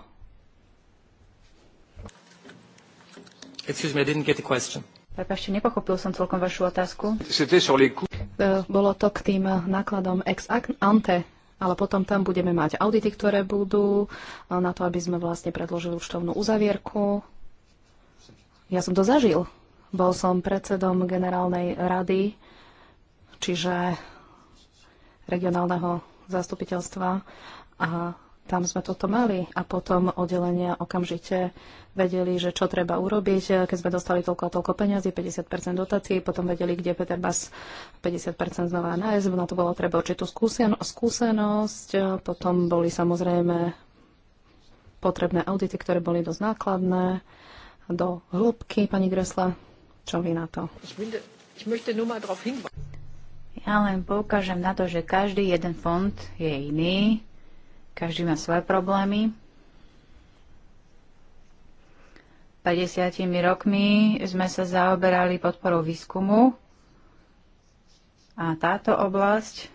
Excuse me, I didn't get the question. Prepašte, nepochopil som celkom vašu otázku. E, bolo to k tým nákladom ex ante, ale potom tam budeme mať audity, ktoré budú e, na to, aby sme vlastne predložili účtovnú uzavierku ja som to zažil. Bol som predsedom generálnej rady, čiže regionálneho zastupiteľstva a tam sme toto mali a potom oddelenia okamžite vedeli, že čo treba urobiť. Keď sme dostali toľko a toľko peňazí, 50% dotácií, potom vedeli, kde Peter Bas 50% znova nájsť. No to bolo treba určitú skúsen- skúsenosť. Potom boli samozrejme potrebné audity, ktoré boli dosť nákladné do hĺbky, pani Gresla. Čo vy na to? Ja len poukážem na to, že každý jeden fond je iný, každý má svoje problémy. 50 rokmi sme sa zaoberali podporou výskumu a táto oblasť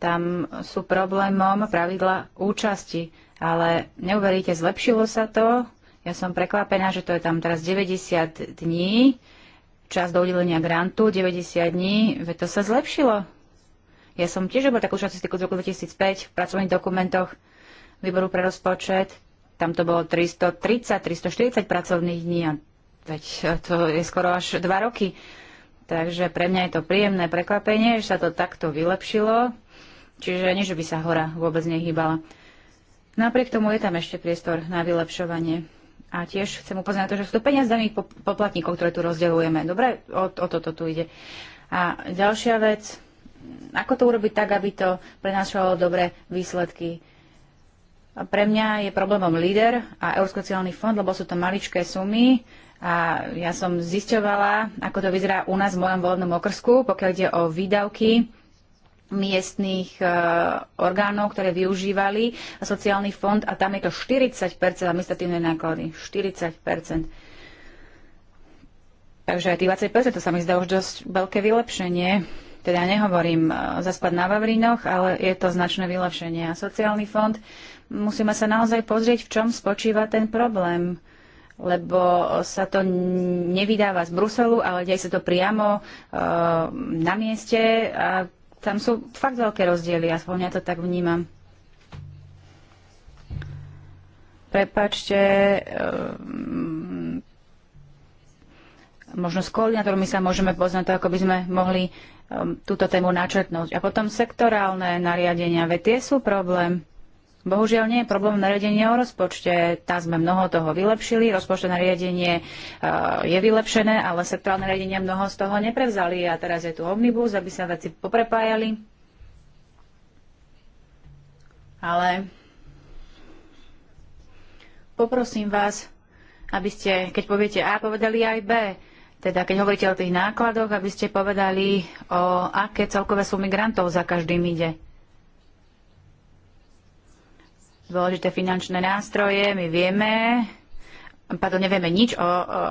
tam sú problémom pravidla účasti. Ale neuveríte, zlepšilo sa to, ja som prekvapená, že to je tam teraz 90 dní, čas do udelenia grantu 90 dní, veď to sa zlepšilo. Ja som tiež bol takú štatistiku z roku 2005 v pracovných dokumentoch výboru pre rozpočet. Tam to bolo 330, 340 pracovných dní a veď to je skoro až 2 roky. Takže pre mňa je to príjemné prekvapenie, že sa to takto vylepšilo. Čiže nie, že by sa hora vôbec nehýbala. Napriek tomu je tam ešte priestor na vylepšovanie. A tiež chcem upozorniť na to, že sú to peniaze daných poplatníkov, ktoré tu rozdeľujeme. Dobre, o, o toto tu ide. A ďalšia vec, ako to urobiť tak, aby to prenášalo dobré výsledky. A pre mňa je problémom líder a Eurosociálny fond, lebo sú to maličké sumy a ja som zisťovala, ako to vyzerá u nás v mojom volebnom okrsku, pokiaľ ide o výdavky miestných e, orgánov, ktoré využívali sociálny fond a tam je to 40 administratívne náklady. 40 Takže aj tých 20 to sa mi zdá už dosť veľké vylepšenie. Teda nehovorím e, zaspať na Vavrinoch, ale je to značné vylepšenie. A sociálny fond, musíme sa naozaj pozrieť, v čom spočíva ten problém lebo sa to nevydáva z Bruselu, ale deje sa to priamo e, na mieste a tam sú fakt veľké rozdiely, aspoň ja to tak vnímam. Prepačte, ehm, možno s koordinátormi sa môžeme poznať, ako by sme mohli ehm, túto tému načrtnúť. A potom sektorálne nariadenia, veď tie sú problém. Bohužiaľ nie je problém nariadenia o rozpočte. Tam sme mnoho toho vylepšili. Rozpočte nariadenie e, je vylepšené, ale sektorálne nariadenia mnoho z toho neprevzali a teraz je tu omnibus, aby sa veci poprepájali. Ale poprosím vás, aby ste, keď poviete A, povedali aj B. Teda keď hovoríte o tých nákladoch, aby ste povedali, o aké celkové sumy grantov za každým ide dôležité finančné nástroje. My vieme, pardon, nevieme nič o, o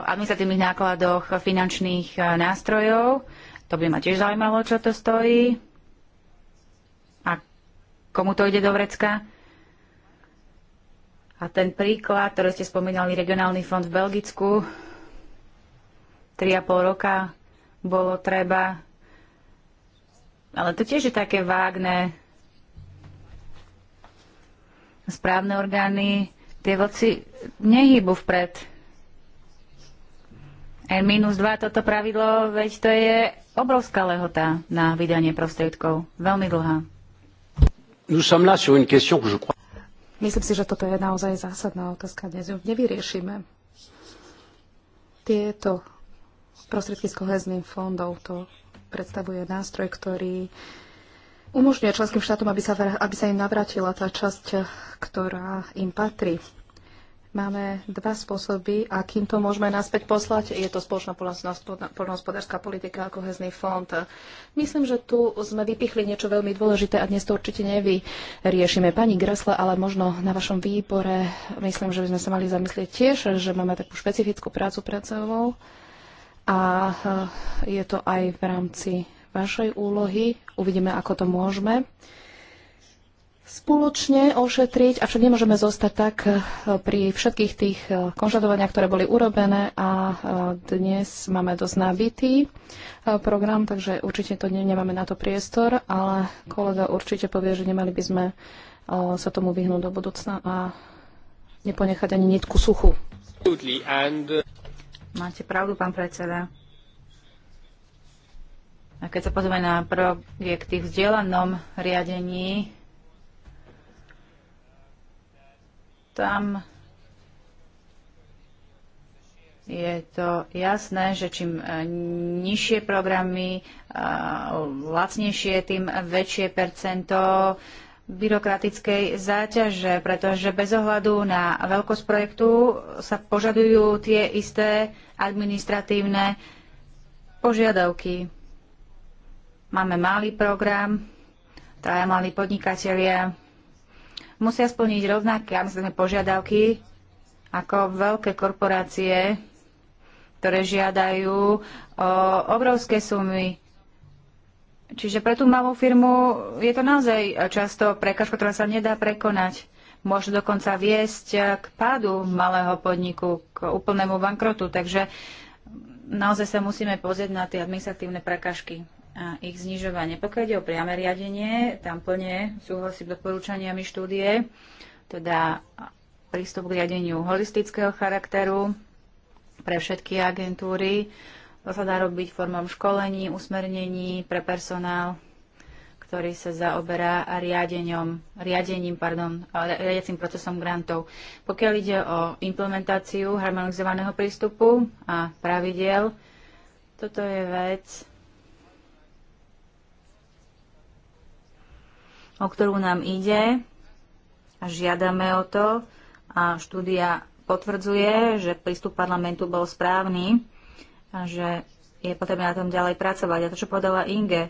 administratívnych nákladoch finančných e, nástrojov. To by ma tiež zaujímalo, čo to stojí a komu to ide do vrecka. A ten príklad, ktorý ste spomínali, regionálny fond v Belgicku, 3,5 roka bolo treba. Ale to tiež je také vágne správne orgány, tie voci nehybu vpred. N-2 toto pravidlo, veď to je obrovská lehota na vydanie prostriedkov. Veľmi dlhá. Myslím si, že toto je naozaj zásadná otázka. Dnes ju nevyriešime. Tieto prostriedky z kohezným fondov to predstavuje nástroj, ktorý uh, umožňuje členským štátom, aby sa, aby sa im navrátila tá časť, eh, ktorá im patrí. Máme dva spôsoby, akým to môžeme naspäť poslať. Je to spoločná poľnohospodárska politika a kohezný fond. Myslím, že tu sme vypichli niečo veľmi dôležité a dnes to určite nevyriešime. Pani Gresla, ale možno na vašom výbore, myslím, že by sme sa mali zamyslieť tiež, že máme takú špecifickú prácu pred sebou a eh, je to aj v rámci vašej úlohy. Uvidíme, ako to môžeme spoločne ošetriť, avšak nemôžeme zostať tak eh, pri všetkých tých eh, konštatovaniach, ktoré boli urobené a eh, dnes máme dosť nabitý program, takže určite to nemáme na to priestor, ale kolega určite povie, že nemali by sme sa tomu vyhnúť do budúcna a neponechať ani nitku suchu. Máte pravdu, pán predseda. A keď sa pozrieme na projekty v vzdielanom riadení, tam je to jasné, že čím e, nižšie programy, e, lacnejšie, tým väčšie percento byrokratickej záťaže, pretože bez ohľadu na veľkosť projektu sa požadujú tie isté administratívne požiadavky. Máme malý program, traja malí podnikatelia musia splniť rovnaké samozrejme požiadavky ako veľké korporácie, ktoré žiadajú o obrovské sumy. Čiže pre tú malú firmu je to naozaj často prekažka, ktorá sa nedá prekonať. Môže dokonca viesť k pádu malého podniku, k úplnému bankrotu. Takže naozaj sa musíme pozrieť na tie administratívne prekažky a ich znižovanie. Pokiaľ ide o priame riadenie, tam plne súhlasím s doporúčaniami štúdie, teda prístup k riadeniu holistického charakteru pre všetky agentúry. To sa dá robiť formou školení, usmernení pre personál, ktorý sa zaoberá riadením, riadením pardon, riadiacim procesom grantov. Pokiaľ ide o implementáciu harmonizovaného prístupu a pravidiel, toto je vec, o ktorú nám ide a žiadame o to a štúdia potvrdzuje, že prístup parlamentu bol správny a že je potrebné na tom ďalej pracovať. A to, čo povedala Inge,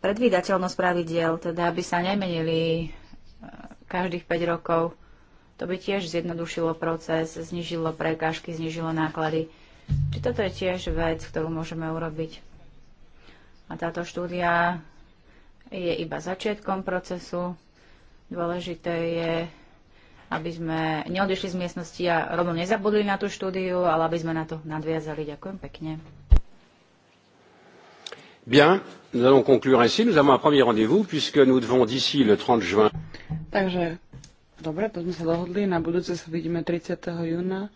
predvídateľnosť pravidiel, teda aby sa nemenili e, každých 5 rokov, to by tiež zjednodušilo proces, znižilo prekážky, znižilo náklady. Či toto je tiež vec, ktorú môžeme urobiť. A táto štúdia je iba začiatkom procesu. Dôležité je, aby sme neodišli z miestnosti a rovno nezabudli na tú štúdiu, ale aby sme na to nadviazali. Ďakujem pekne. Bien, nous allons conclure ainsi. Nous avons un premier rendez-vous puisque nous devons d'ici le 30 juin. Takže, dobre, to sme sa dohodli. Na budúce sa vidíme 30. júna.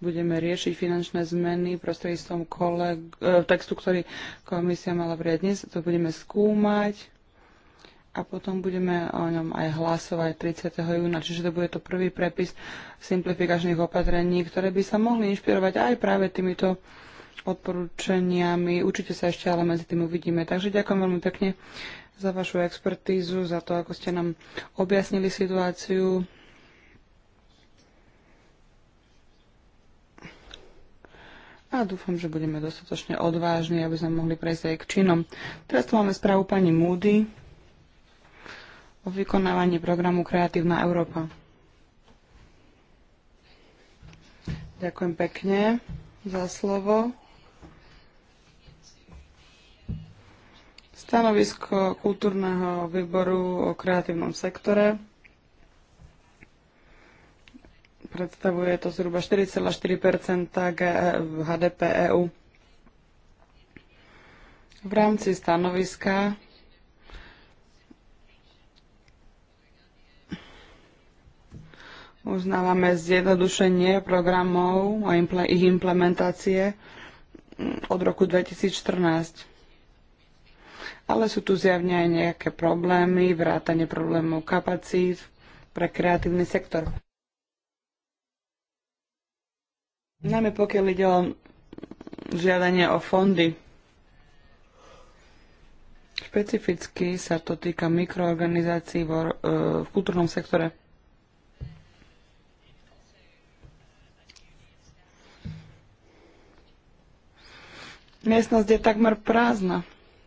Budeme riešiť finančné zmeny prostredníctvom koleg- eh, textu, ktorý komisia mala prijať dnes. To budeme skúmať a potom budeme o ňom aj hlasovať 30. júna, čiže to bude to prvý prepis simplifikačných opatrení, ktoré by sa mohli inšpirovať aj práve týmito odporúčaniami. Určite sa ešte ale medzi tým uvidíme. Takže ďakujem veľmi pekne za vašu expertízu, za to, ako ste nám objasnili situáciu. A dúfam, že budeme dostatočne odvážni, aby sme mohli prejsť aj k činom. Teraz tu máme správu pani Moody o vykonávaní programu Kreatívna Európa. Ďakujem pekne za slovo. Stanovisko kultúrneho výboru o kreatívnom sektore predstavuje to zhruba 4,4 HDP EU. V rámci stanoviska Uznávame zjednodušenie programov a ich implementácie od roku 2014. Ale sú tu zjavne aj nejaké problémy, vrátanie problémov kapacít pre kreatívny sektor. Najmä pokiaľ ide o žiadanie o fondy. Špecificky sa to týka mikroorganizácií vo, e, v kultúrnom sektore. Miestnosť je takmer prázdna,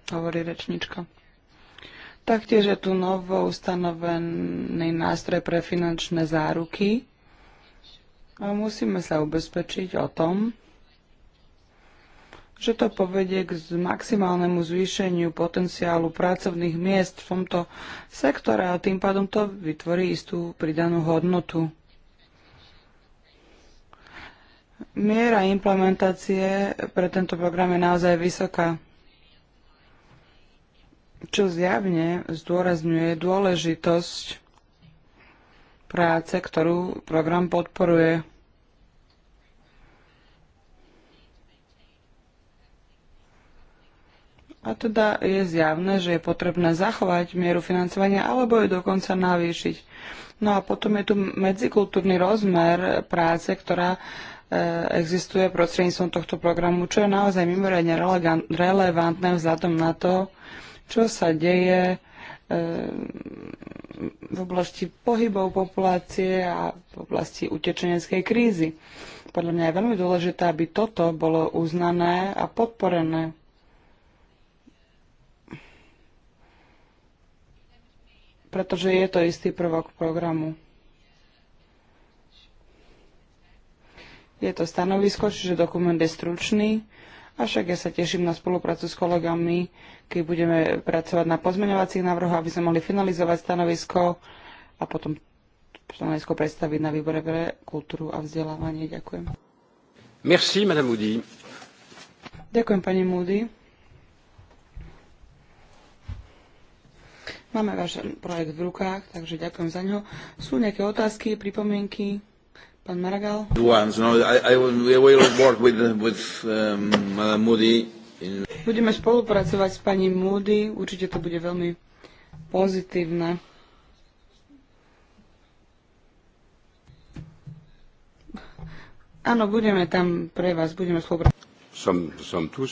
hovorí rečnička. Taktiež je tu novo ustanovený nástroj pre finančné záruky a musíme sa ubezpečiť o tom, že to povedie k maximálnemu zvýšeniu potenciálu pracovných miest v tomto sektore a tým pádom to vytvorí istú pridanú hodnotu. Miera implementácie pre tento program je naozaj vysoká, čo zjavne zdôrazňuje dôležitosť práce, ktorú program podporuje. A teda je zjavné, že je potrebné zachovať mieru financovania alebo ju dokonca navýšiť. No a potom je tu medzikultúrny rozmer práce, ktorá existuje prostredníctvom tohto programu, čo je naozaj mimoriadne relevantné vzhľadom na to, čo sa deje e, v oblasti pohybov populácie a v oblasti utečeneckej krízy. Podľa mňa je veľmi dôležité, aby toto bolo uznané a podporené. Pretože je to istý prvok programu. Je to stanovisko, čiže dokument je stručný. Avšak ja sa teším na spoluprácu s kolegami, keď budeme pracovať na pozmeňovacích návrhoch, aby sme mohli finalizovať stanovisko a potom stanovisko predstaviť na výbore pre kultúru a vzdelávanie. Ďakujem. Merci, madame Moody. Ďakujem, pani Moody. Máme váš projekt v rukách, takže ďakujem za ňo. Sú nejaké otázky, pripomienky? Pán Maragal. Once, no, I, I will work with, with um, uh, Moody. In... Budeme spolupracovať s pani Moody, určite to bude veľmi pozitívne. Áno, budeme tam pre vás, budeme spolupracovať. Som, som uh,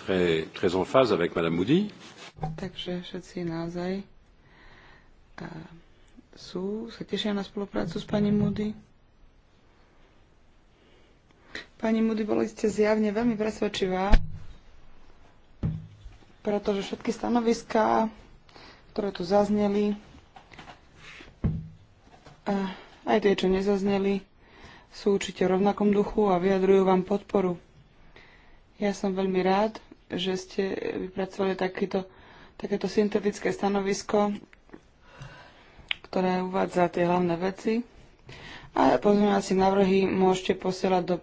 très, très en phase avec Madame Moody. Takže všetci naozaj. Uh, sú, sa tešia na spoluprácu s pani Moody. Pani Moody, boli ste zjavne veľmi presvedčivá, pretože všetky stanoviská, ktoré tu zazneli, a aj tie, čo nezazneli, sú určite v rovnakom duchu a vyjadrujú vám podporu. Ja som veľmi rád, že ste vypracovali takýto, takéto syntetické stanovisko ktoré uvádza tie hlavné veci. A pozmeňovací návrhy môžete posielať do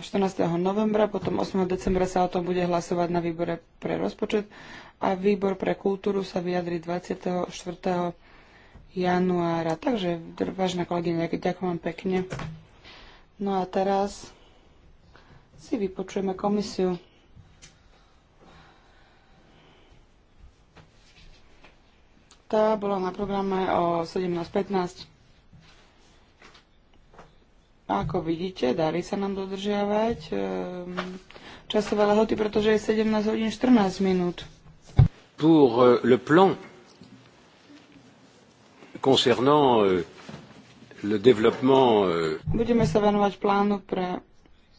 14. novembra, potom 8. decembra sa o tom bude hlasovať na výbore pre rozpočet a výbor pre kultúru sa vyjadri 24. januára. Takže, vážna kolegyňa, ďakujem vám pekne. No a teraz si vypočujeme komisiu. Tá bola na programe o 17.15. Ako vidíte, darí sa nám dodržiavať ehm, časové lehoty, pretože je 17 hodín 14 minút. Pour euh, le plan concernant euh, le développement... Euh, Budeme sa venovať plánu pre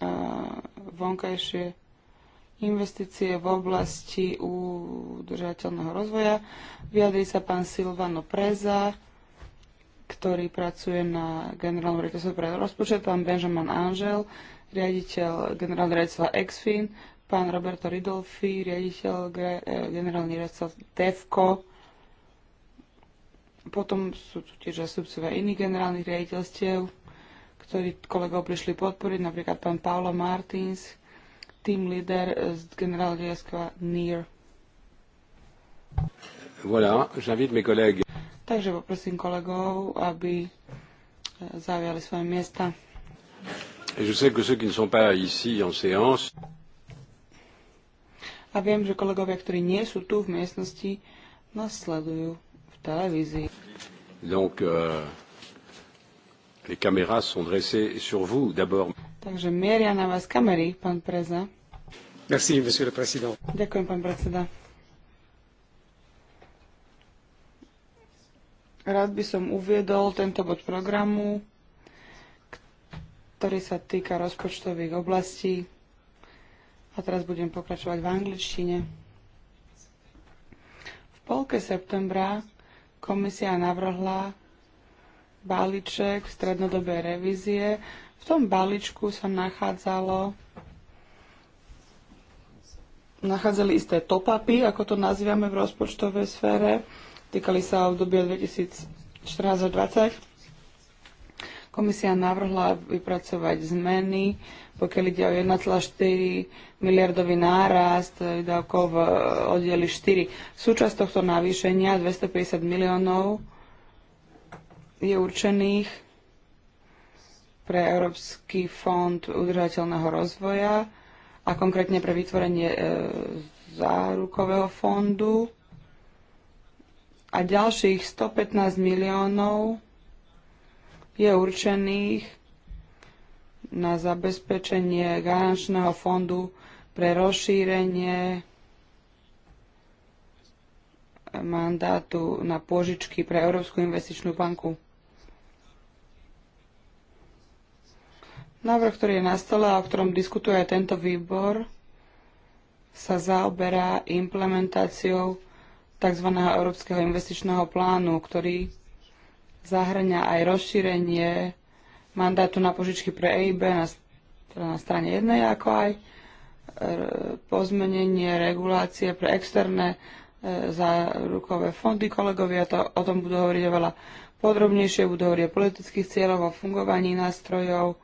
ehm, vonkajšie investície v oblasti udržateľného rozvoja. Vyjadrí sa pán Silvano Preza, ktorý pracuje na generálnom riaditeľstve pre rozpočet, pán Benjamin Angel, riaditeľ generálneho riaditeľstva EXFIN, pán Roberto Ridolfi, riaditeľ e, generálny riaditeľ TEFCO, potom sú tu tiež zastupcovia iných generálnych riaditeľstiev, ktorí kolegov prišli podporiť, napríklad pán Paolo Martins, team leader eh, z generálneho riadstva NIR. Voilà, j'invite mes collègues. Takže poprosím kolegov, aby eh, zaujali svoje miesta. Et je sais que ceux qui ne sont pas ici en séance. A viem, že kolegovia, ktorí nie sú tu v miestnosti, nás sledujú v televízii. Donc, euh, les caméras sont dressées sur vous d'abord. Takže mieria na vás kamery, pán Preza. Merci, monsieur le président. Ďakujem, pán predseda. Rád by som uviedol tento bod programu, ktorý sa týka rozpočtových oblastí. A teraz budem pokračovať v angličtine. V polke septembra komisia navrhla balíček v strednodobej revízie v tom balíčku sa nachádzalo nachádzali isté topapy, ako to nazývame v rozpočtovej sfére. Týkali sa obdobia 2014-2020. Komisia navrhla vypracovať zmeny, pokiaľ ide o 1,4 miliardový nárast výdavkov v oddeli 4. Súčasť tohto navýšenia 250 miliónov je určených pre Európsky fond udržateľného rozvoja a konkrétne pre vytvorenie e, zárukového fondu a ďalších 115 miliónov je určených na zabezpečenie garančného fondu pre rozšírenie mandátu na pôžičky pre Európsku investičnú banku. Návrh, ktorý je na stole a o ktorom diskutuje aj tento výbor, sa zaoberá implementáciou tzv. Európskeho investičného plánu, ktorý zahrňa aj rozšírenie mandátu na požičky pre EIB na, na strane jednej, ako aj e, pozmenenie regulácie pre externé e, zárukové fondy. Kolegovia to, o tom budú hovoriť oveľa podrobnejšie, budú hovoriť o politických cieľoch, o fungovaní nástrojov,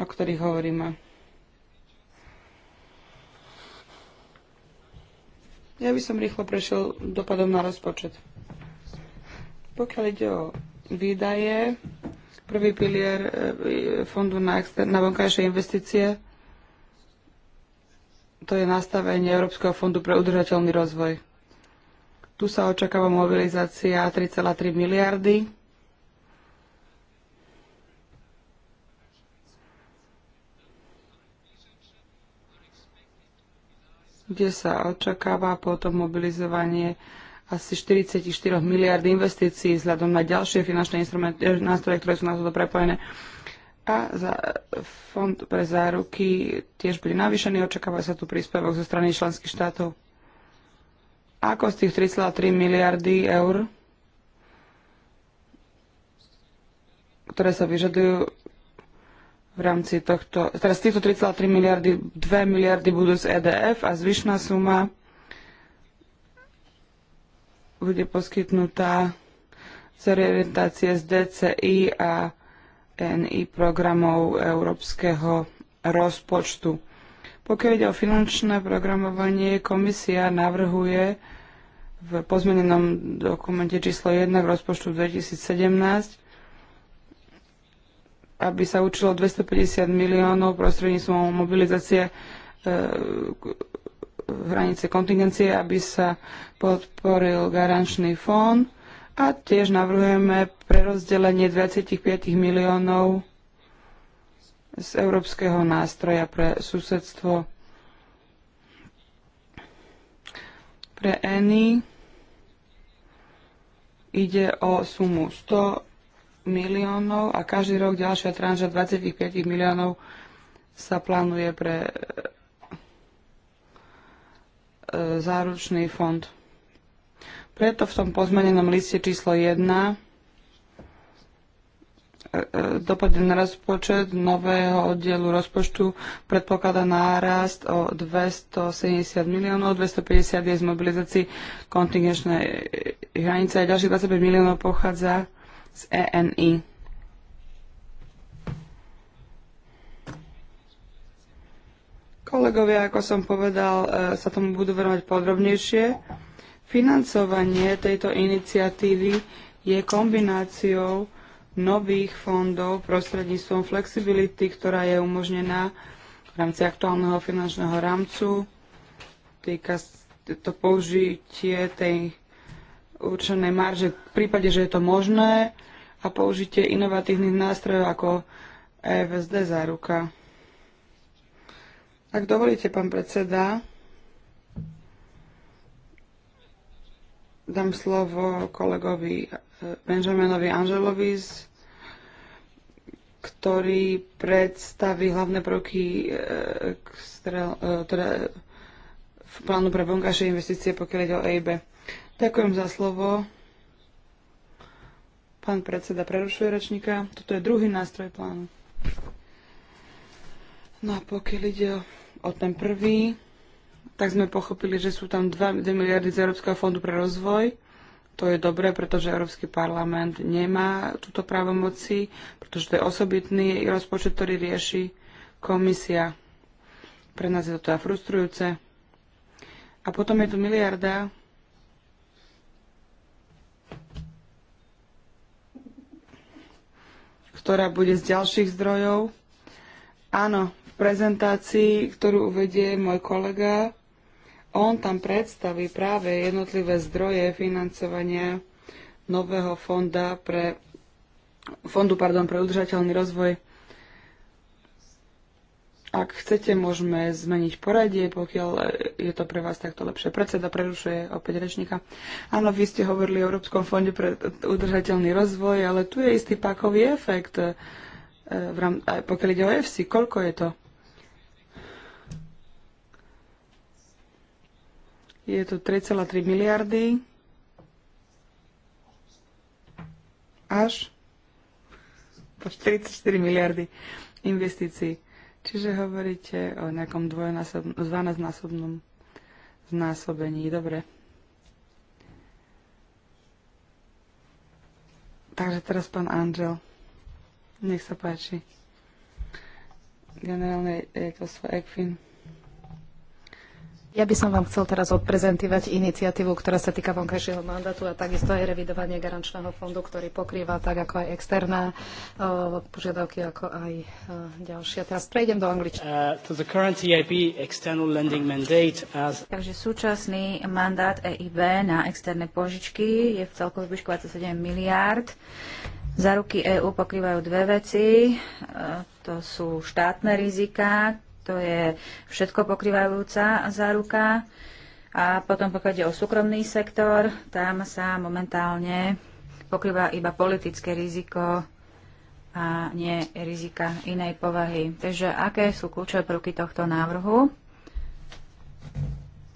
o ktorých hovoríme. Ja by som rýchlo prešiel dopadom na rozpočet. Pokiaľ ide o výdaje, prvý pilier e, fondu na, na vonkajšie investície, to je nastavenie Európskeho fondu pre udržateľný rozvoj. Tu sa očakáva mobilizácia 3,3 miliardy kde sa očakáva potom mobilizovanie asi 44 miliard investícií vzhľadom na ďalšie finančné eh, nástroje, ktoré sú na toto prepojené. A za fond pre záruky tiež bude navýšený, očakáva sa tu príspevok zo strany členských štátov. Ako z tých 3,3 miliardy eur, ktoré sa vyžadujú v rámci tohto, teraz z týchto 3,3 miliardy, 2 miliardy budú z EDF a zvyšná suma bude poskytnutá z orientácie z DCI a NI programov európskeho rozpočtu. Pokiaľ ide o finančné programovanie, komisia navrhuje v pozmenenom dokumente číslo 1 k rozpočtu 2017 aby sa učilo 250 miliónov prostredníctvom mobilizácie e, e, hranice kontingencie, aby sa podporil garančný fond a tiež navrhujeme prerozdelenie 25 miliónov z Európskeho nástroja pre susedstvo pre ENI ide o sumu 100 miliónov a každý rok ďalšia tranža 25 miliónov sa plánuje pre e, záručný fond. Preto v tom pozmenenom liste číslo 1 e, e, dopadne na rozpočet nového oddielu rozpočtu predpokladá nárast o 270 miliónov, 250 je z mobilizácií kontingenčnej hranice a ďalších 25 miliónov pochádza z ENI. Kolegovia, ako som povedal, e, sa tomu budú venovať podrobnejšie. Financovanie tejto iniciatívy je kombináciou nových fondov prostredníctvom flexibility, ktorá je umožnená v rámci aktuálneho finančného rámcu. Týka to použitie tej určené marže v prípade, že je to možné a použitie inovatívnych nástrojov ako EFSD záruka. Ak dovolíte, pán predseda, dám slovo kolegovi e, Benjaminovi Angelovi, ktorý predstaví hlavné prvky e, e, teda, plánu pre vonkajšie investície, pokiaľ ide o EIB. Ďakujem za slovo. Pán predseda prerušuje rečníka. Toto je druhý nástroj plánu. No a pokiaľ ide o ten prvý, tak sme pochopili, že sú tam 2 miliardy z Európskeho fondu pre rozvoj. To je dobré, pretože Európsky parlament nemá túto právomoci, pretože to je osobitný rozpočet, ktorý rieši komisia. Pre nás je to teda frustrujúce. A potom je tu miliarda ktorá bude z ďalších zdrojov. Áno, v prezentácii, ktorú uvedie môj kolega, on tam predstaví práve jednotlivé zdroje financovania nového fonda pre, fondu pardon, pre udržateľný rozvoj ak chcete, môžeme zmeniť poradie, pokiaľ je to pre vás takto lepšie. Predseda prerušuje opäť rečníka. Áno, vy ste hovorili o Európskom fonde pre udržateľný rozvoj, ale tu je istý pákový efekt. Eh, eh, pokiaľ ide o EFSI, koľko je to? Je to 3,3 miliardy až 44 miliardy investícií. Čiže hovoríte o nejakom dvojnásobnom, 12-násobnom znásobení. Dobre. Takže teraz pán Angel. Nech sa páči. Generálne je to svoj ekvin. Ja by som vám chcel teraz odprezentovať iniciatívu, ktorá sa týka vonkajšieho mandátu a takisto aj revidovanie garančného fondu, ktorý pokrýva tak ako aj externé e, požiadavky, ako aj e, ďalšia. Teraz prejdem do angličtiny. Uh, e Takže súčasný mandát EIB na externé požičky je v celkovej výške 27 miliárd. Záruky EÚ pokrývajú dve veci. To sú štátne riziká, to je všetko pokrývajúca záruka. A potom pokiaľ ide o súkromný sektor, tam sa momentálne pokrýva iba politické riziko a nie rizika inej povahy. Takže aké sú kľúčové prvky tohto návrhu?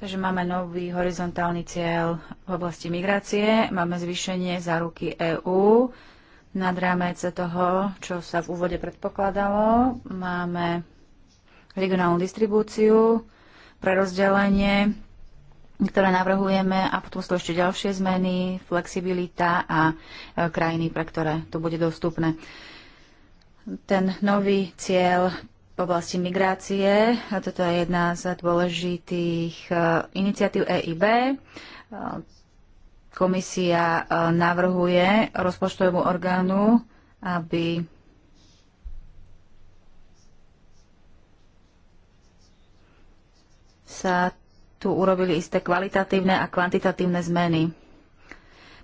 Takže máme nový horizontálny cieľ v oblasti migrácie, máme zvýšenie záruky EÚ nad rámec toho, čo sa v úvode predpokladalo, máme regionálnu distribúciu, prerozdelenie, ktoré navrhujeme a potom sú ešte ďalšie zmeny, flexibilita a e, krajiny, pre ktoré to bude dostupné. Ten nový cieľ v oblasti migrácie, a toto je jedna z dôležitých e, iniciatív EIB, e, komisia navrhuje rozpočtovému orgánu, aby sa tu urobili isté kvalitatívne a kvantitatívne zmeny.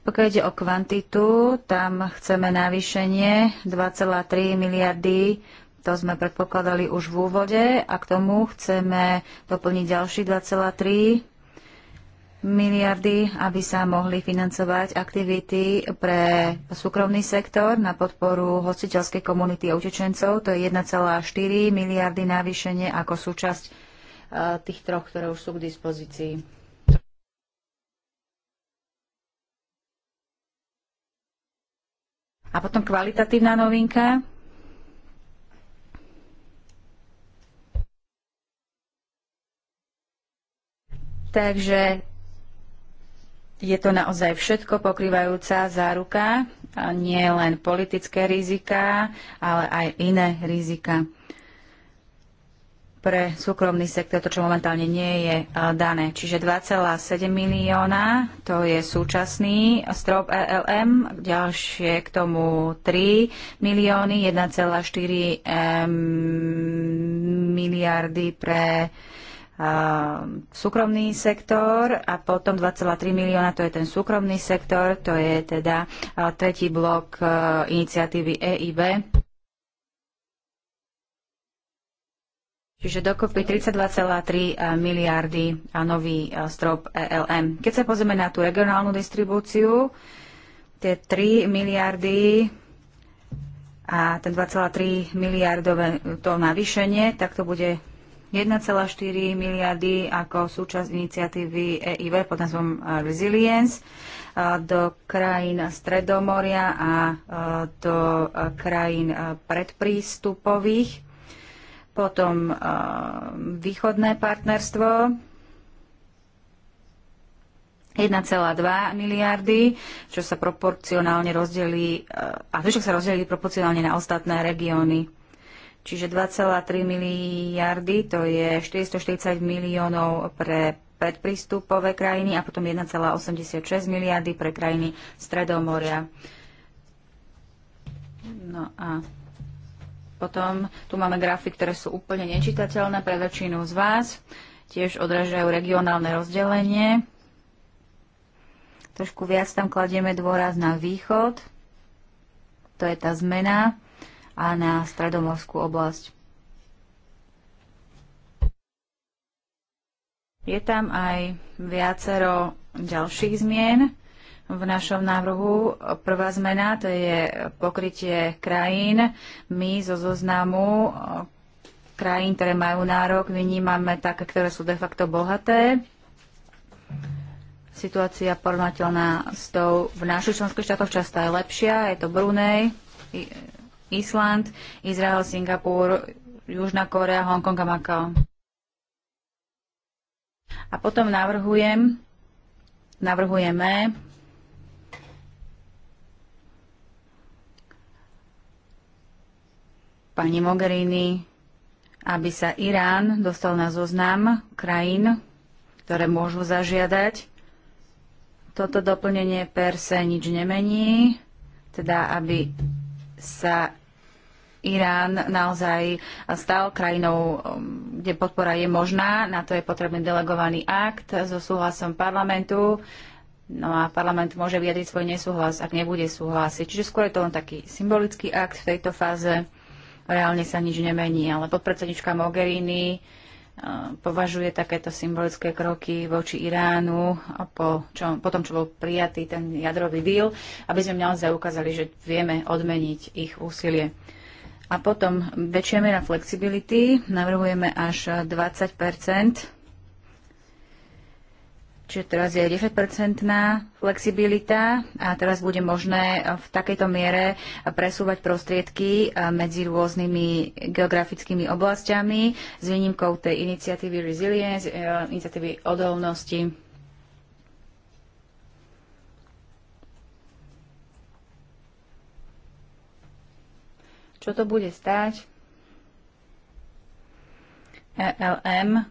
Pokiaľ ide o kvantitu, tam chceme navýšenie 2,3 miliardy to sme predpokladali už v úvode a k tomu chceme doplniť ďalší 2,3 miliardy, aby sa mohli financovať aktivity pre súkromný sektor na podporu hostiteľskej komunity a utečencov. To je 1,4 miliardy navýšenie ako súčasť Eh, tých troch, ktoré už sú k dispozícii. A potom kvalitatívna novinka. Takže je to naozaj všetko pokrývajúca záruka, nie len politické rizika, ale aj iné rizika pre súkromný sektor, to čo momentálne nie je eh, dané. Čiže 2,7 milióna, to je súčasný strop ELM, ďalšie k tomu 3 milióny, 1,4 miliardy pre eh, súkromný sektor a potom 2,3 milióna, to je ten súkromný sektor, to je teda eh, tretí blok iniciatívy EIB. Čiže dokopy 32,3 e, miliardy a nový e, strop ELM. Keď sa pozrieme na tú regionálnu distribúciu, tie 3 miliardy a ten 2,3 miliardové to navýšenie, tak to bude 1,4 miliardy ako súčasť iniciatívy EIV pod názvom e, Resilience do krajín Stredomoria a do krajín predprístupových potom eh, východné partnerstvo 1,2 miliardy, čo sa proporcionálne rozdelí, eh, a zvyšok sa rozdelí proporcionálne na ostatné regióny. Čiže 2,3 miliardy, to je 440 miliónov pre predprístupové krajiny a potom 1,86 miliardy pre krajiny Stredomoria. No a potom tu máme grafy, ktoré sú úplne nečitateľné pre väčšinu z vás. Tiež odražajú regionálne rozdelenie. Trošku viac tam kladieme dôraz na východ, to je tá zmena, a na stredomorskú oblasť. Je tam aj viacero ďalších zmien v našom návrhu. Prvá zmena to je pokrytie krajín. My zo zoznamu eh, krajín, ktoré majú nárok, vynímame také, ktoré sú de facto bohaté. Situácia porovnateľná s tou v našich členských štátoch často je lepšia. Je to Brunej, Island, Izrael, Singapur, Južná Korea, Hongkong a Macau. A potom navrhujem, navrhujeme pani Mogherini, aby sa Irán dostal na zoznam krajín, ktoré môžu zažiadať. Toto doplnenie per se nič nemení, teda aby sa Irán naozaj stal krajinou, um, kde podpora je možná. Na to je potrebný delegovaný akt so súhlasom parlamentu. No a parlament môže vyjadriť svoj nesúhlas, ak nebude súhlasiť. Čiže skôr je to len taký symbolický akt v tejto fáze reálne sa nič nemení. Ale podpredsednička Mogherini eh, považuje takéto symbolické kroky voči Iránu po, čo, po tom, čo bol prijatý ten jadrový díl, aby sme naozaj ukázali, že vieme odmeniť ich úsilie. A potom väčšia miera flexibility, navrhujeme až 20 Čiže teraz je 10-percentná flexibilita a teraz bude možné v takejto miere presúvať prostriedky eh, medzi rôznymi geografickými oblastiami s výnimkou tej iniciatívy Resilience, eh, iniciatívy odolnosti. Čo to bude stať? ELM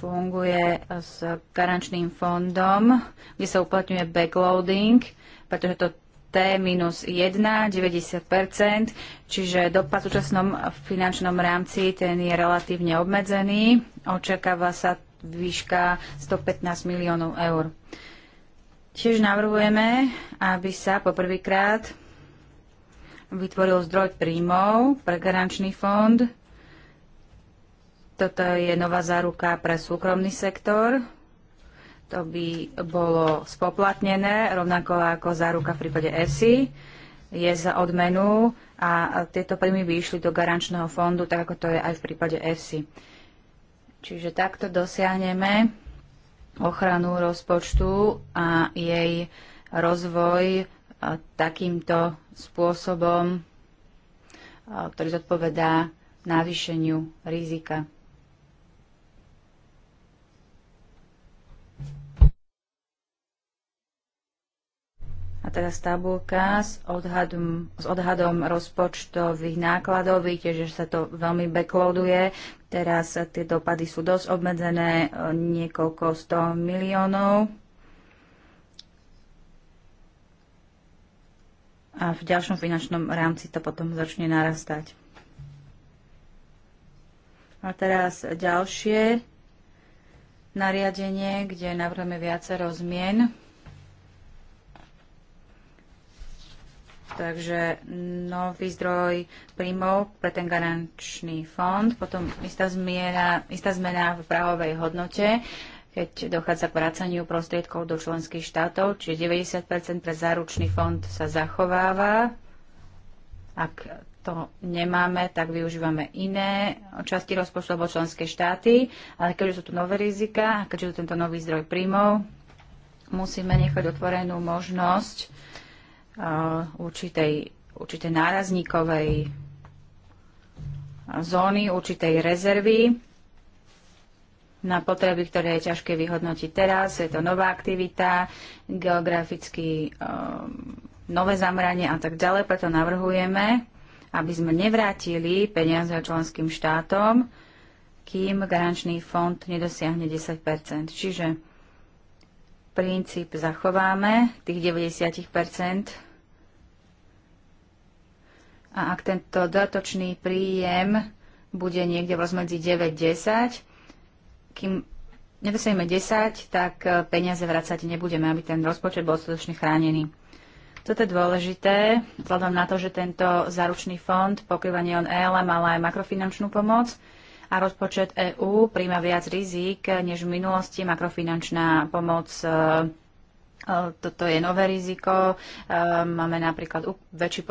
funguje s garančným fondom, kde sa uplatňuje backloading, pretože to T-1 90%, čiže dopad v súčasnom finančnom rámci ten je relatívne obmedzený. Očakáva sa výška 115 miliónov eur. Tiež navrhujeme, aby sa poprvýkrát vytvoril zdroj príjmov pre garančný fond toto je nová záruka pre súkromný sektor. To by bolo spoplatnené, rovnako ako záruka v prípade ESI. Je za odmenu a tieto príjmy by išli do garančného fondu, tak ako to je aj v prípade ESI. Čiže takto dosiahneme ochranu rozpočtu a jej rozvoj e, takýmto spôsobom, e, ktorý zodpovedá navýšeniu rizika. A teraz tabulka s odhadom, s odhadom rozpočtových nákladov. Vidíte, že sa to veľmi backloaduje. Teraz tie dopady sú dosť obmedzené, e, niekoľko 100 miliónov. A v ďalšom finančnom rámci to potom začne narastať. A teraz ďalšie nariadenie, kde navrhujeme viacero zmien. Takže nový zdroj príjmov pre ten garančný fond, potom istá, zmiena, istá zmena v právovej hodnote, keď dochádza k vracaniu prostriedkov do členských štátov, čiže 90 pre záručný fond sa zachováva. Ak to nemáme, tak využívame iné časti rozpočtu alebo členské štáty, ale keďže sú tu nové rizika a keďže sú tento nový zdroj príjmov, musíme nechať otvorenú možnosť určitej, určitej nárazníkovej zóny, určitej rezervy na potreby, ktoré je ťažké vyhodnotiť teraz. Je to nová aktivita, geograficky um, nové zamranie a tak ďalej. Preto navrhujeme, aby sme nevrátili peniaze členským štátom, kým garančný fond nedosiahne 10 Čiže princíp zachováme, tých 90 a ak tento dodatočný príjem bude niekde v rozmedzi 9-10, kým nedosiahneme 10, tak e, peniaze vracať nebudeme, aby ten rozpočet bol skutočne chránený. Toto je dôležité, vzhľadom na to, že tento záručný fond pokrýva nielen ELM, ale aj makrofinančnú pomoc a rozpočet EÚ príjma viac rizik, než v minulosti makrofinančná pomoc e, e, toto je nové riziko. Máme napríklad väčší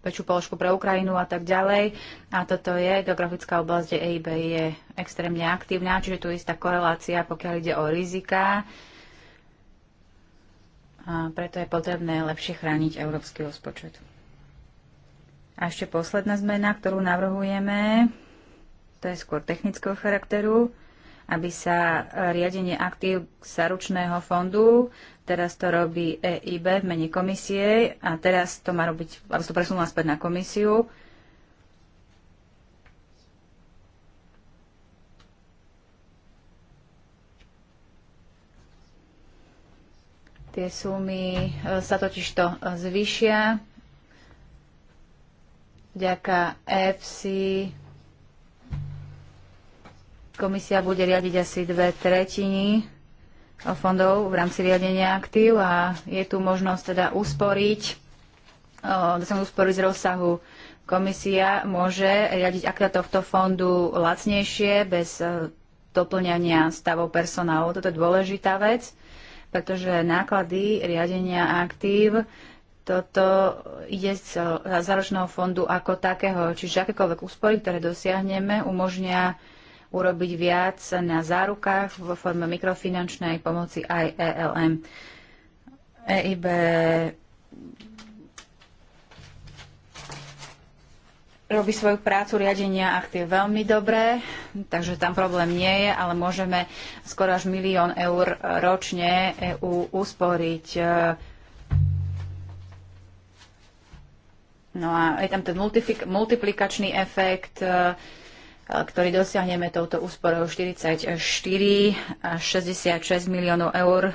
väčšiu položku pre Ukrajinu a tak ďalej. A toto je geografická oblasť, kde EIB je extrémne aktívna, čiže tu je istá korelácia, pokiaľ ide o rizika. A preto je potrebné lepšie chrániť európsky rozpočet. A ešte posledná zmena, ktorú navrhujeme, to je skôr technického charakteru, aby sa riadenie aktív saručného fondu Teraz to robí EIB v mene komisie a teraz to má robiť, aby to presunula späť na komisiu. Tie sumy e, sa totižto e, zvyšia vďaka EFSI komisia bude riadiť asi dve tretiny fondov v rámci riadenia aktív a je tu možnosť teda usporiť, teda sa usporiť z rozsahu. Komisia môže riadiť akta tohto fondu lacnejšie, bez e, doplňania stavov personálu. Toto je dôležitá vec, pretože náklady riadenia aktív toto ide z e, záročného fondu ako takého. Čiže akékoľvek úspory, ktoré dosiahneme, umožnia urobiť viac na zárukách vo forme mikrofinančnej pomoci aj ELM. EIB robí svoju prácu riadenia, a tie veľmi dobré, takže tam problém nie je, ale môžeme skoro až milión eur ročne EU usporiť. No a je tam ten multiplikačný efekt, ktorý dosiahneme touto úsporou 44 až 66 miliónov eur, e,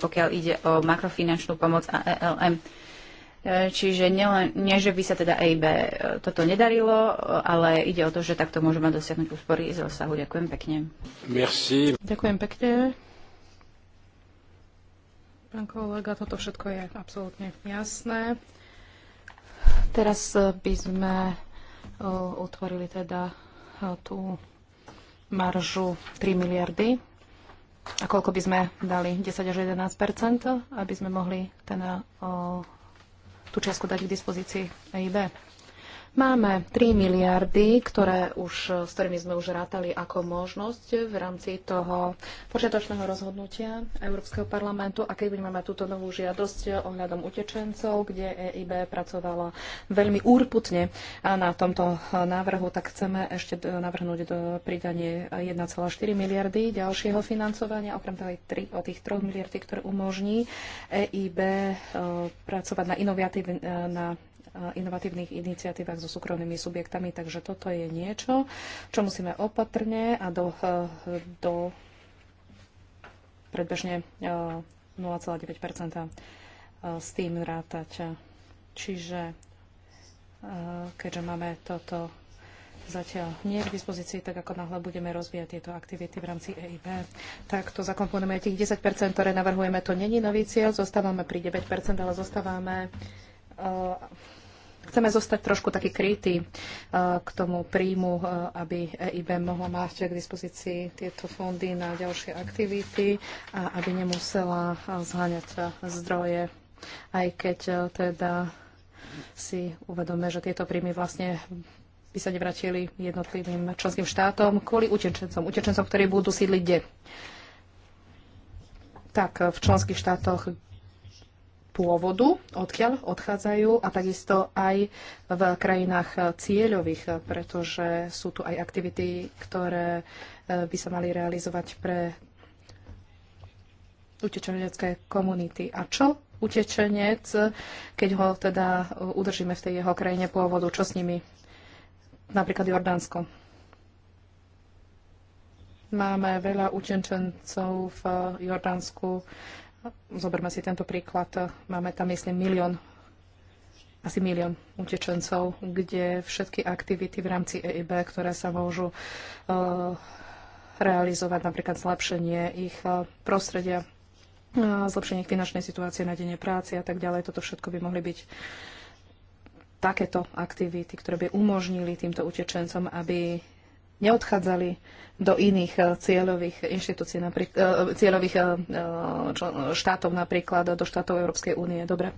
pokiaľ ide o makrofinančnú pomoc a ELM. E, čiže nielen, nie, že by sa teda EIB e, toto nedarilo, ale ide o to, že takto môžeme dosiahnuť úspory z rozsahu. Ďakujem pekne. Merci. Ďakujem pekne. Pán kolega, toto všetko je absolútne jasné. Teraz by sme otvorili teda E, tú maržu 3 miliardy a koľko by sme dali? 10 až 11 aby sme mohli ten, o, e, tú čiastku dať k dispozícii EIB. Máme 3 miliardy, ktoré už, s ktorými sme už rátali ako možnosť v rámci toho počiatočného rozhodnutia Európskeho parlamentu. A keď budeme mať túto novú žiadosť ohľadom utečencov, kde EIB pracovala veľmi úrputne na tomto návrhu, tak chceme ešte navrhnúť do pridanie 1,4 miliardy ďalšieho financovania, okrem toho aj 3 o tých 3 miliardy, ktoré umožní EIB e, pracovať na, e, na Eh, inovatívnych iniciatívach so súkromnými subjektami. Takže toto je niečo, čo musíme opatrne a do, eh, do predbežne 0,9 eh, s tým rátať. Čiže keďže máme toto zatiaľ nie k dispozícii, tak ako náhle budeme rozvíjať tieto aktivity v rámci EIB, tak to zakomponujeme tých 10%, ktoré navrhujeme. To není nový cieľ, zostávame pri 9%, ale zostávame Chceme zostať trošku taký krytý eh, k tomu príjmu, eh, aby EIB mohla mať k dispozícii tieto fondy na ďalšie aktivity a aby nemusela eh, zháňať zdroje, aj keď teda si uvedome, že tieto príjmy vlastne by sa nevratili jednotlivým členským štátom kvôli utečencom, utečencom, ktorí budú sídliť kde? Tak, v členských štátoch, pôvodu, odkiaľ odchádzajú a takisto aj v krajinách cieľových, pretože sú tu aj aktivity, ktoré e, by sa mali realizovať pre utečenecké komunity. A čo utečenec, keď ho teda udržíme v tej jeho krajine pôvodu, čo s nimi? Napríklad Jordánsko. Máme veľa utečencov v Jordánsku, Zoberme si tento príklad. Máme tam, myslím, milión asi milión utečencov, kde všetky aktivity v rámci EIB, ktoré sa môžu eh, realizovať, napríklad zlepšenie ich eh, prostredia, eh, zlepšenie ich finančnej situácie, nájdenie práce a tak ďalej, toto všetko by mohli byť takéto aktivity, ktoré by umožnili týmto utečencom, aby neodchádzali do iných eh, cieľových inštitúcií, napríklad, eh, cieľových eh, štátov, napríklad do štátov Európskej únie. Dobre.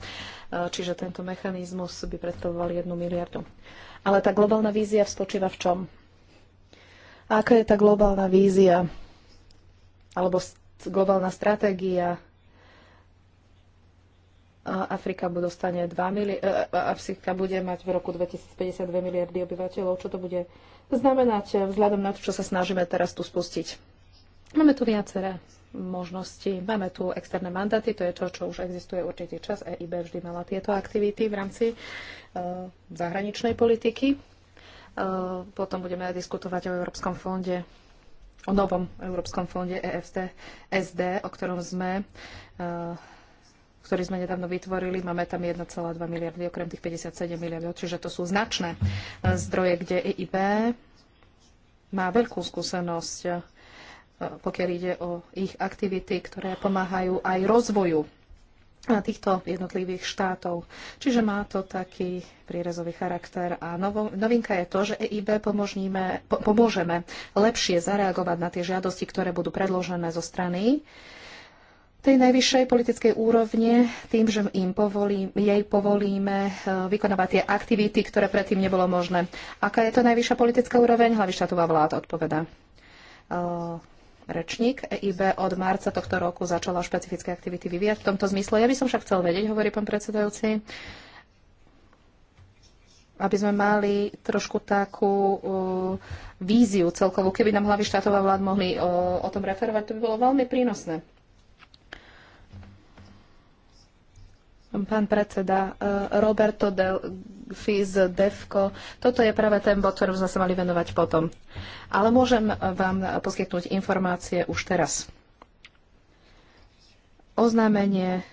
Čiže tento mechanizmus by predstavoval jednu miliardu. Ale tá globálna vízia spočíva v čom? aká je tá globálna vízia alebo globálna stratégia Afrika dostane 2 mili- e, e, Afrika bude mať v roku 2052 miliardy obyvateľov. Čo to bude znamenať e, vzhľadom na to, čo sa snažíme teraz tu spustiť? Máme tu viaceré možnosti. Máme tu externé mandáty, to je to, čo už existuje určitý čas. EIB vždy mala tieto aktivity v rámci uh, zahraničnej politiky. Uh, potom budeme diskutovať o Európskom fonde o novom Európskom fonde EFT SD, o ktorom sme uh, ktorý sme nedávno vytvorili. Máme tam 1,2 miliardy, okrem tých 57 miliardov, čiže to sú značné e, zdroje, kde EIB má veľkú skúsenosť, e, pokiaľ ide o ich aktivity, ktoré pomáhajú aj rozvoju e, týchto jednotlivých štátov. Čiže má to taký prírezový charakter. A novinka je to, že EIB pomôžeme lepšie zareagovať na tie žiadosti, ktoré budú predložené zo strany tej najvyššej politickej úrovne tým, že im povolí, jej povolíme e, vykonávať tie aktivity, ktoré predtým nebolo možné. Aká je to najvyššia politická úroveň? Hlavy štátová vláda odpoveda. E, rečník EIB od marca tohto roku začala špecifické aktivity vyvíjať v tomto zmysle. Ja by som však chcel vedieť, hovorí pán predsedajúci, aby sme mali trošku takú e, víziu celkovú. Keby nám hlavy štátová vlád mohli uh, o tom referovať, to by bolo veľmi prínosné. Pán predseda, eh, Roberto Delfi z DEFCO, toto je práve ten bod, ktorým sme sa mali venovať potom. Ale môžem vám poskytnúť informácie už teraz. Oznámenie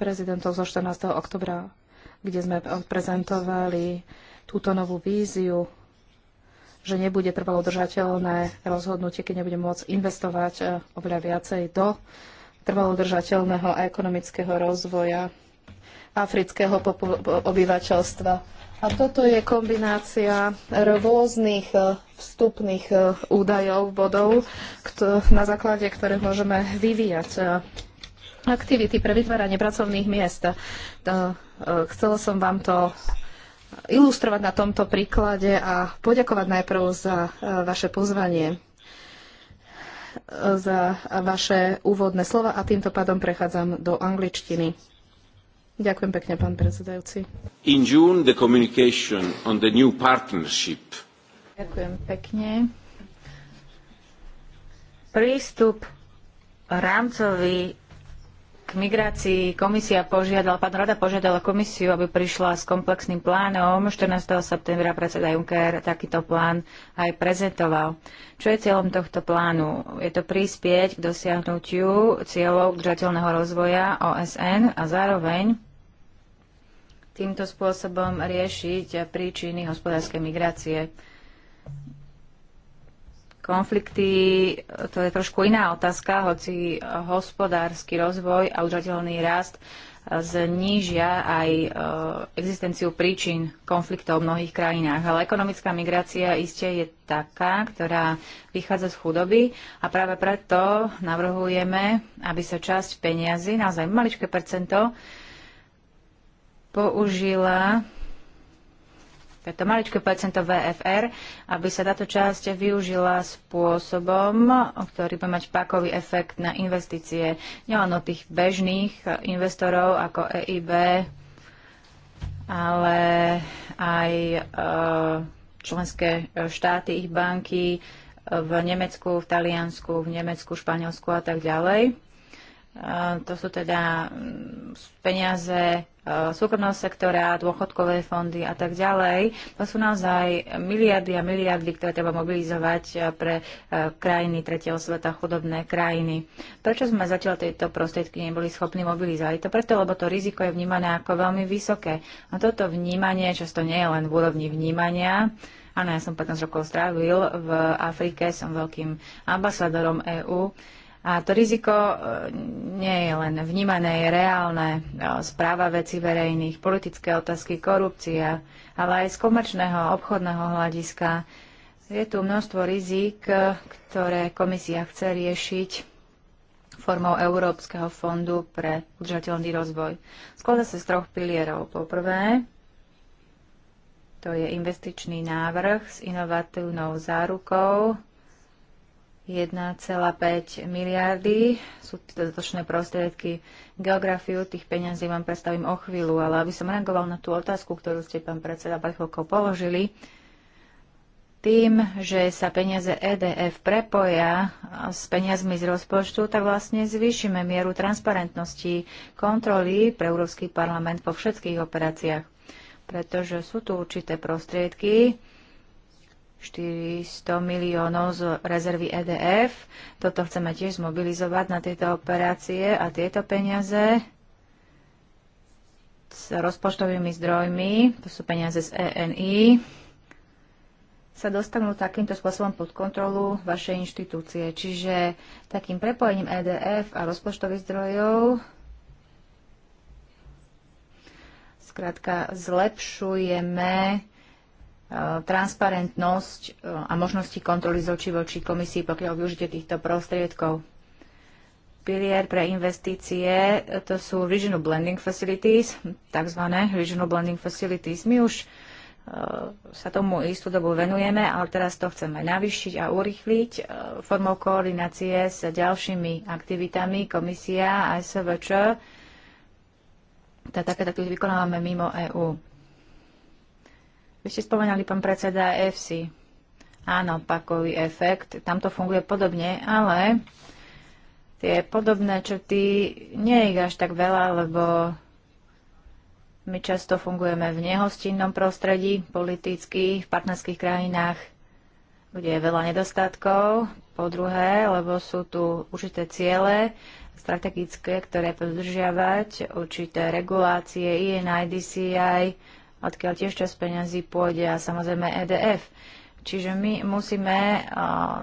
prezidentov zo 14. oktobra, kde sme prezentovali túto novú víziu že nebude trvalo držateľné rozhodnutie, keď nebudeme môcť investovať eh, oveľa viacej do trvalodržateľného a ekonomického rozvoja afrického obyvateľstva. A toto je kombinácia rôznych e, vstupných e, údajov, bodov, na základe ktorých môžeme vyvíjať e, aktivity pre vytváranie pracovných miest. Chcela som vám to ilustrovať na tomto príklade a poďakovať najprv za vaše pozvanie za vaše úvodné slova a týmto pádom prechádzam do angličtiny. Ďakujem pekne, pán predsedajúci. In June the communication on the new partnership. Ďakujem pekne. Prístup rámcový k migrácii komisia požiadala, pán Rada požiadala komisiu, aby prišla s komplexným plánom. 14. septembra predseda Juncker takýto plán aj prezentoval. Čo je cieľom tohto plánu? Je to prispieť k dosiahnutiu cieľov udržateľného rozvoja OSN a zároveň týmto spôsobom riešiť príčiny hospodárskej migrácie Konflikty to je trošku iná otázka, hoci hospodársky rozvoj a udržateľný rast e, znížia aj e, existenciu príčin konfliktov v mnohých krajinách. Ale ekonomická migrácia iste je taká, ktorá vychádza z chudoby a práve preto navrhujeme, aby sa časť peniazy, naozaj maličké percento, použila takéto maličké percento VFR, aby sa táto časť využila spôsobom, ktorý bude mať pakový efekt na investície nielen od tých bežných investorov ako EIB, ale aj e, členské e, štáty, ich banky e, v Nemecku, v Taliansku, v Nemecku, Španielsku a tak ďalej. To sú teda peniaze Eh, súkromného sektora, dôchodkové fondy a tak ďalej. To sú naozaj miliardy a miliardy, ktoré treba mobilizovať eh, pre eh, krajiny tretieho sveta, chudobné krajiny. Prečo sme zatiaľ tieto prostriedky neboli schopní mobilizovať? To preto, lebo to riziko je vnímané ako veľmi vysoké. A toto vnímanie často nie je len v úrovni vnímania, Áno, ja som 15 rokov strávil v Afrike, som veľkým ambasádorom EÚ. A to riziko e, nie je len vnímané, je reálne. E, správa veci verejných, politické otázky, korupcia, ale aj z komerčného, obchodného hľadiska. Je tu množstvo rizik, e, ktoré komisia chce riešiť formou Európskeho fondu pre udržateľný rozvoj. Skladá sa z troch pilierov. Poprvé, to je investičný návrh s inovatívnou zárukou 1,5 miliardy sú tieto dotočné prostriedky. Geografiu tých peňazí vám predstavím o chvíľu, ale aby som reagoval na tú otázku, ktorú ste, pán predseda, pred chvíľkou položili, tým, že sa peniaze EDF prepoja s peniazmi z rozpočtu, tak vlastne zvýšime mieru transparentnosti kontroly pre Európsky parlament po všetkých operáciách. Pretože sú tu určité prostriedky, 400 miliónov z rezervy EDF. Toto chceme tiež zmobilizovať na tieto operácie a tieto peniaze s rozpočtovými zdrojmi, to sú peniaze z ENI, sa dostanú takýmto spôsobom pod kontrolu vašej inštitúcie. Čiže takým prepojením EDF a rozpočtových zdrojov zkrátka zlepšujeme E, transparentnosť e, a možnosti kontroly z voči komisii, pokiaľ využite týchto prostriedkov. Pilier pre investície, e, to sú Regional Blending Facilities, takzvané Regional Blending Facilities. My už sa tomu istú dobu venujeme, ale teraz to chceme navýšiť a urychliť formou koordinácie s ďalšími aktivitami komisia a SVČ. Takéto aktivity vykonávame mimo EÚ. Vy ste spomenali, pán predseda, EFSI. Áno, pakový efekt, tam to funguje podobne, ale tie podobné črty nie je ich až tak veľa, lebo my často fungujeme v nehostinnom prostredí, politicky, v partnerských krajinách, kde je veľa nedostatkov. Po druhé, lebo sú tu určité ciele strategické, ktoré podržiavať, určité regulácie, INI, DCI, odkiaľ tiež čas peňazí pôjde a samozrejme EDF. Čiže my musíme, uh,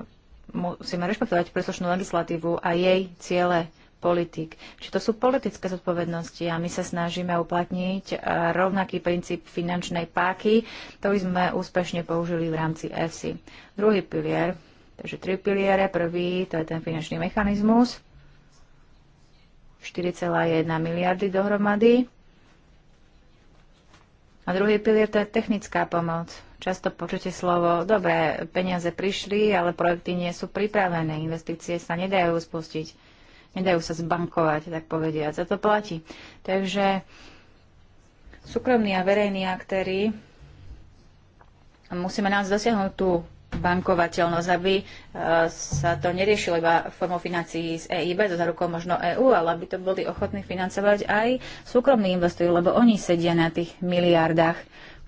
musíme rešpektovať príslušnú legislatívu a jej ciele politik. Čiže to sú politické zodpovednosti a my sa snažíme uplatniť rovnaký princíp finančnej páky, by sme úspešne použili v rámci EFSI. Druhý pilier, takže tri piliere. Prvý, to je ten finančný mechanizmus, 4,1 miliardy dohromady. A druhý pilier to je technická pomoc. Často počujete slovo, dobre, peniaze prišli, ale projekty nie sú pripravené, investície sa nedajú spustiť, nedajú sa zbankovať, tak povediať. Za to platí. Takže súkromní a verejní aktéry musíme nás dosiahnuť tú bankovateľnosť, aby e, sa to neriešilo iba formou financií z EIB, to za rukou možno EÚ, ale aby to boli ochotní financovať aj súkromní investori, lebo oni sedia na tých miliardách,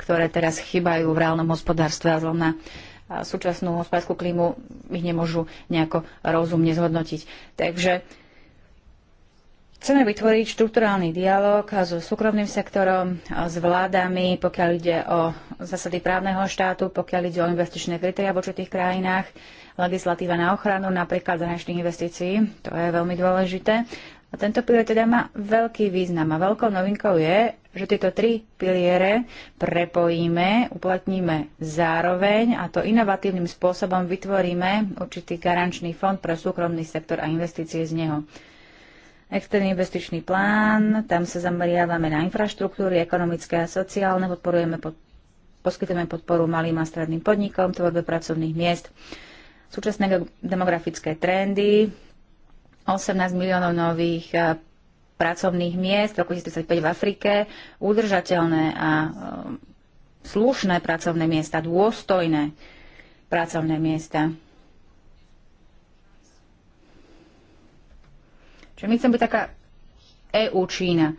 ktoré teraz chýbajú v reálnom hospodárstve a zlom na súčasnú hospodárskú klímu ich nemôžu nejako rozumne zhodnotiť. Takže Chceme vytvoriť štruktúrálny dialog so súkromným sektorom, s vládami, pokiaľ ide o zásady právneho štátu, pokiaľ ide o investičné kritéria v určitých krajinách, legislatíva na ochranu napríklad zahraničných investícií, to je veľmi dôležité. A tento pilier teda má veľký význam a veľkou novinkou je, že tieto tri piliere prepojíme, uplatníme zároveň a to inovatívnym spôsobom vytvoríme určitý garančný fond pre súkromný sektor a investície z neho externý investičný plán, tam sa zameriavame na infraštruktúry ekonomické a sociálne, podporujeme, pod, poskytujeme podporu malým a stredným podnikom, tvorbe pracovných miest, súčasné demografické trendy, 18 miliónov nových eh, pracovných miest v roku 2035 v Afrike, udržateľné a eh, slušné pracovné miesta, dôstojné pracovné miesta. Čiže my chceme byť taká EU Čína.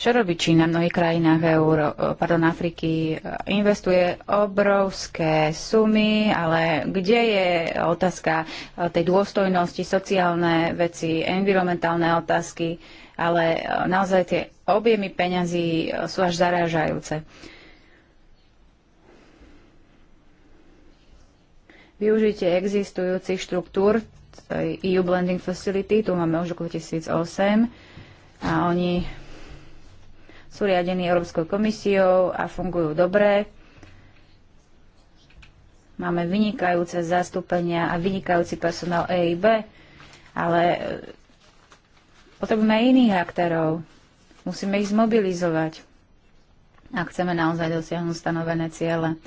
Čo robí Čína v mnohých krajinách Euró, pardon, Afriky? Investuje obrovské sumy, ale kde je otázka tej dôstojnosti, sociálne veci, environmentálne otázky, ale e, naozaj tie objemy peňazí e, sú až zarážajúce. Využite existujúcich štruktúr EU Blending Facility, tu máme už roku 2008 a oni sú riadení Európskou komisiou a fungujú dobre. Máme vynikajúce zastúpenia a vynikajúci personál EIB, ale e, potrebujeme iných aktérov. Musíme ich zmobilizovať, ak chceme naozaj dosiahnuť stanovené ciele.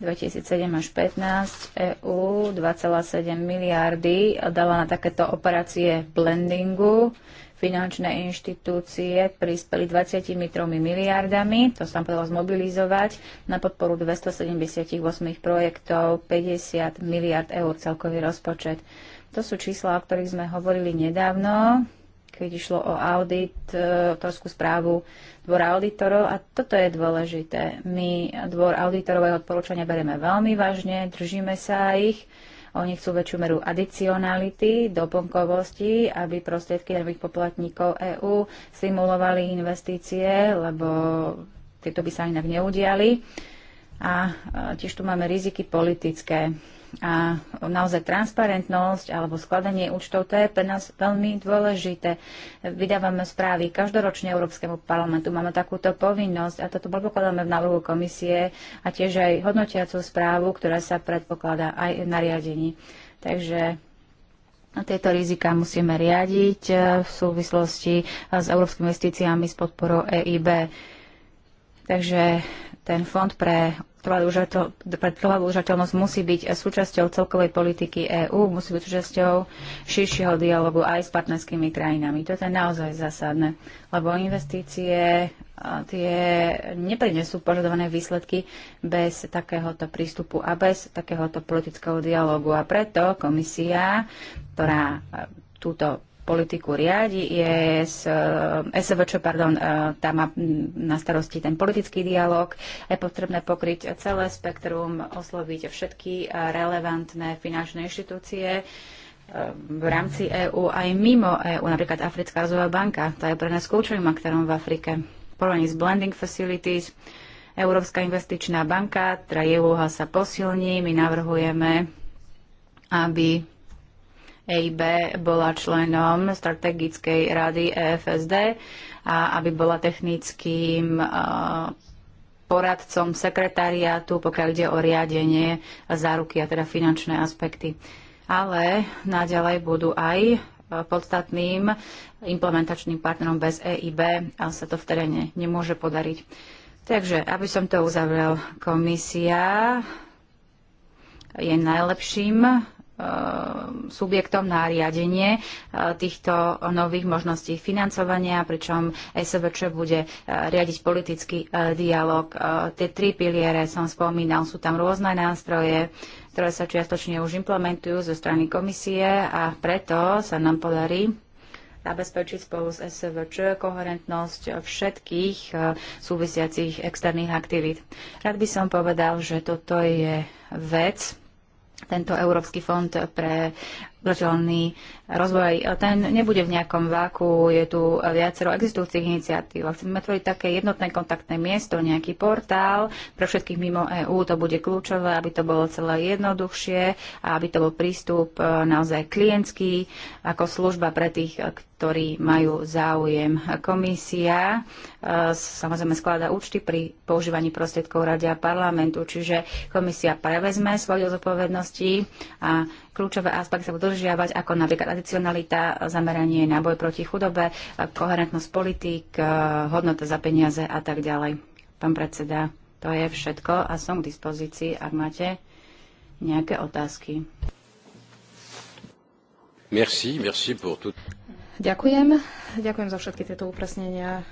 2007 až 15 EU 2,7 miliardy dala na takéto operácie blendingu. Finančné inštitúcie prispeli 23 miliardami, to sa podalo zmobilizovať, na podporu 278 projektov, 50 miliard eur celkový rozpočet. To sú čísla, o ktorých sme hovorili nedávno keď išlo o audit, e, autorskú správu Dvora auditorov a toto je dôležité. My Dvor auditorového odporúčania bereme veľmi vážne, držíme sa ich. Oni chcú väčšiu meru adicionality, doplnkovosti, aby prostriedky daňových poplatníkov EÚ stimulovali investície, lebo tieto by sa inak neudiali. A e, tiež tu máme riziky politické a naozaj transparentnosť alebo skladanie účtov, to je pre nás veľmi dôležité. Vydávame správy každoročne Európskemu parlamentu, máme takúto povinnosť a toto predpokladáme v návrhu komisie a tiež aj hodnotiacú správu, ktorá sa predpokladá aj v nariadení. Takže tieto rizika musíme riadiť e, v súvislosti e, s európskymi investíciami s podporou EIB. Takže ten fond pre trvalú užateľnosť musí byť súčasťou celkovej politiky EÚ, musí byť súčasťou širšieho dialogu aj s partnerskými krajinami. To je teda naozaj zásadné, lebo investície tie neprinesú požadované výsledky bez takéhoto prístupu a bez takéhoto politického dialogu. A preto komisia, ktorá e, túto politiku riadi, je SVČ, eh, pardon, eh, tá má na starosti ten politický dialog. Je potrebné pokryť celé spektrum, osloviť všetky eh, relevantné finančné inštitúcie v rámci EÚ aj mimo EÚ, napríklad Africká rozvojová banka, tá je pre nás kľúčovým aktérom v Afrike. Porovnaní s Blending Facilities, Európska investičná banka, ktorá teda jej úloha sa posilní, my navrhujeme, aby EIB bola členom strategickej rady EFSD a aby bola technickým e, poradcom sekretariátu, pokiaľ ide o riadenie záruky a teda finančné aspekty. Ale naďalej budú aj e, podstatným implementačným partnerom bez EIB a sa to v teréne nemôže podariť. Takže, aby som to uzavrel, komisia je najlepším Eh, subjektom na riadenie eh, týchto nových možností financovania, pričom SVČ bude eh, riadiť politický dialog. Tie tri piliere som spomínal, sú tam rôzne nástroje, ktoré sa čiastočne už implementujú zo strany komisie a preto sa nám podarí zabezpečiť spolu s SVČ koherentnosť všetkých súvisiacich externých aktivít. Rád by som povedal, že toto je vec, tento Európsky fond pre udržateľný rozvoj, ten nebude v nejakom váku, je tu viacero existujúcich iniciatív. Ak chceme tvoriť také jednotné kontaktné miesto, nejaký portál pre všetkých mimo EÚ, to bude kľúčové, aby to bolo celé jednoduchšie a aby to bol prístup e, naozaj klientský ako služba pre tých, e, ktorí majú záujem. Komisia e, samozrejme skladá účty pri používaní prostriedkov Rady a parlamentu, čiže komisia prevezme svoje zodpovednosti a Kľúčové aspekty sa budú dodržiavať, ako napríklad adicionalita, zameranie na boj proti chudobe, koherentnosť politík, eh, hodnota za peniaze a tak ďalej. Pán predseda, to je všetko a som k dispozícii, ak máte nejaké otázky. Merci, merci pour tout. Ďakujem. Ďakujem za všetky tieto upresnenia.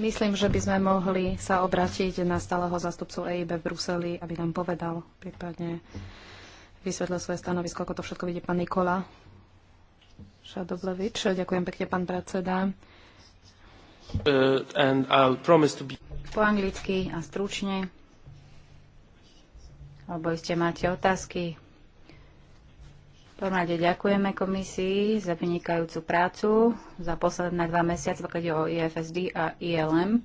Myslím, že by sme mohli sa obrátiť na stáleho zastupcu EIB v Bruseli, aby nám povedal prípadne, vysvetlil svoje stanovisko, ako to všetko vidí pán Nikola Šadoblevič. Ďakujem pekne, pán predseda. Uh, be... Po anglicky a stručne, alebo iste máte otázky. prvom ďakujeme komisii za vynikajúcu prácu za posledné dva mesiace, pokiaľ o IFSD a ILM.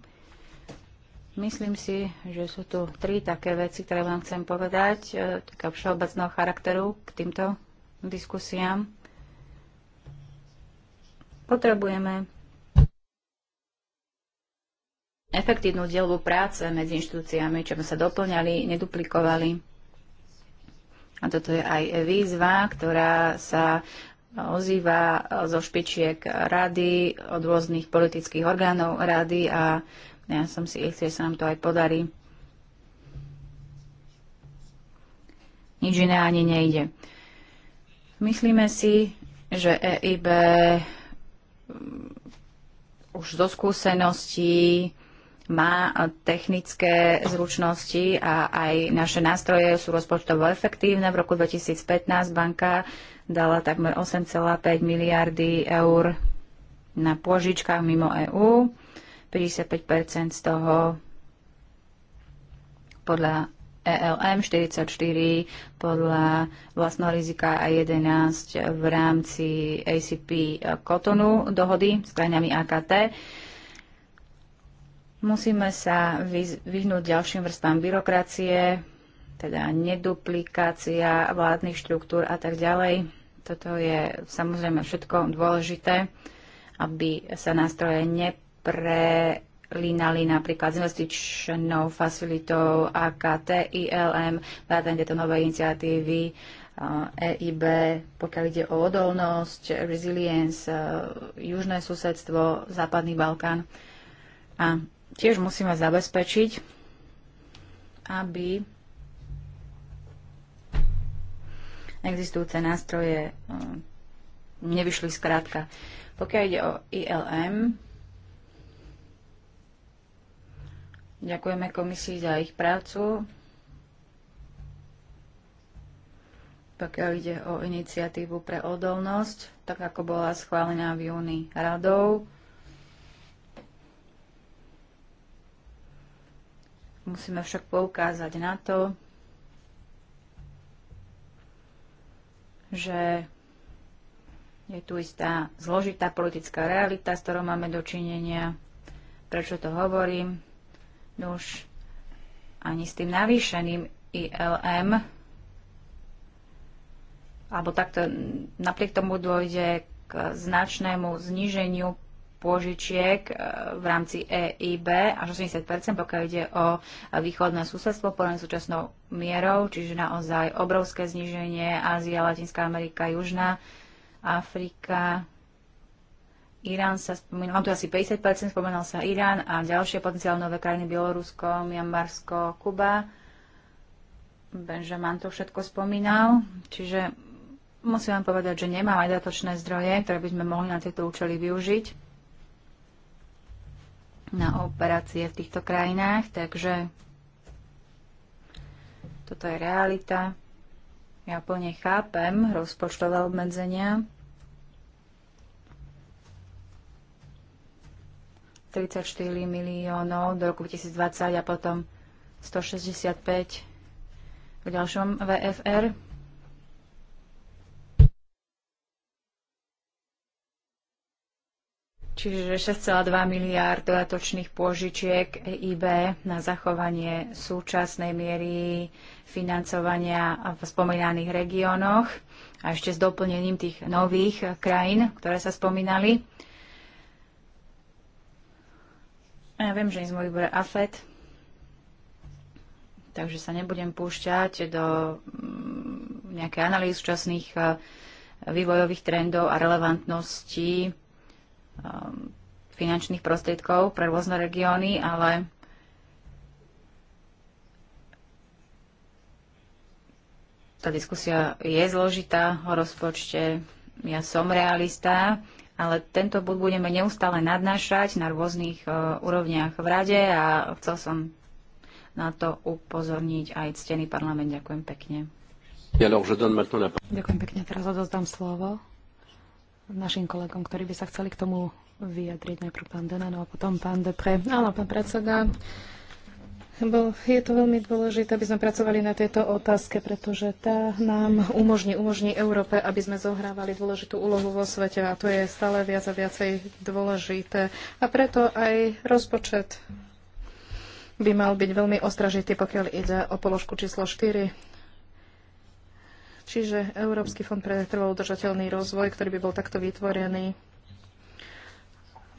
Myslím si, že sú tu tri také veci, ktoré vám chcem povedať, e, taká všeobecného charakteru k týmto diskusiám. Potrebujeme efektívnu dielbu práce medzi inštitúciami, čo sme sa doplňali, neduplikovali. A toto je aj výzva, ktorá sa ozýva zo špičiek rady, od rôznych politických orgánov rady a ja som si istý, že sa nám to aj podarí. Nič iné ani nejde. Myslíme si, že EIB mm, už zo skúseností má technické zručnosti a aj naše nástroje sú rozpočtovo efektívne. V roku 2015 banka dala takmer 8,5 miliardy eur na pôžičkách mimo EÚ. 55% z toho podľa ELM 44 podľa vlastného rizika a 11 v rámci ACP Kotonu dohody s krajinami AKT. Musíme sa vyhnúť ďalším vrstám byrokracie, teda neduplikácia vládnych štruktúr a tak ďalej. Toto je samozrejme všetko dôležité, aby sa nástroje nep prelínali napríklad s investičnou facilitou AKT, ILM, vrátane tejto novej iniciatívy EIB, eh, e pokiaľ ide o odolnosť, resilience, eh, južné susedstvo, západný Balkán. A tiež musíme zabezpečiť, aby existujúce nástroje eh, nevyšli zkrátka. Pokiaľ ide o ILM, Ďakujeme komisii za ich prácu. Pokiaľ ide o iniciatívu pre odolnosť, tak ako bola schválená v júni radou, musíme však poukázať na to, že je tu istá zložitá politická realita, s ktorou máme dočinenia. Prečo to hovorím? Nuž, ani s tým navýšeným ILM, alebo takto napriek tomu dôjde k značnému zníženiu požičiek e, v rámci EIB až 80%, pokiaľ ide o východné susedstvo porovnané súčasnou mierou, čiže naozaj obrovské zníženie Ázia, Latinská Amerika, Južná Afrika, Irán sa spomínal, mám tu asi 50%, spomenal sa Irán a ďalšie potenciálne nové krajiny Bielorusko, Mianmarsko, Kuba. Benjamin to všetko spomínal, čiže musím vám povedať, že aj datočné zdroje, ktoré by sme mohli na tieto účely využiť na operácie v týchto krajinách, takže toto je realita. Ja plne chápem rozpočtové obmedzenia, 34 miliónov do roku 2020 a potom 165 v ďalšom VFR. Čiže 6,2 miliárd dodatočných pôžičiek EIB na zachovanie súčasnej miery financovania v spomínaných regiónoch a ešte s doplnením tých nových krajín, ktoré sa spomínali. Ja viem, že nie sme výbore AFED, takže sa nebudem púšťať do mm, nejaké analýz súčasných e, vývojových trendov a relevantnosti e, finančných prostriedkov pre rôzne regióny, ale tá diskusia je zložitá o rozpočte. Ja som realista, ale tento bod budeme neustále nadnášať na rôznych e, úrovniach v rade a chcel som na to upozorniť aj ctený parlament. Ďakujem pekne. Ďakujem pekne. Teraz odozdám slovo našim kolegom, ktorí by sa chceli k tomu vyjadriť. Najprv pán Denano a potom pán Depre. Áno, pán predseda. Bo je to veľmi dôležité, aby sme pracovali na tejto otázke, pretože tá nám umožní, umožní Európe, aby sme zohrávali dôležitú úlohu vo svete a to je stále viac a viacej dôležité. A preto aj rozpočet by mal byť veľmi ostražitý, pokiaľ ide o položku číslo 4. Čiže Európsky fond pre trvalo rozvoj, ktorý by bol takto vytvorený.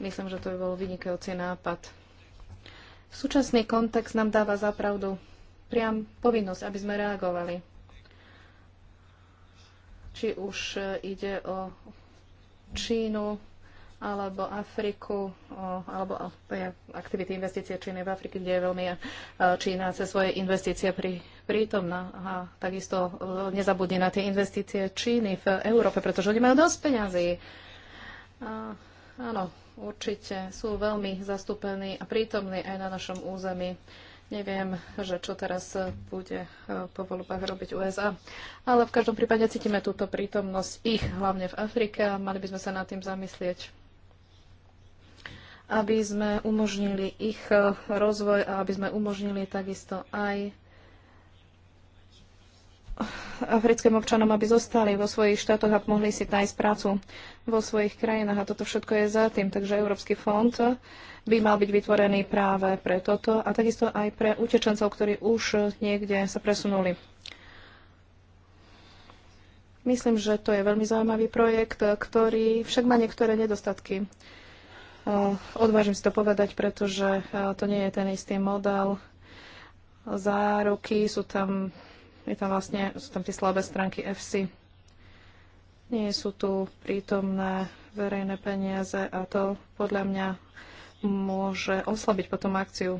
Myslím, že to by bol vynikajúci nápad Súčasný kontext nám dáva zapravdu priam povinnosť, aby sme reagovali. Či už e, ide o Čínu, alebo Afriku, alebo aktivity investície Číny v Afrike, kde je veľmi e, Čína cez svoje investície pri, prítomná. A takisto e, nezabudne na tie investície Číny v Európe, pretože oni majú dosť peňazí. A, áno, určite sú veľmi zastúpení a prítomní aj na našom území. Neviem, že čo teraz bude eh, po voľbách robiť USA, ale v každom prípade cítime túto prítomnosť ich, hlavne v Afrike, a mali by sme sa nad tým zamyslieť aby sme umožnili ich eh, rozvoj a aby sme umožnili takisto aj africkým občanom, aby zostali vo svojich štátoch a mohli si nájsť prácu vo svojich krajinách. A toto všetko je za tým. Takže Európsky fond by mal byť vytvorený práve pre toto a takisto aj pre utečencov, ktorí už niekde sa presunuli. Myslím, že to je veľmi zaujímavý projekt, ktorý však má niektoré nedostatky. Eh, odvážim si to povedať, pretože eh, to nie je ten istý model. Záruky sú tam je tam vlastne, sú tam tie slabé stránky FC. Nie sú tu prítomné verejné peniaze a to podľa mňa môže oslabiť potom akciu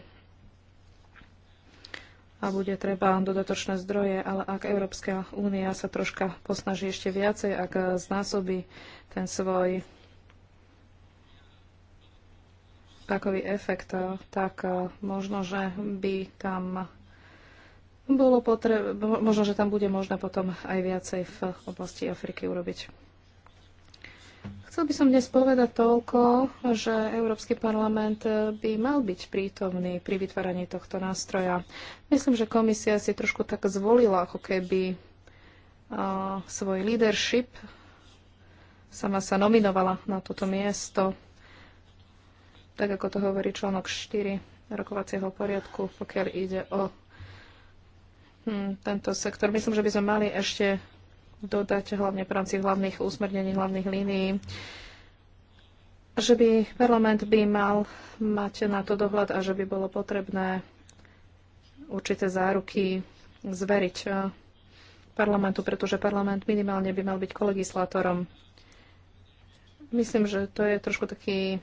a bude treba dodatočné zdroje, ale ak Európska únia sa troška posnaží ešte viacej, ak znásobí ten svoj takový efekt, tak možno, že by tam bolo potreb, možno, že tam bude možno potom aj viacej v oblasti Afriky urobiť. Chcel by som dnes povedať toľko, že Európsky parlament eh, by mal byť prítomný pri vytváraní tohto nástroja. Myslím, že komisia si trošku tak zvolila, ako keby uh, svoj leadership sama sa nominovala na toto miesto, tak ako to hovorí článok 4 rokovacieho poriadku, pokiaľ ide o Hm, tento sektor. Myslím, že by sme mali ešte dodať hlavne v rámci hlavných úsmernení, hlavných línií, že by parlament by mal mať na to dohľad a že by bolo potrebné určité záruky zveriť eh, parlamentu, pretože parlament minimálne by mal byť kolegislátorom. Myslím, že to je trošku taký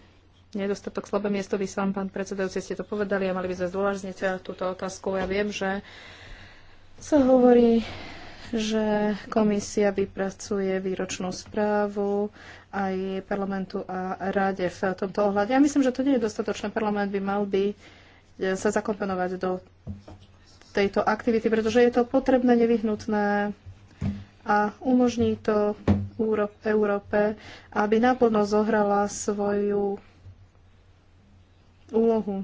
nedostatok slabé miesto. Vy sám, pán predsedajúci, ste to povedali a mali by sme zdôrazniť eh, túto otázku. Ja viem, že sa hovorí, že komisia vypracuje výročnú správu aj parlamentu a rade v tomto ohľade. Ja myslím, že to nie je dostatočné. Parlament by mal by e, sa zakomponovať do tejto aktivity, pretože je to potrebné, nevyhnutné a umožní to Európe, aby naplno zohrala svoju úlohu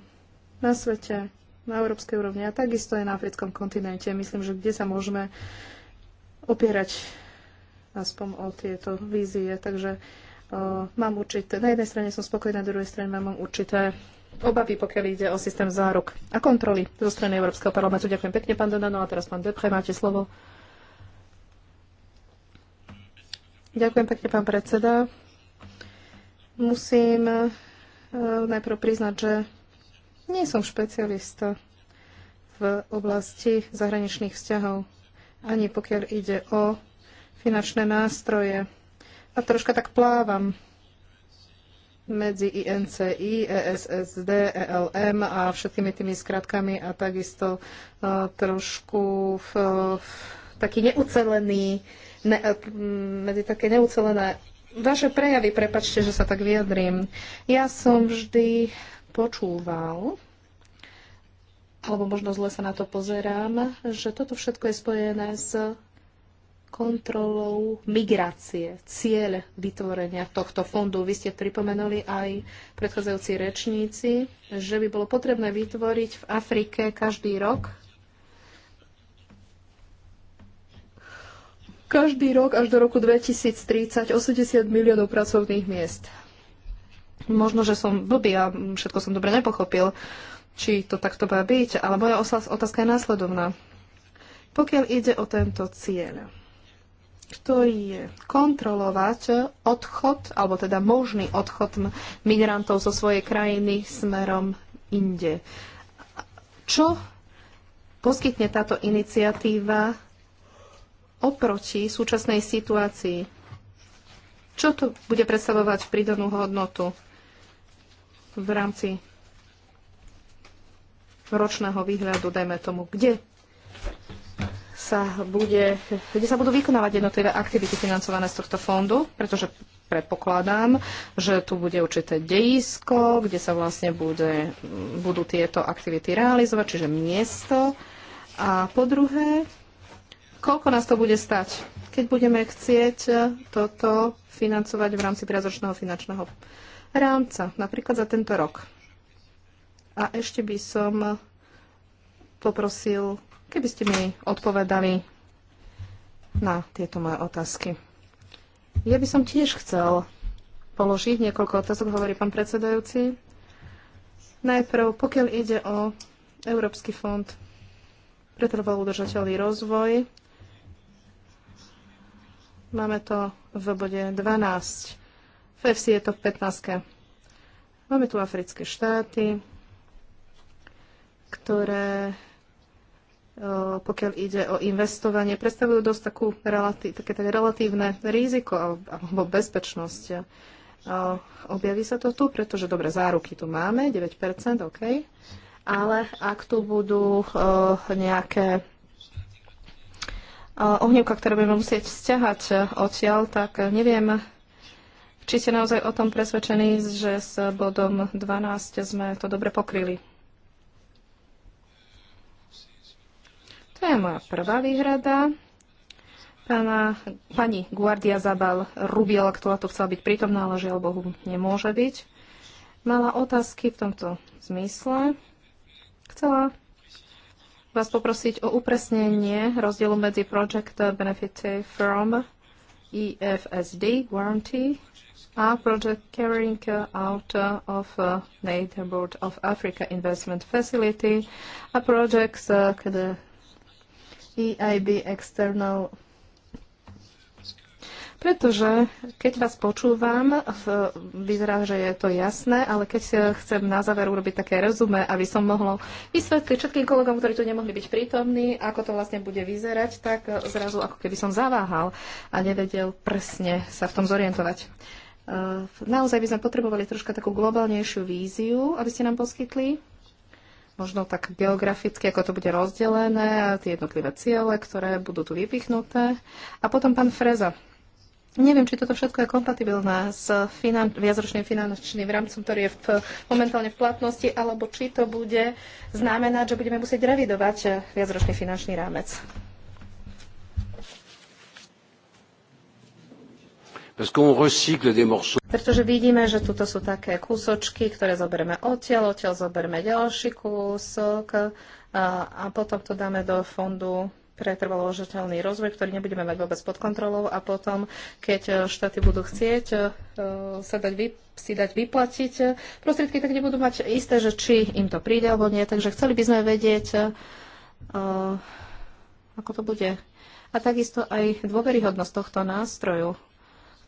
na svete na európskej úrovni a takisto aj na africkom kontinente. Myslím, že kde sa môžeme opierať aspoň o tieto vízie. Takže uh, mám určité, na jednej strane som spokojná, na druhej strane mám určité obavy, pokiaľ ide o systém záruk a kontroly zo strany Európskeho parlamentu. Ďakujem pekne, pán Donano. A teraz pán Depre, máte slovo. Ďakujem pekne, pán predseda. Musím e, najprv priznať, že nie som špecialista v oblasti zahraničných vzťahov, ani pokiaľ ide o finančné nástroje. A troška tak plávam medzi INCI, ESSD, ELM a všetkými tými skratkami a takisto uh, trošku v, v, taký neucelený, ne, e, medzi také neucelené vaše prejavy, prepačte, že sa tak vyjadrím. Ja som vždy počúval, alebo možno zle sa na to pozerám, že toto všetko je spojené s kontrolou migrácie, cieľ vytvorenia tohto fondu. Vy ste pripomenuli aj predchádzajúci rečníci, že by bolo potrebné vytvoriť v Afrike každý rok každý rok až do roku 2030 80 miliónov pracovných miest. Možno, že som blbý a všetko som dobre nepochopil, či to takto má byť, ale moja otázka je následovná. Pokiaľ ide o tento cieľ, ktorý je kontrolovať odchod, alebo teda možný odchod migrantov zo svojej krajiny smerom inde. Čo poskytne táto iniciatíva oproti súčasnej situácii? Čo to bude predstavovať pridanú hodnotu? v rámci ročného výhľadu, dajme tomu, kde sa, bude, kde sa budú vykonávať jednotlivé aktivity financované z tohto fondu, pretože predpokladám, že tu bude určité dejisko, kde sa vlastne bude, budú tieto aktivity realizovať, čiže miesto. A po druhé, koľko nás to bude stať, keď budeme chcieť toto financovať v rámci priazočného finančného rámca, napríklad za tento rok. A ešte by som poprosil, keby ste mi odpovedali na tieto moje otázky. Ja by som tiež chcel položiť niekoľko otázok, hovorí pán predsedajúci. Najprv, pokiaľ ide o Európsky fond pre trvalú udržateľný rozvoj, máme to v bode 12 v FC je to v 15. Máme tu africké štáty, ktoré pokiaľ ide o investovanie, predstavujú dosť takú relatí, také, také relatívne riziko alebo bezpečnosť. Objaví sa to tu, pretože dobre, záruky tu máme, 9%, OK, ale ak tu budú nejaké ohnívka, ktoré budeme musieť stiahať e, odtiaľ, tak neviem, či ste naozaj o tom presvedčení, že s bodom 12 sme to dobre pokryli? To je moja prvá výhrada. Pána, pani Guardia Zabal Rubiela, ktorá tu chcela byť prítomná, ale žiaľ Bohu nemôže byť, mala otázky v tomto zmysle. Chcela vás poprosiť o upresnenie rozdielu medzi Project Benefit Firm EFSD Warranty are project carrying out uh, of uh, Neighborhood of Africa Investment Facility, a project the uh, EIB External pretože keď vás počúvam, vyzerá, že je to jasné, ale keď chcem na záver urobiť také rozumé, aby som mohla vysvetliť všetkým kolegom, ktorí tu nemohli byť prítomní, ako to vlastne bude vyzerať, tak zrazu ako keby som zaváhal a nevedel presne sa v tom zorientovať. Eh, naozaj by sme potrebovali troška takú globálnejšiu víziu, aby ste nám poskytli možno tak geograficky, ako to bude rozdelené a tie jednotlivé ciele, ktoré budú tu vypichnuté. A potom pán Freza. Neviem, či toto všetko je kompatibilné s finan- viacročným finančným rámcom, ktorý je v, momentálne v platnosti, alebo či to bude znamenať, že budeme musieť revidovať viacročný finančný rámec. Pretože vidíme, že tuto sú také kúsočky, ktoré zoberieme odtiaľ, odtiaľ zoberieme ďalší kúsok a, potom to dáme do fondu pre užiteľný rozvoj, ktorý nebudeme mať vôbec pod kontrolou a potom, keď e, štáty budú chcieť e, sa dať vy, si dať vyplatiť e, prostriedky, tak nebudú mať isté, že či im to príde alebo nie. Takže chceli by sme vedieť, ako to bude. A takisto aj dôveryhodnosť tohto nástroju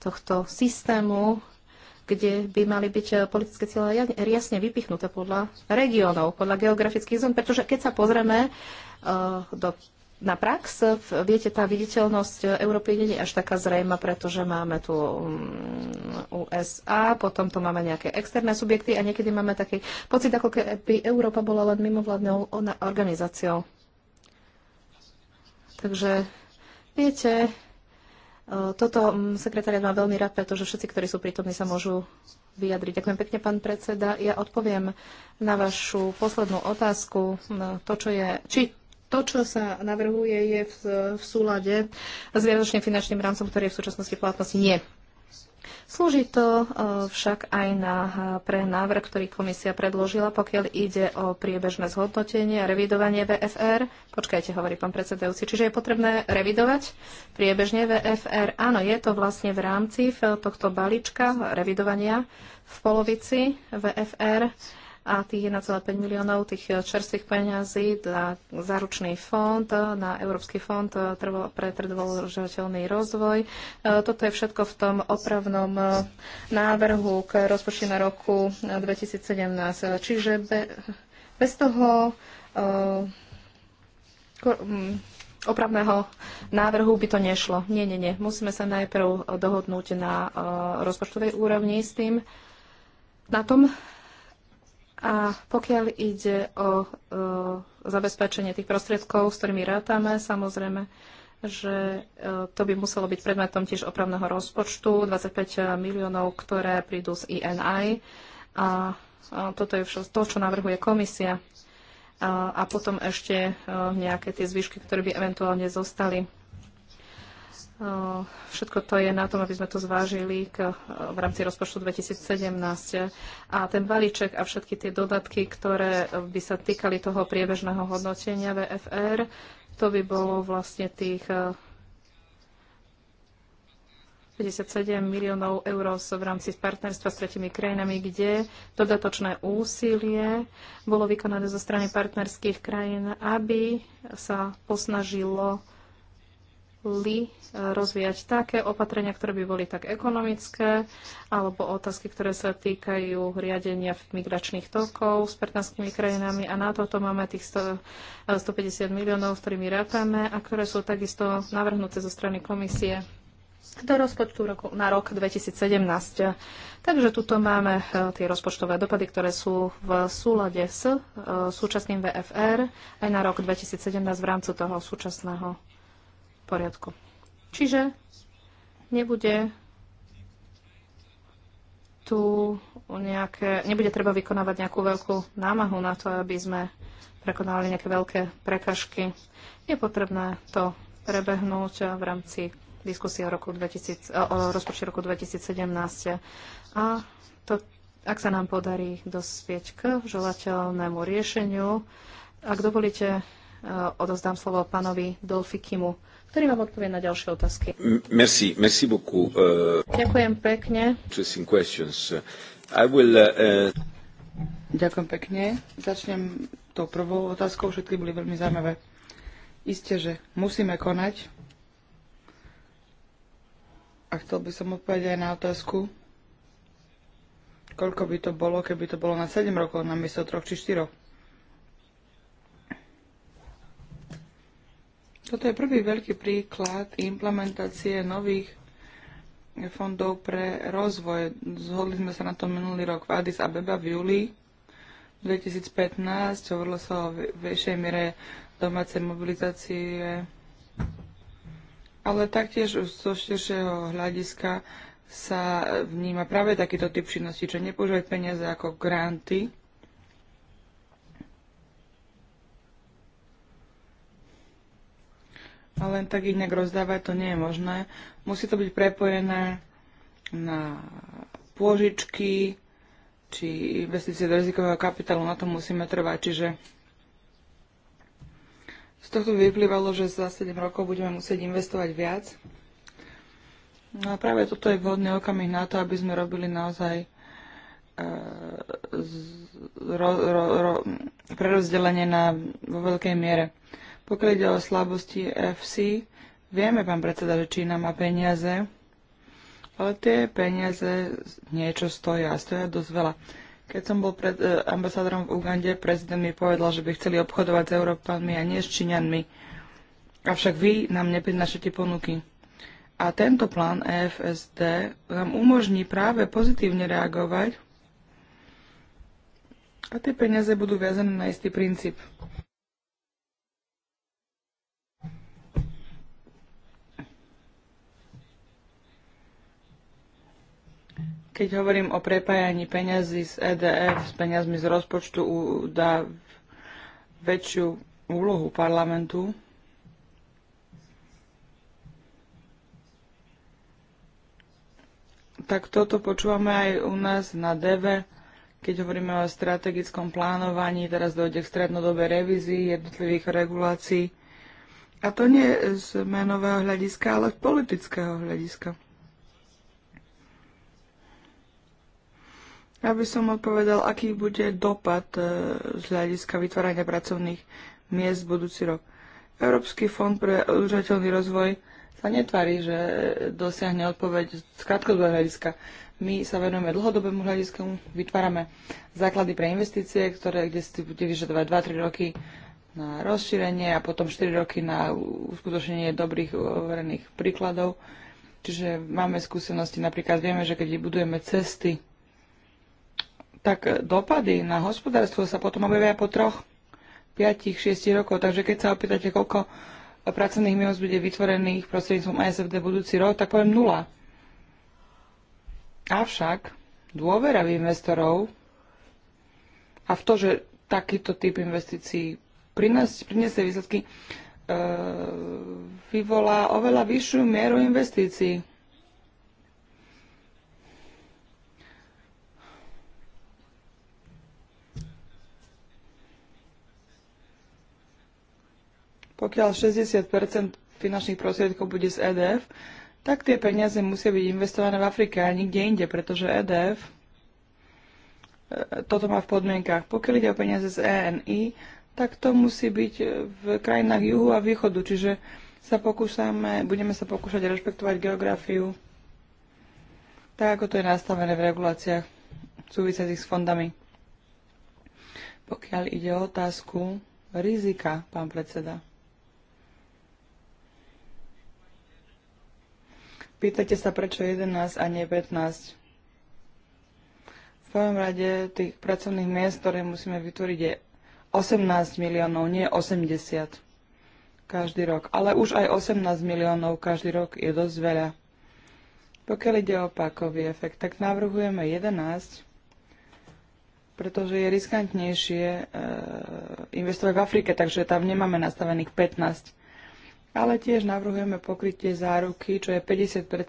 tohto systému, kde by mali byť e, politické cieľe jasne vypichnuté podľa regiónov, podľa geografických zón, pretože keď sa pozrieme uh, do na prax, viete, tá viditeľnosť Európy nie je až taká zrejma, pretože máme tu mm, USA, potom tu máme nejaké externé subjekty a niekedy máme taký pocit, ako keby Európa bola len mimovládnou organizáciou. Takže, viete, Eh, toto mm, sekretariat má veľmi rád, pretože všetci, ktorí sú prítomní, sa môžu vyjadriť. Ďakujem pekne, pán predseda. Ja odpoviem na vašu poslednú otázku. Eh, to, čo je, či to, čo sa navrhuje, je v, v súlade s vianočným finančným rámcom, ktorý je v súčasnosti v platnosti. Nie. Slúži to e, však aj na, pre návrh, ktorý komisia predložila, pokiaľ ide o priebežné zhodnotenie a revidovanie VFR. Počkajte, hovorí pán predsedajúci, čiže je potrebné revidovať priebežne VFR. Áno, je to vlastne v rámci tohto balíčka revidovania v polovici VFR a tých 1,5 miliónov tých eh, čerstvých peňazí na záručný fond, na Európsky fond eh, pre trvalodržateľný rozvoj. Eh, toto je všetko v tom opravnom návrhu k rozpočtu na roku 2017. Čiže bez toho mm, opravného návrhu by to nešlo. Nie, nie, nie. Musíme sa najprv dohodnúť na rozpočtovej úrovni s tým, na tom, a pokiaľ ide o, e, zabezpečenie tých prostriedkov, s ktorými rátame, samozrejme, že e, to by muselo byť predmetom tiež opravného rozpočtu, 25 miliónov, ktoré prídu z INI. E a, a toto je všetko to, čo navrhuje komisia. A, a potom ešte e, nejaké tie zvyšky, ktoré by eventuálne zostali. Všetko to je na tom, aby sme to zvážili k, v rámci rozpočtu 2017. A ten balíček a všetky tie dodatky, ktoré by sa týkali toho priebežného hodnotenia VFR, to by bolo vlastne tých 57 miliónov eur v rámci partnerstva s tretimi krajinami, kde dodatočné úsilie bolo vykonané zo strany partnerských krajín, aby sa posnažilo li eh, rozvíjať také opatrenia, ktoré by boli tak ekonomické, alebo otázky, ktoré sa týkajú riadenia migračných tokov s partnerskými krajinami. A na toto máme tých 100, 150 eh, miliónov, s ktorými rátame a ktoré sú takisto navrhnuté zo strany komisie do rozpočtu roku, na rok 2017. Takže tuto máme eh, tie rozpočtové dopady, ktoré sú v súlade s súčasným VFR aj na rok 2017 v rámci toho súčasného poriadku. Čiže nebude tu nejaké, nebude treba vykonávať nejakú veľkú námahu na to, aby sme prekonali nejaké veľké prekažky. Je potrebné to prebehnúť v rámci diskusie o, roku 2000, o rozpočte roku 2017. A to, ak sa nám podarí dospieť k želateľnému riešeniu, ak dovolíte, eh, odozdám slovo pánovi Dolfikimu ktorý vám odpovie na ďalšie otázky. Merci, merci beaucoup. Uh, Ďakujem pekne. Questions. I will, uh, uh, Ďakujem pekne. Začnem tou prvou otázkou. Všetky boli veľmi zaujímavé. Isté, že musíme konať. A chcel by som odpovedať aj na otázku, koľko by to bolo, keby to bolo na 7 rokov, namiesto 3 či 4. Toto je prvý veľký príklad implementácie nových fondov pre rozvoj. Zhodli sme sa na to minulý rok v Addis Abeba v júli 2015. Hovorilo sa o väčšej miere domácej mobilizácie, ale taktiež zo širšieho hľadiska sa vníma práve takýto typ činnosti, čo nepoužívať peniaze ako granty, A len tak inak rozdávať to nie je možné. Musí to byť prepojené na pôžičky či investície do rizikového kapitálu. Na to musíme trvať. Čiže z tohto vyplývalo, že za 7 rokov budeme musieť investovať viac. No a práve toto je vhodný okamih na to, aby sme robili naozaj e, ro, ro, ro, prerozdelenie na, vo veľkej miere. Pokiaľ ide o slabosti FC, vieme, pán predseda, že Čína má peniaze, ale tie peniaze niečo stoja, stoja dosť veľa. Keď som bol pred, eh, ambasádorom v Ugande, prezident mi povedal, že by chceli obchodovať s Európanmi a nie s Číňanmi. Avšak vy nám neprinášate ponuky. A tento plán EFSD nám umožní práve pozitívne reagovať a tie peniaze budú viazané na istý princíp. Keď hovorím o prepájaní peňazí z EDF s peňazmi z rozpočtu, dá väčšiu úlohu parlamentu. Tak toto počúvame aj u nás na DEVE, keď hovoríme o strategickom plánovaní, teraz dojde k strednodobej revízii jednotlivých regulácií. A to nie z menového hľadiska, ale z politického hľadiska. aby som odpovedal, aký bude dopad e, z hľadiska vytvárania pracovných miest v budúci rok. Európsky fond pre udržateľný rozvoj sa netvári, že dosiahne odpoveď z krátkodobého hľadiska. My sa venujeme dlhodobému hľadisku, vytvárame základy pre investície, ktoré, kde si bude vyžadovať 2-3 roky na rozšírenie a potom 4 roky na uskutočnenie dobrých overených príkladov. Čiže máme skúsenosti, napríklad vieme, že keď budujeme cesty, tak e, dopady na hospodárstvo sa potom objavia po troch, 5, 6 rokov. Takže keď sa opýtate, koľko e, pracovných miest bude vytvorených prostredníctvom ASFD budúci rok, tak poviem nula. Avšak dôvera v investorov a v to, že takýto typ investícií priniesie výsledky, e, vyvolá oveľa vyššiu mieru investícií. Pokiaľ 60 finančných prostriedkov bude z EDF, tak tie peniaze musia byť investované v Afrike a nikde inde, pretože EDF e, toto má v podmienkách. Pokiaľ ide o peniaze z ENI, tak to musí byť v krajinách juhu a východu, čiže sa pokúšame, budeme sa pokúšať rešpektovať geografiu tak, ako to je nastavené v reguláciách súvisiacich s fondami. Pokiaľ ide o otázku rizika, pán predseda. Pýtate sa, prečo 11 a nie 15? V prvom rade tých pracovných miest, ktoré musíme vytvoriť, je 18 miliónov, nie 80 každý rok. Ale už aj 18 miliónov každý rok je dosť veľa. Pokiaľ ide o pákový efekt, tak navrhujeme 11 pretože je riskantnejšie e, investovať v Afrike, takže tam nemáme nastavených 15 ale tiež navrhujeme pokrytie záruky, čo je 50 e,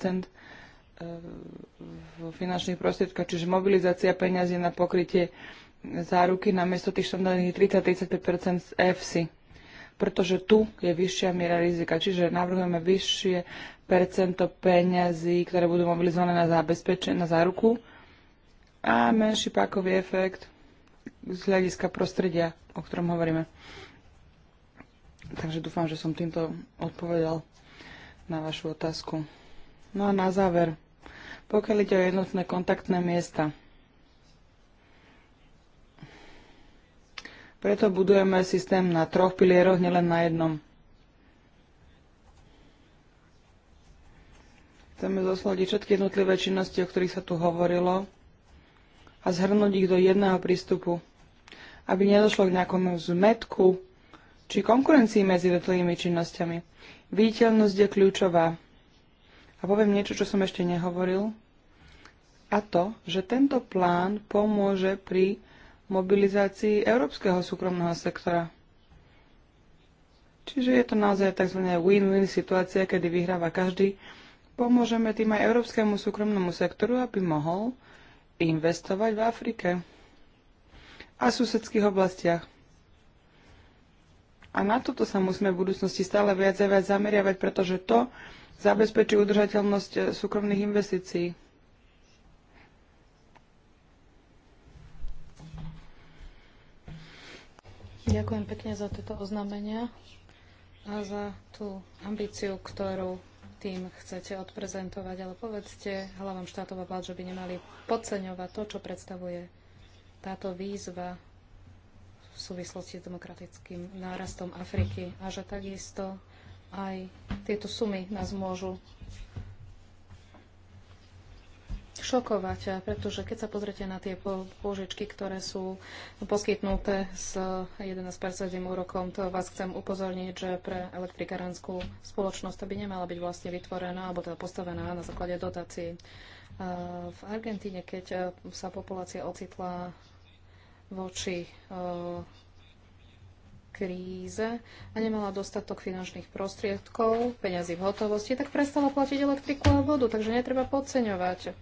finančných prostriedkov, čiže mobilizácia peňazí na pokrytie záruky namiesto tých štandardných 30-35 z EFSI, pretože tu je vyššia miera rizika, čiže navrhujeme vyššie percento peňazí, ktoré budú mobilizované na zabezpečenie, na záruku a menší pákový efekt z hľadiska prostredia, o ktorom hovoríme. Takže dúfam, že som týmto odpovedal na vašu otázku. No a na záver, pokiaľ ide o jednotné kontaktné miesta, preto budujeme systém na troch pilieroch, nielen na jednom. Chceme zosladiť všetky jednotlivé činnosti, o ktorých sa tu hovorilo, a zhrnúť ich do jedného prístupu, aby nedošlo k nejakomu zmetku či konkurencii medzi jednotlivými činnosťami. Viditeľnosť je kľúčová. A poviem niečo, čo som ešte nehovoril. A to, že tento plán pomôže pri mobilizácii európskeho súkromného sektora. Čiže je to naozaj tzv. win-win situácia, kedy vyhráva každý. Pomôžeme tým aj európskemu súkromnému sektoru, aby mohol investovať v Afrike a susedských oblastiach. A na toto sa musíme v budúcnosti stále viac a viac zameriavať, pretože to zabezpečí udržateľnosť eh, súkromných investícií. Ďakujem pekne za tieto oznámenia a za tú ambíciu, ktorú tým chcete odprezentovať, ale povedzte hlavám štátov a vlád, že by nemali podceňovať to, čo predstavuje táto výzva v súvislosti s demokratickým nárastom Afriky a že takisto aj tieto sumy nás môžu šokovať, pretože keď sa pozrete na tie pôžičky, ktoré sú poskytnuté s 11% úrokom, to vás chcem upozorniť, že pre elektrikárenskú spoločnosť to by nemala byť vlastne vytvorená alebo teda postavená na základe dotácií. V Argentíne, keď sa populácia ocitla voči e, kríze a nemala dostatok finančných prostriedkov, peňazí v hotovosti, tak prestala platiť elektriku a vodu. Takže netreba podceňovať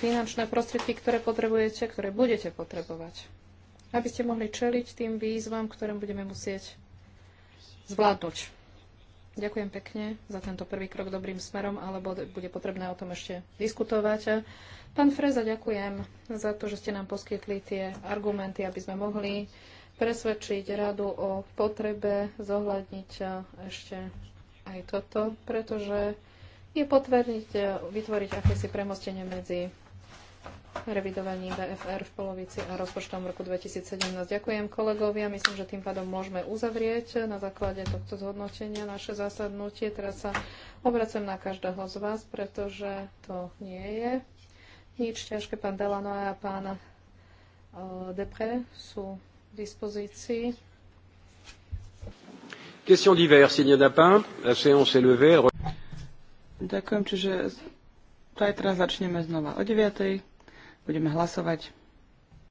finančné prostriedky, ktoré potrebujete, ktoré budete potrebovať. Aby ste mohli čeliť tým výzvam, ktorým budeme musieť zvládnuť. Ďakujem pekne za tento prvý krok dobrým smerom, alebo bude potrebné o tom ešte diskutovať. Pán Freza, ďakujem za to, že ste nám poskytli tie argumenty, aby sme mohli presvedčiť radu o potrebe zohľadniť eh, ešte aj toto, pretože je potvrdiť, eh, vytvoriť akési premostenie medzi revidovaním DFR v polovici a rozpočtom v roku 2017. Ďakujem kolegovia, myslím, že tým pádom môžeme uzavrieť eh, na základe tohto zhodnotenia naše zasadnutie. Teraz sa obracujem na každého z vás, pretože to nie je nič ťažké. Pán Delano a pán eh, Depre sú v dispozícii. Question d'hiver, s'il n'y en a pas, la séance est levée. Ďakujem, čiže zajtra začneme znova o 9. Budeme hlasovať.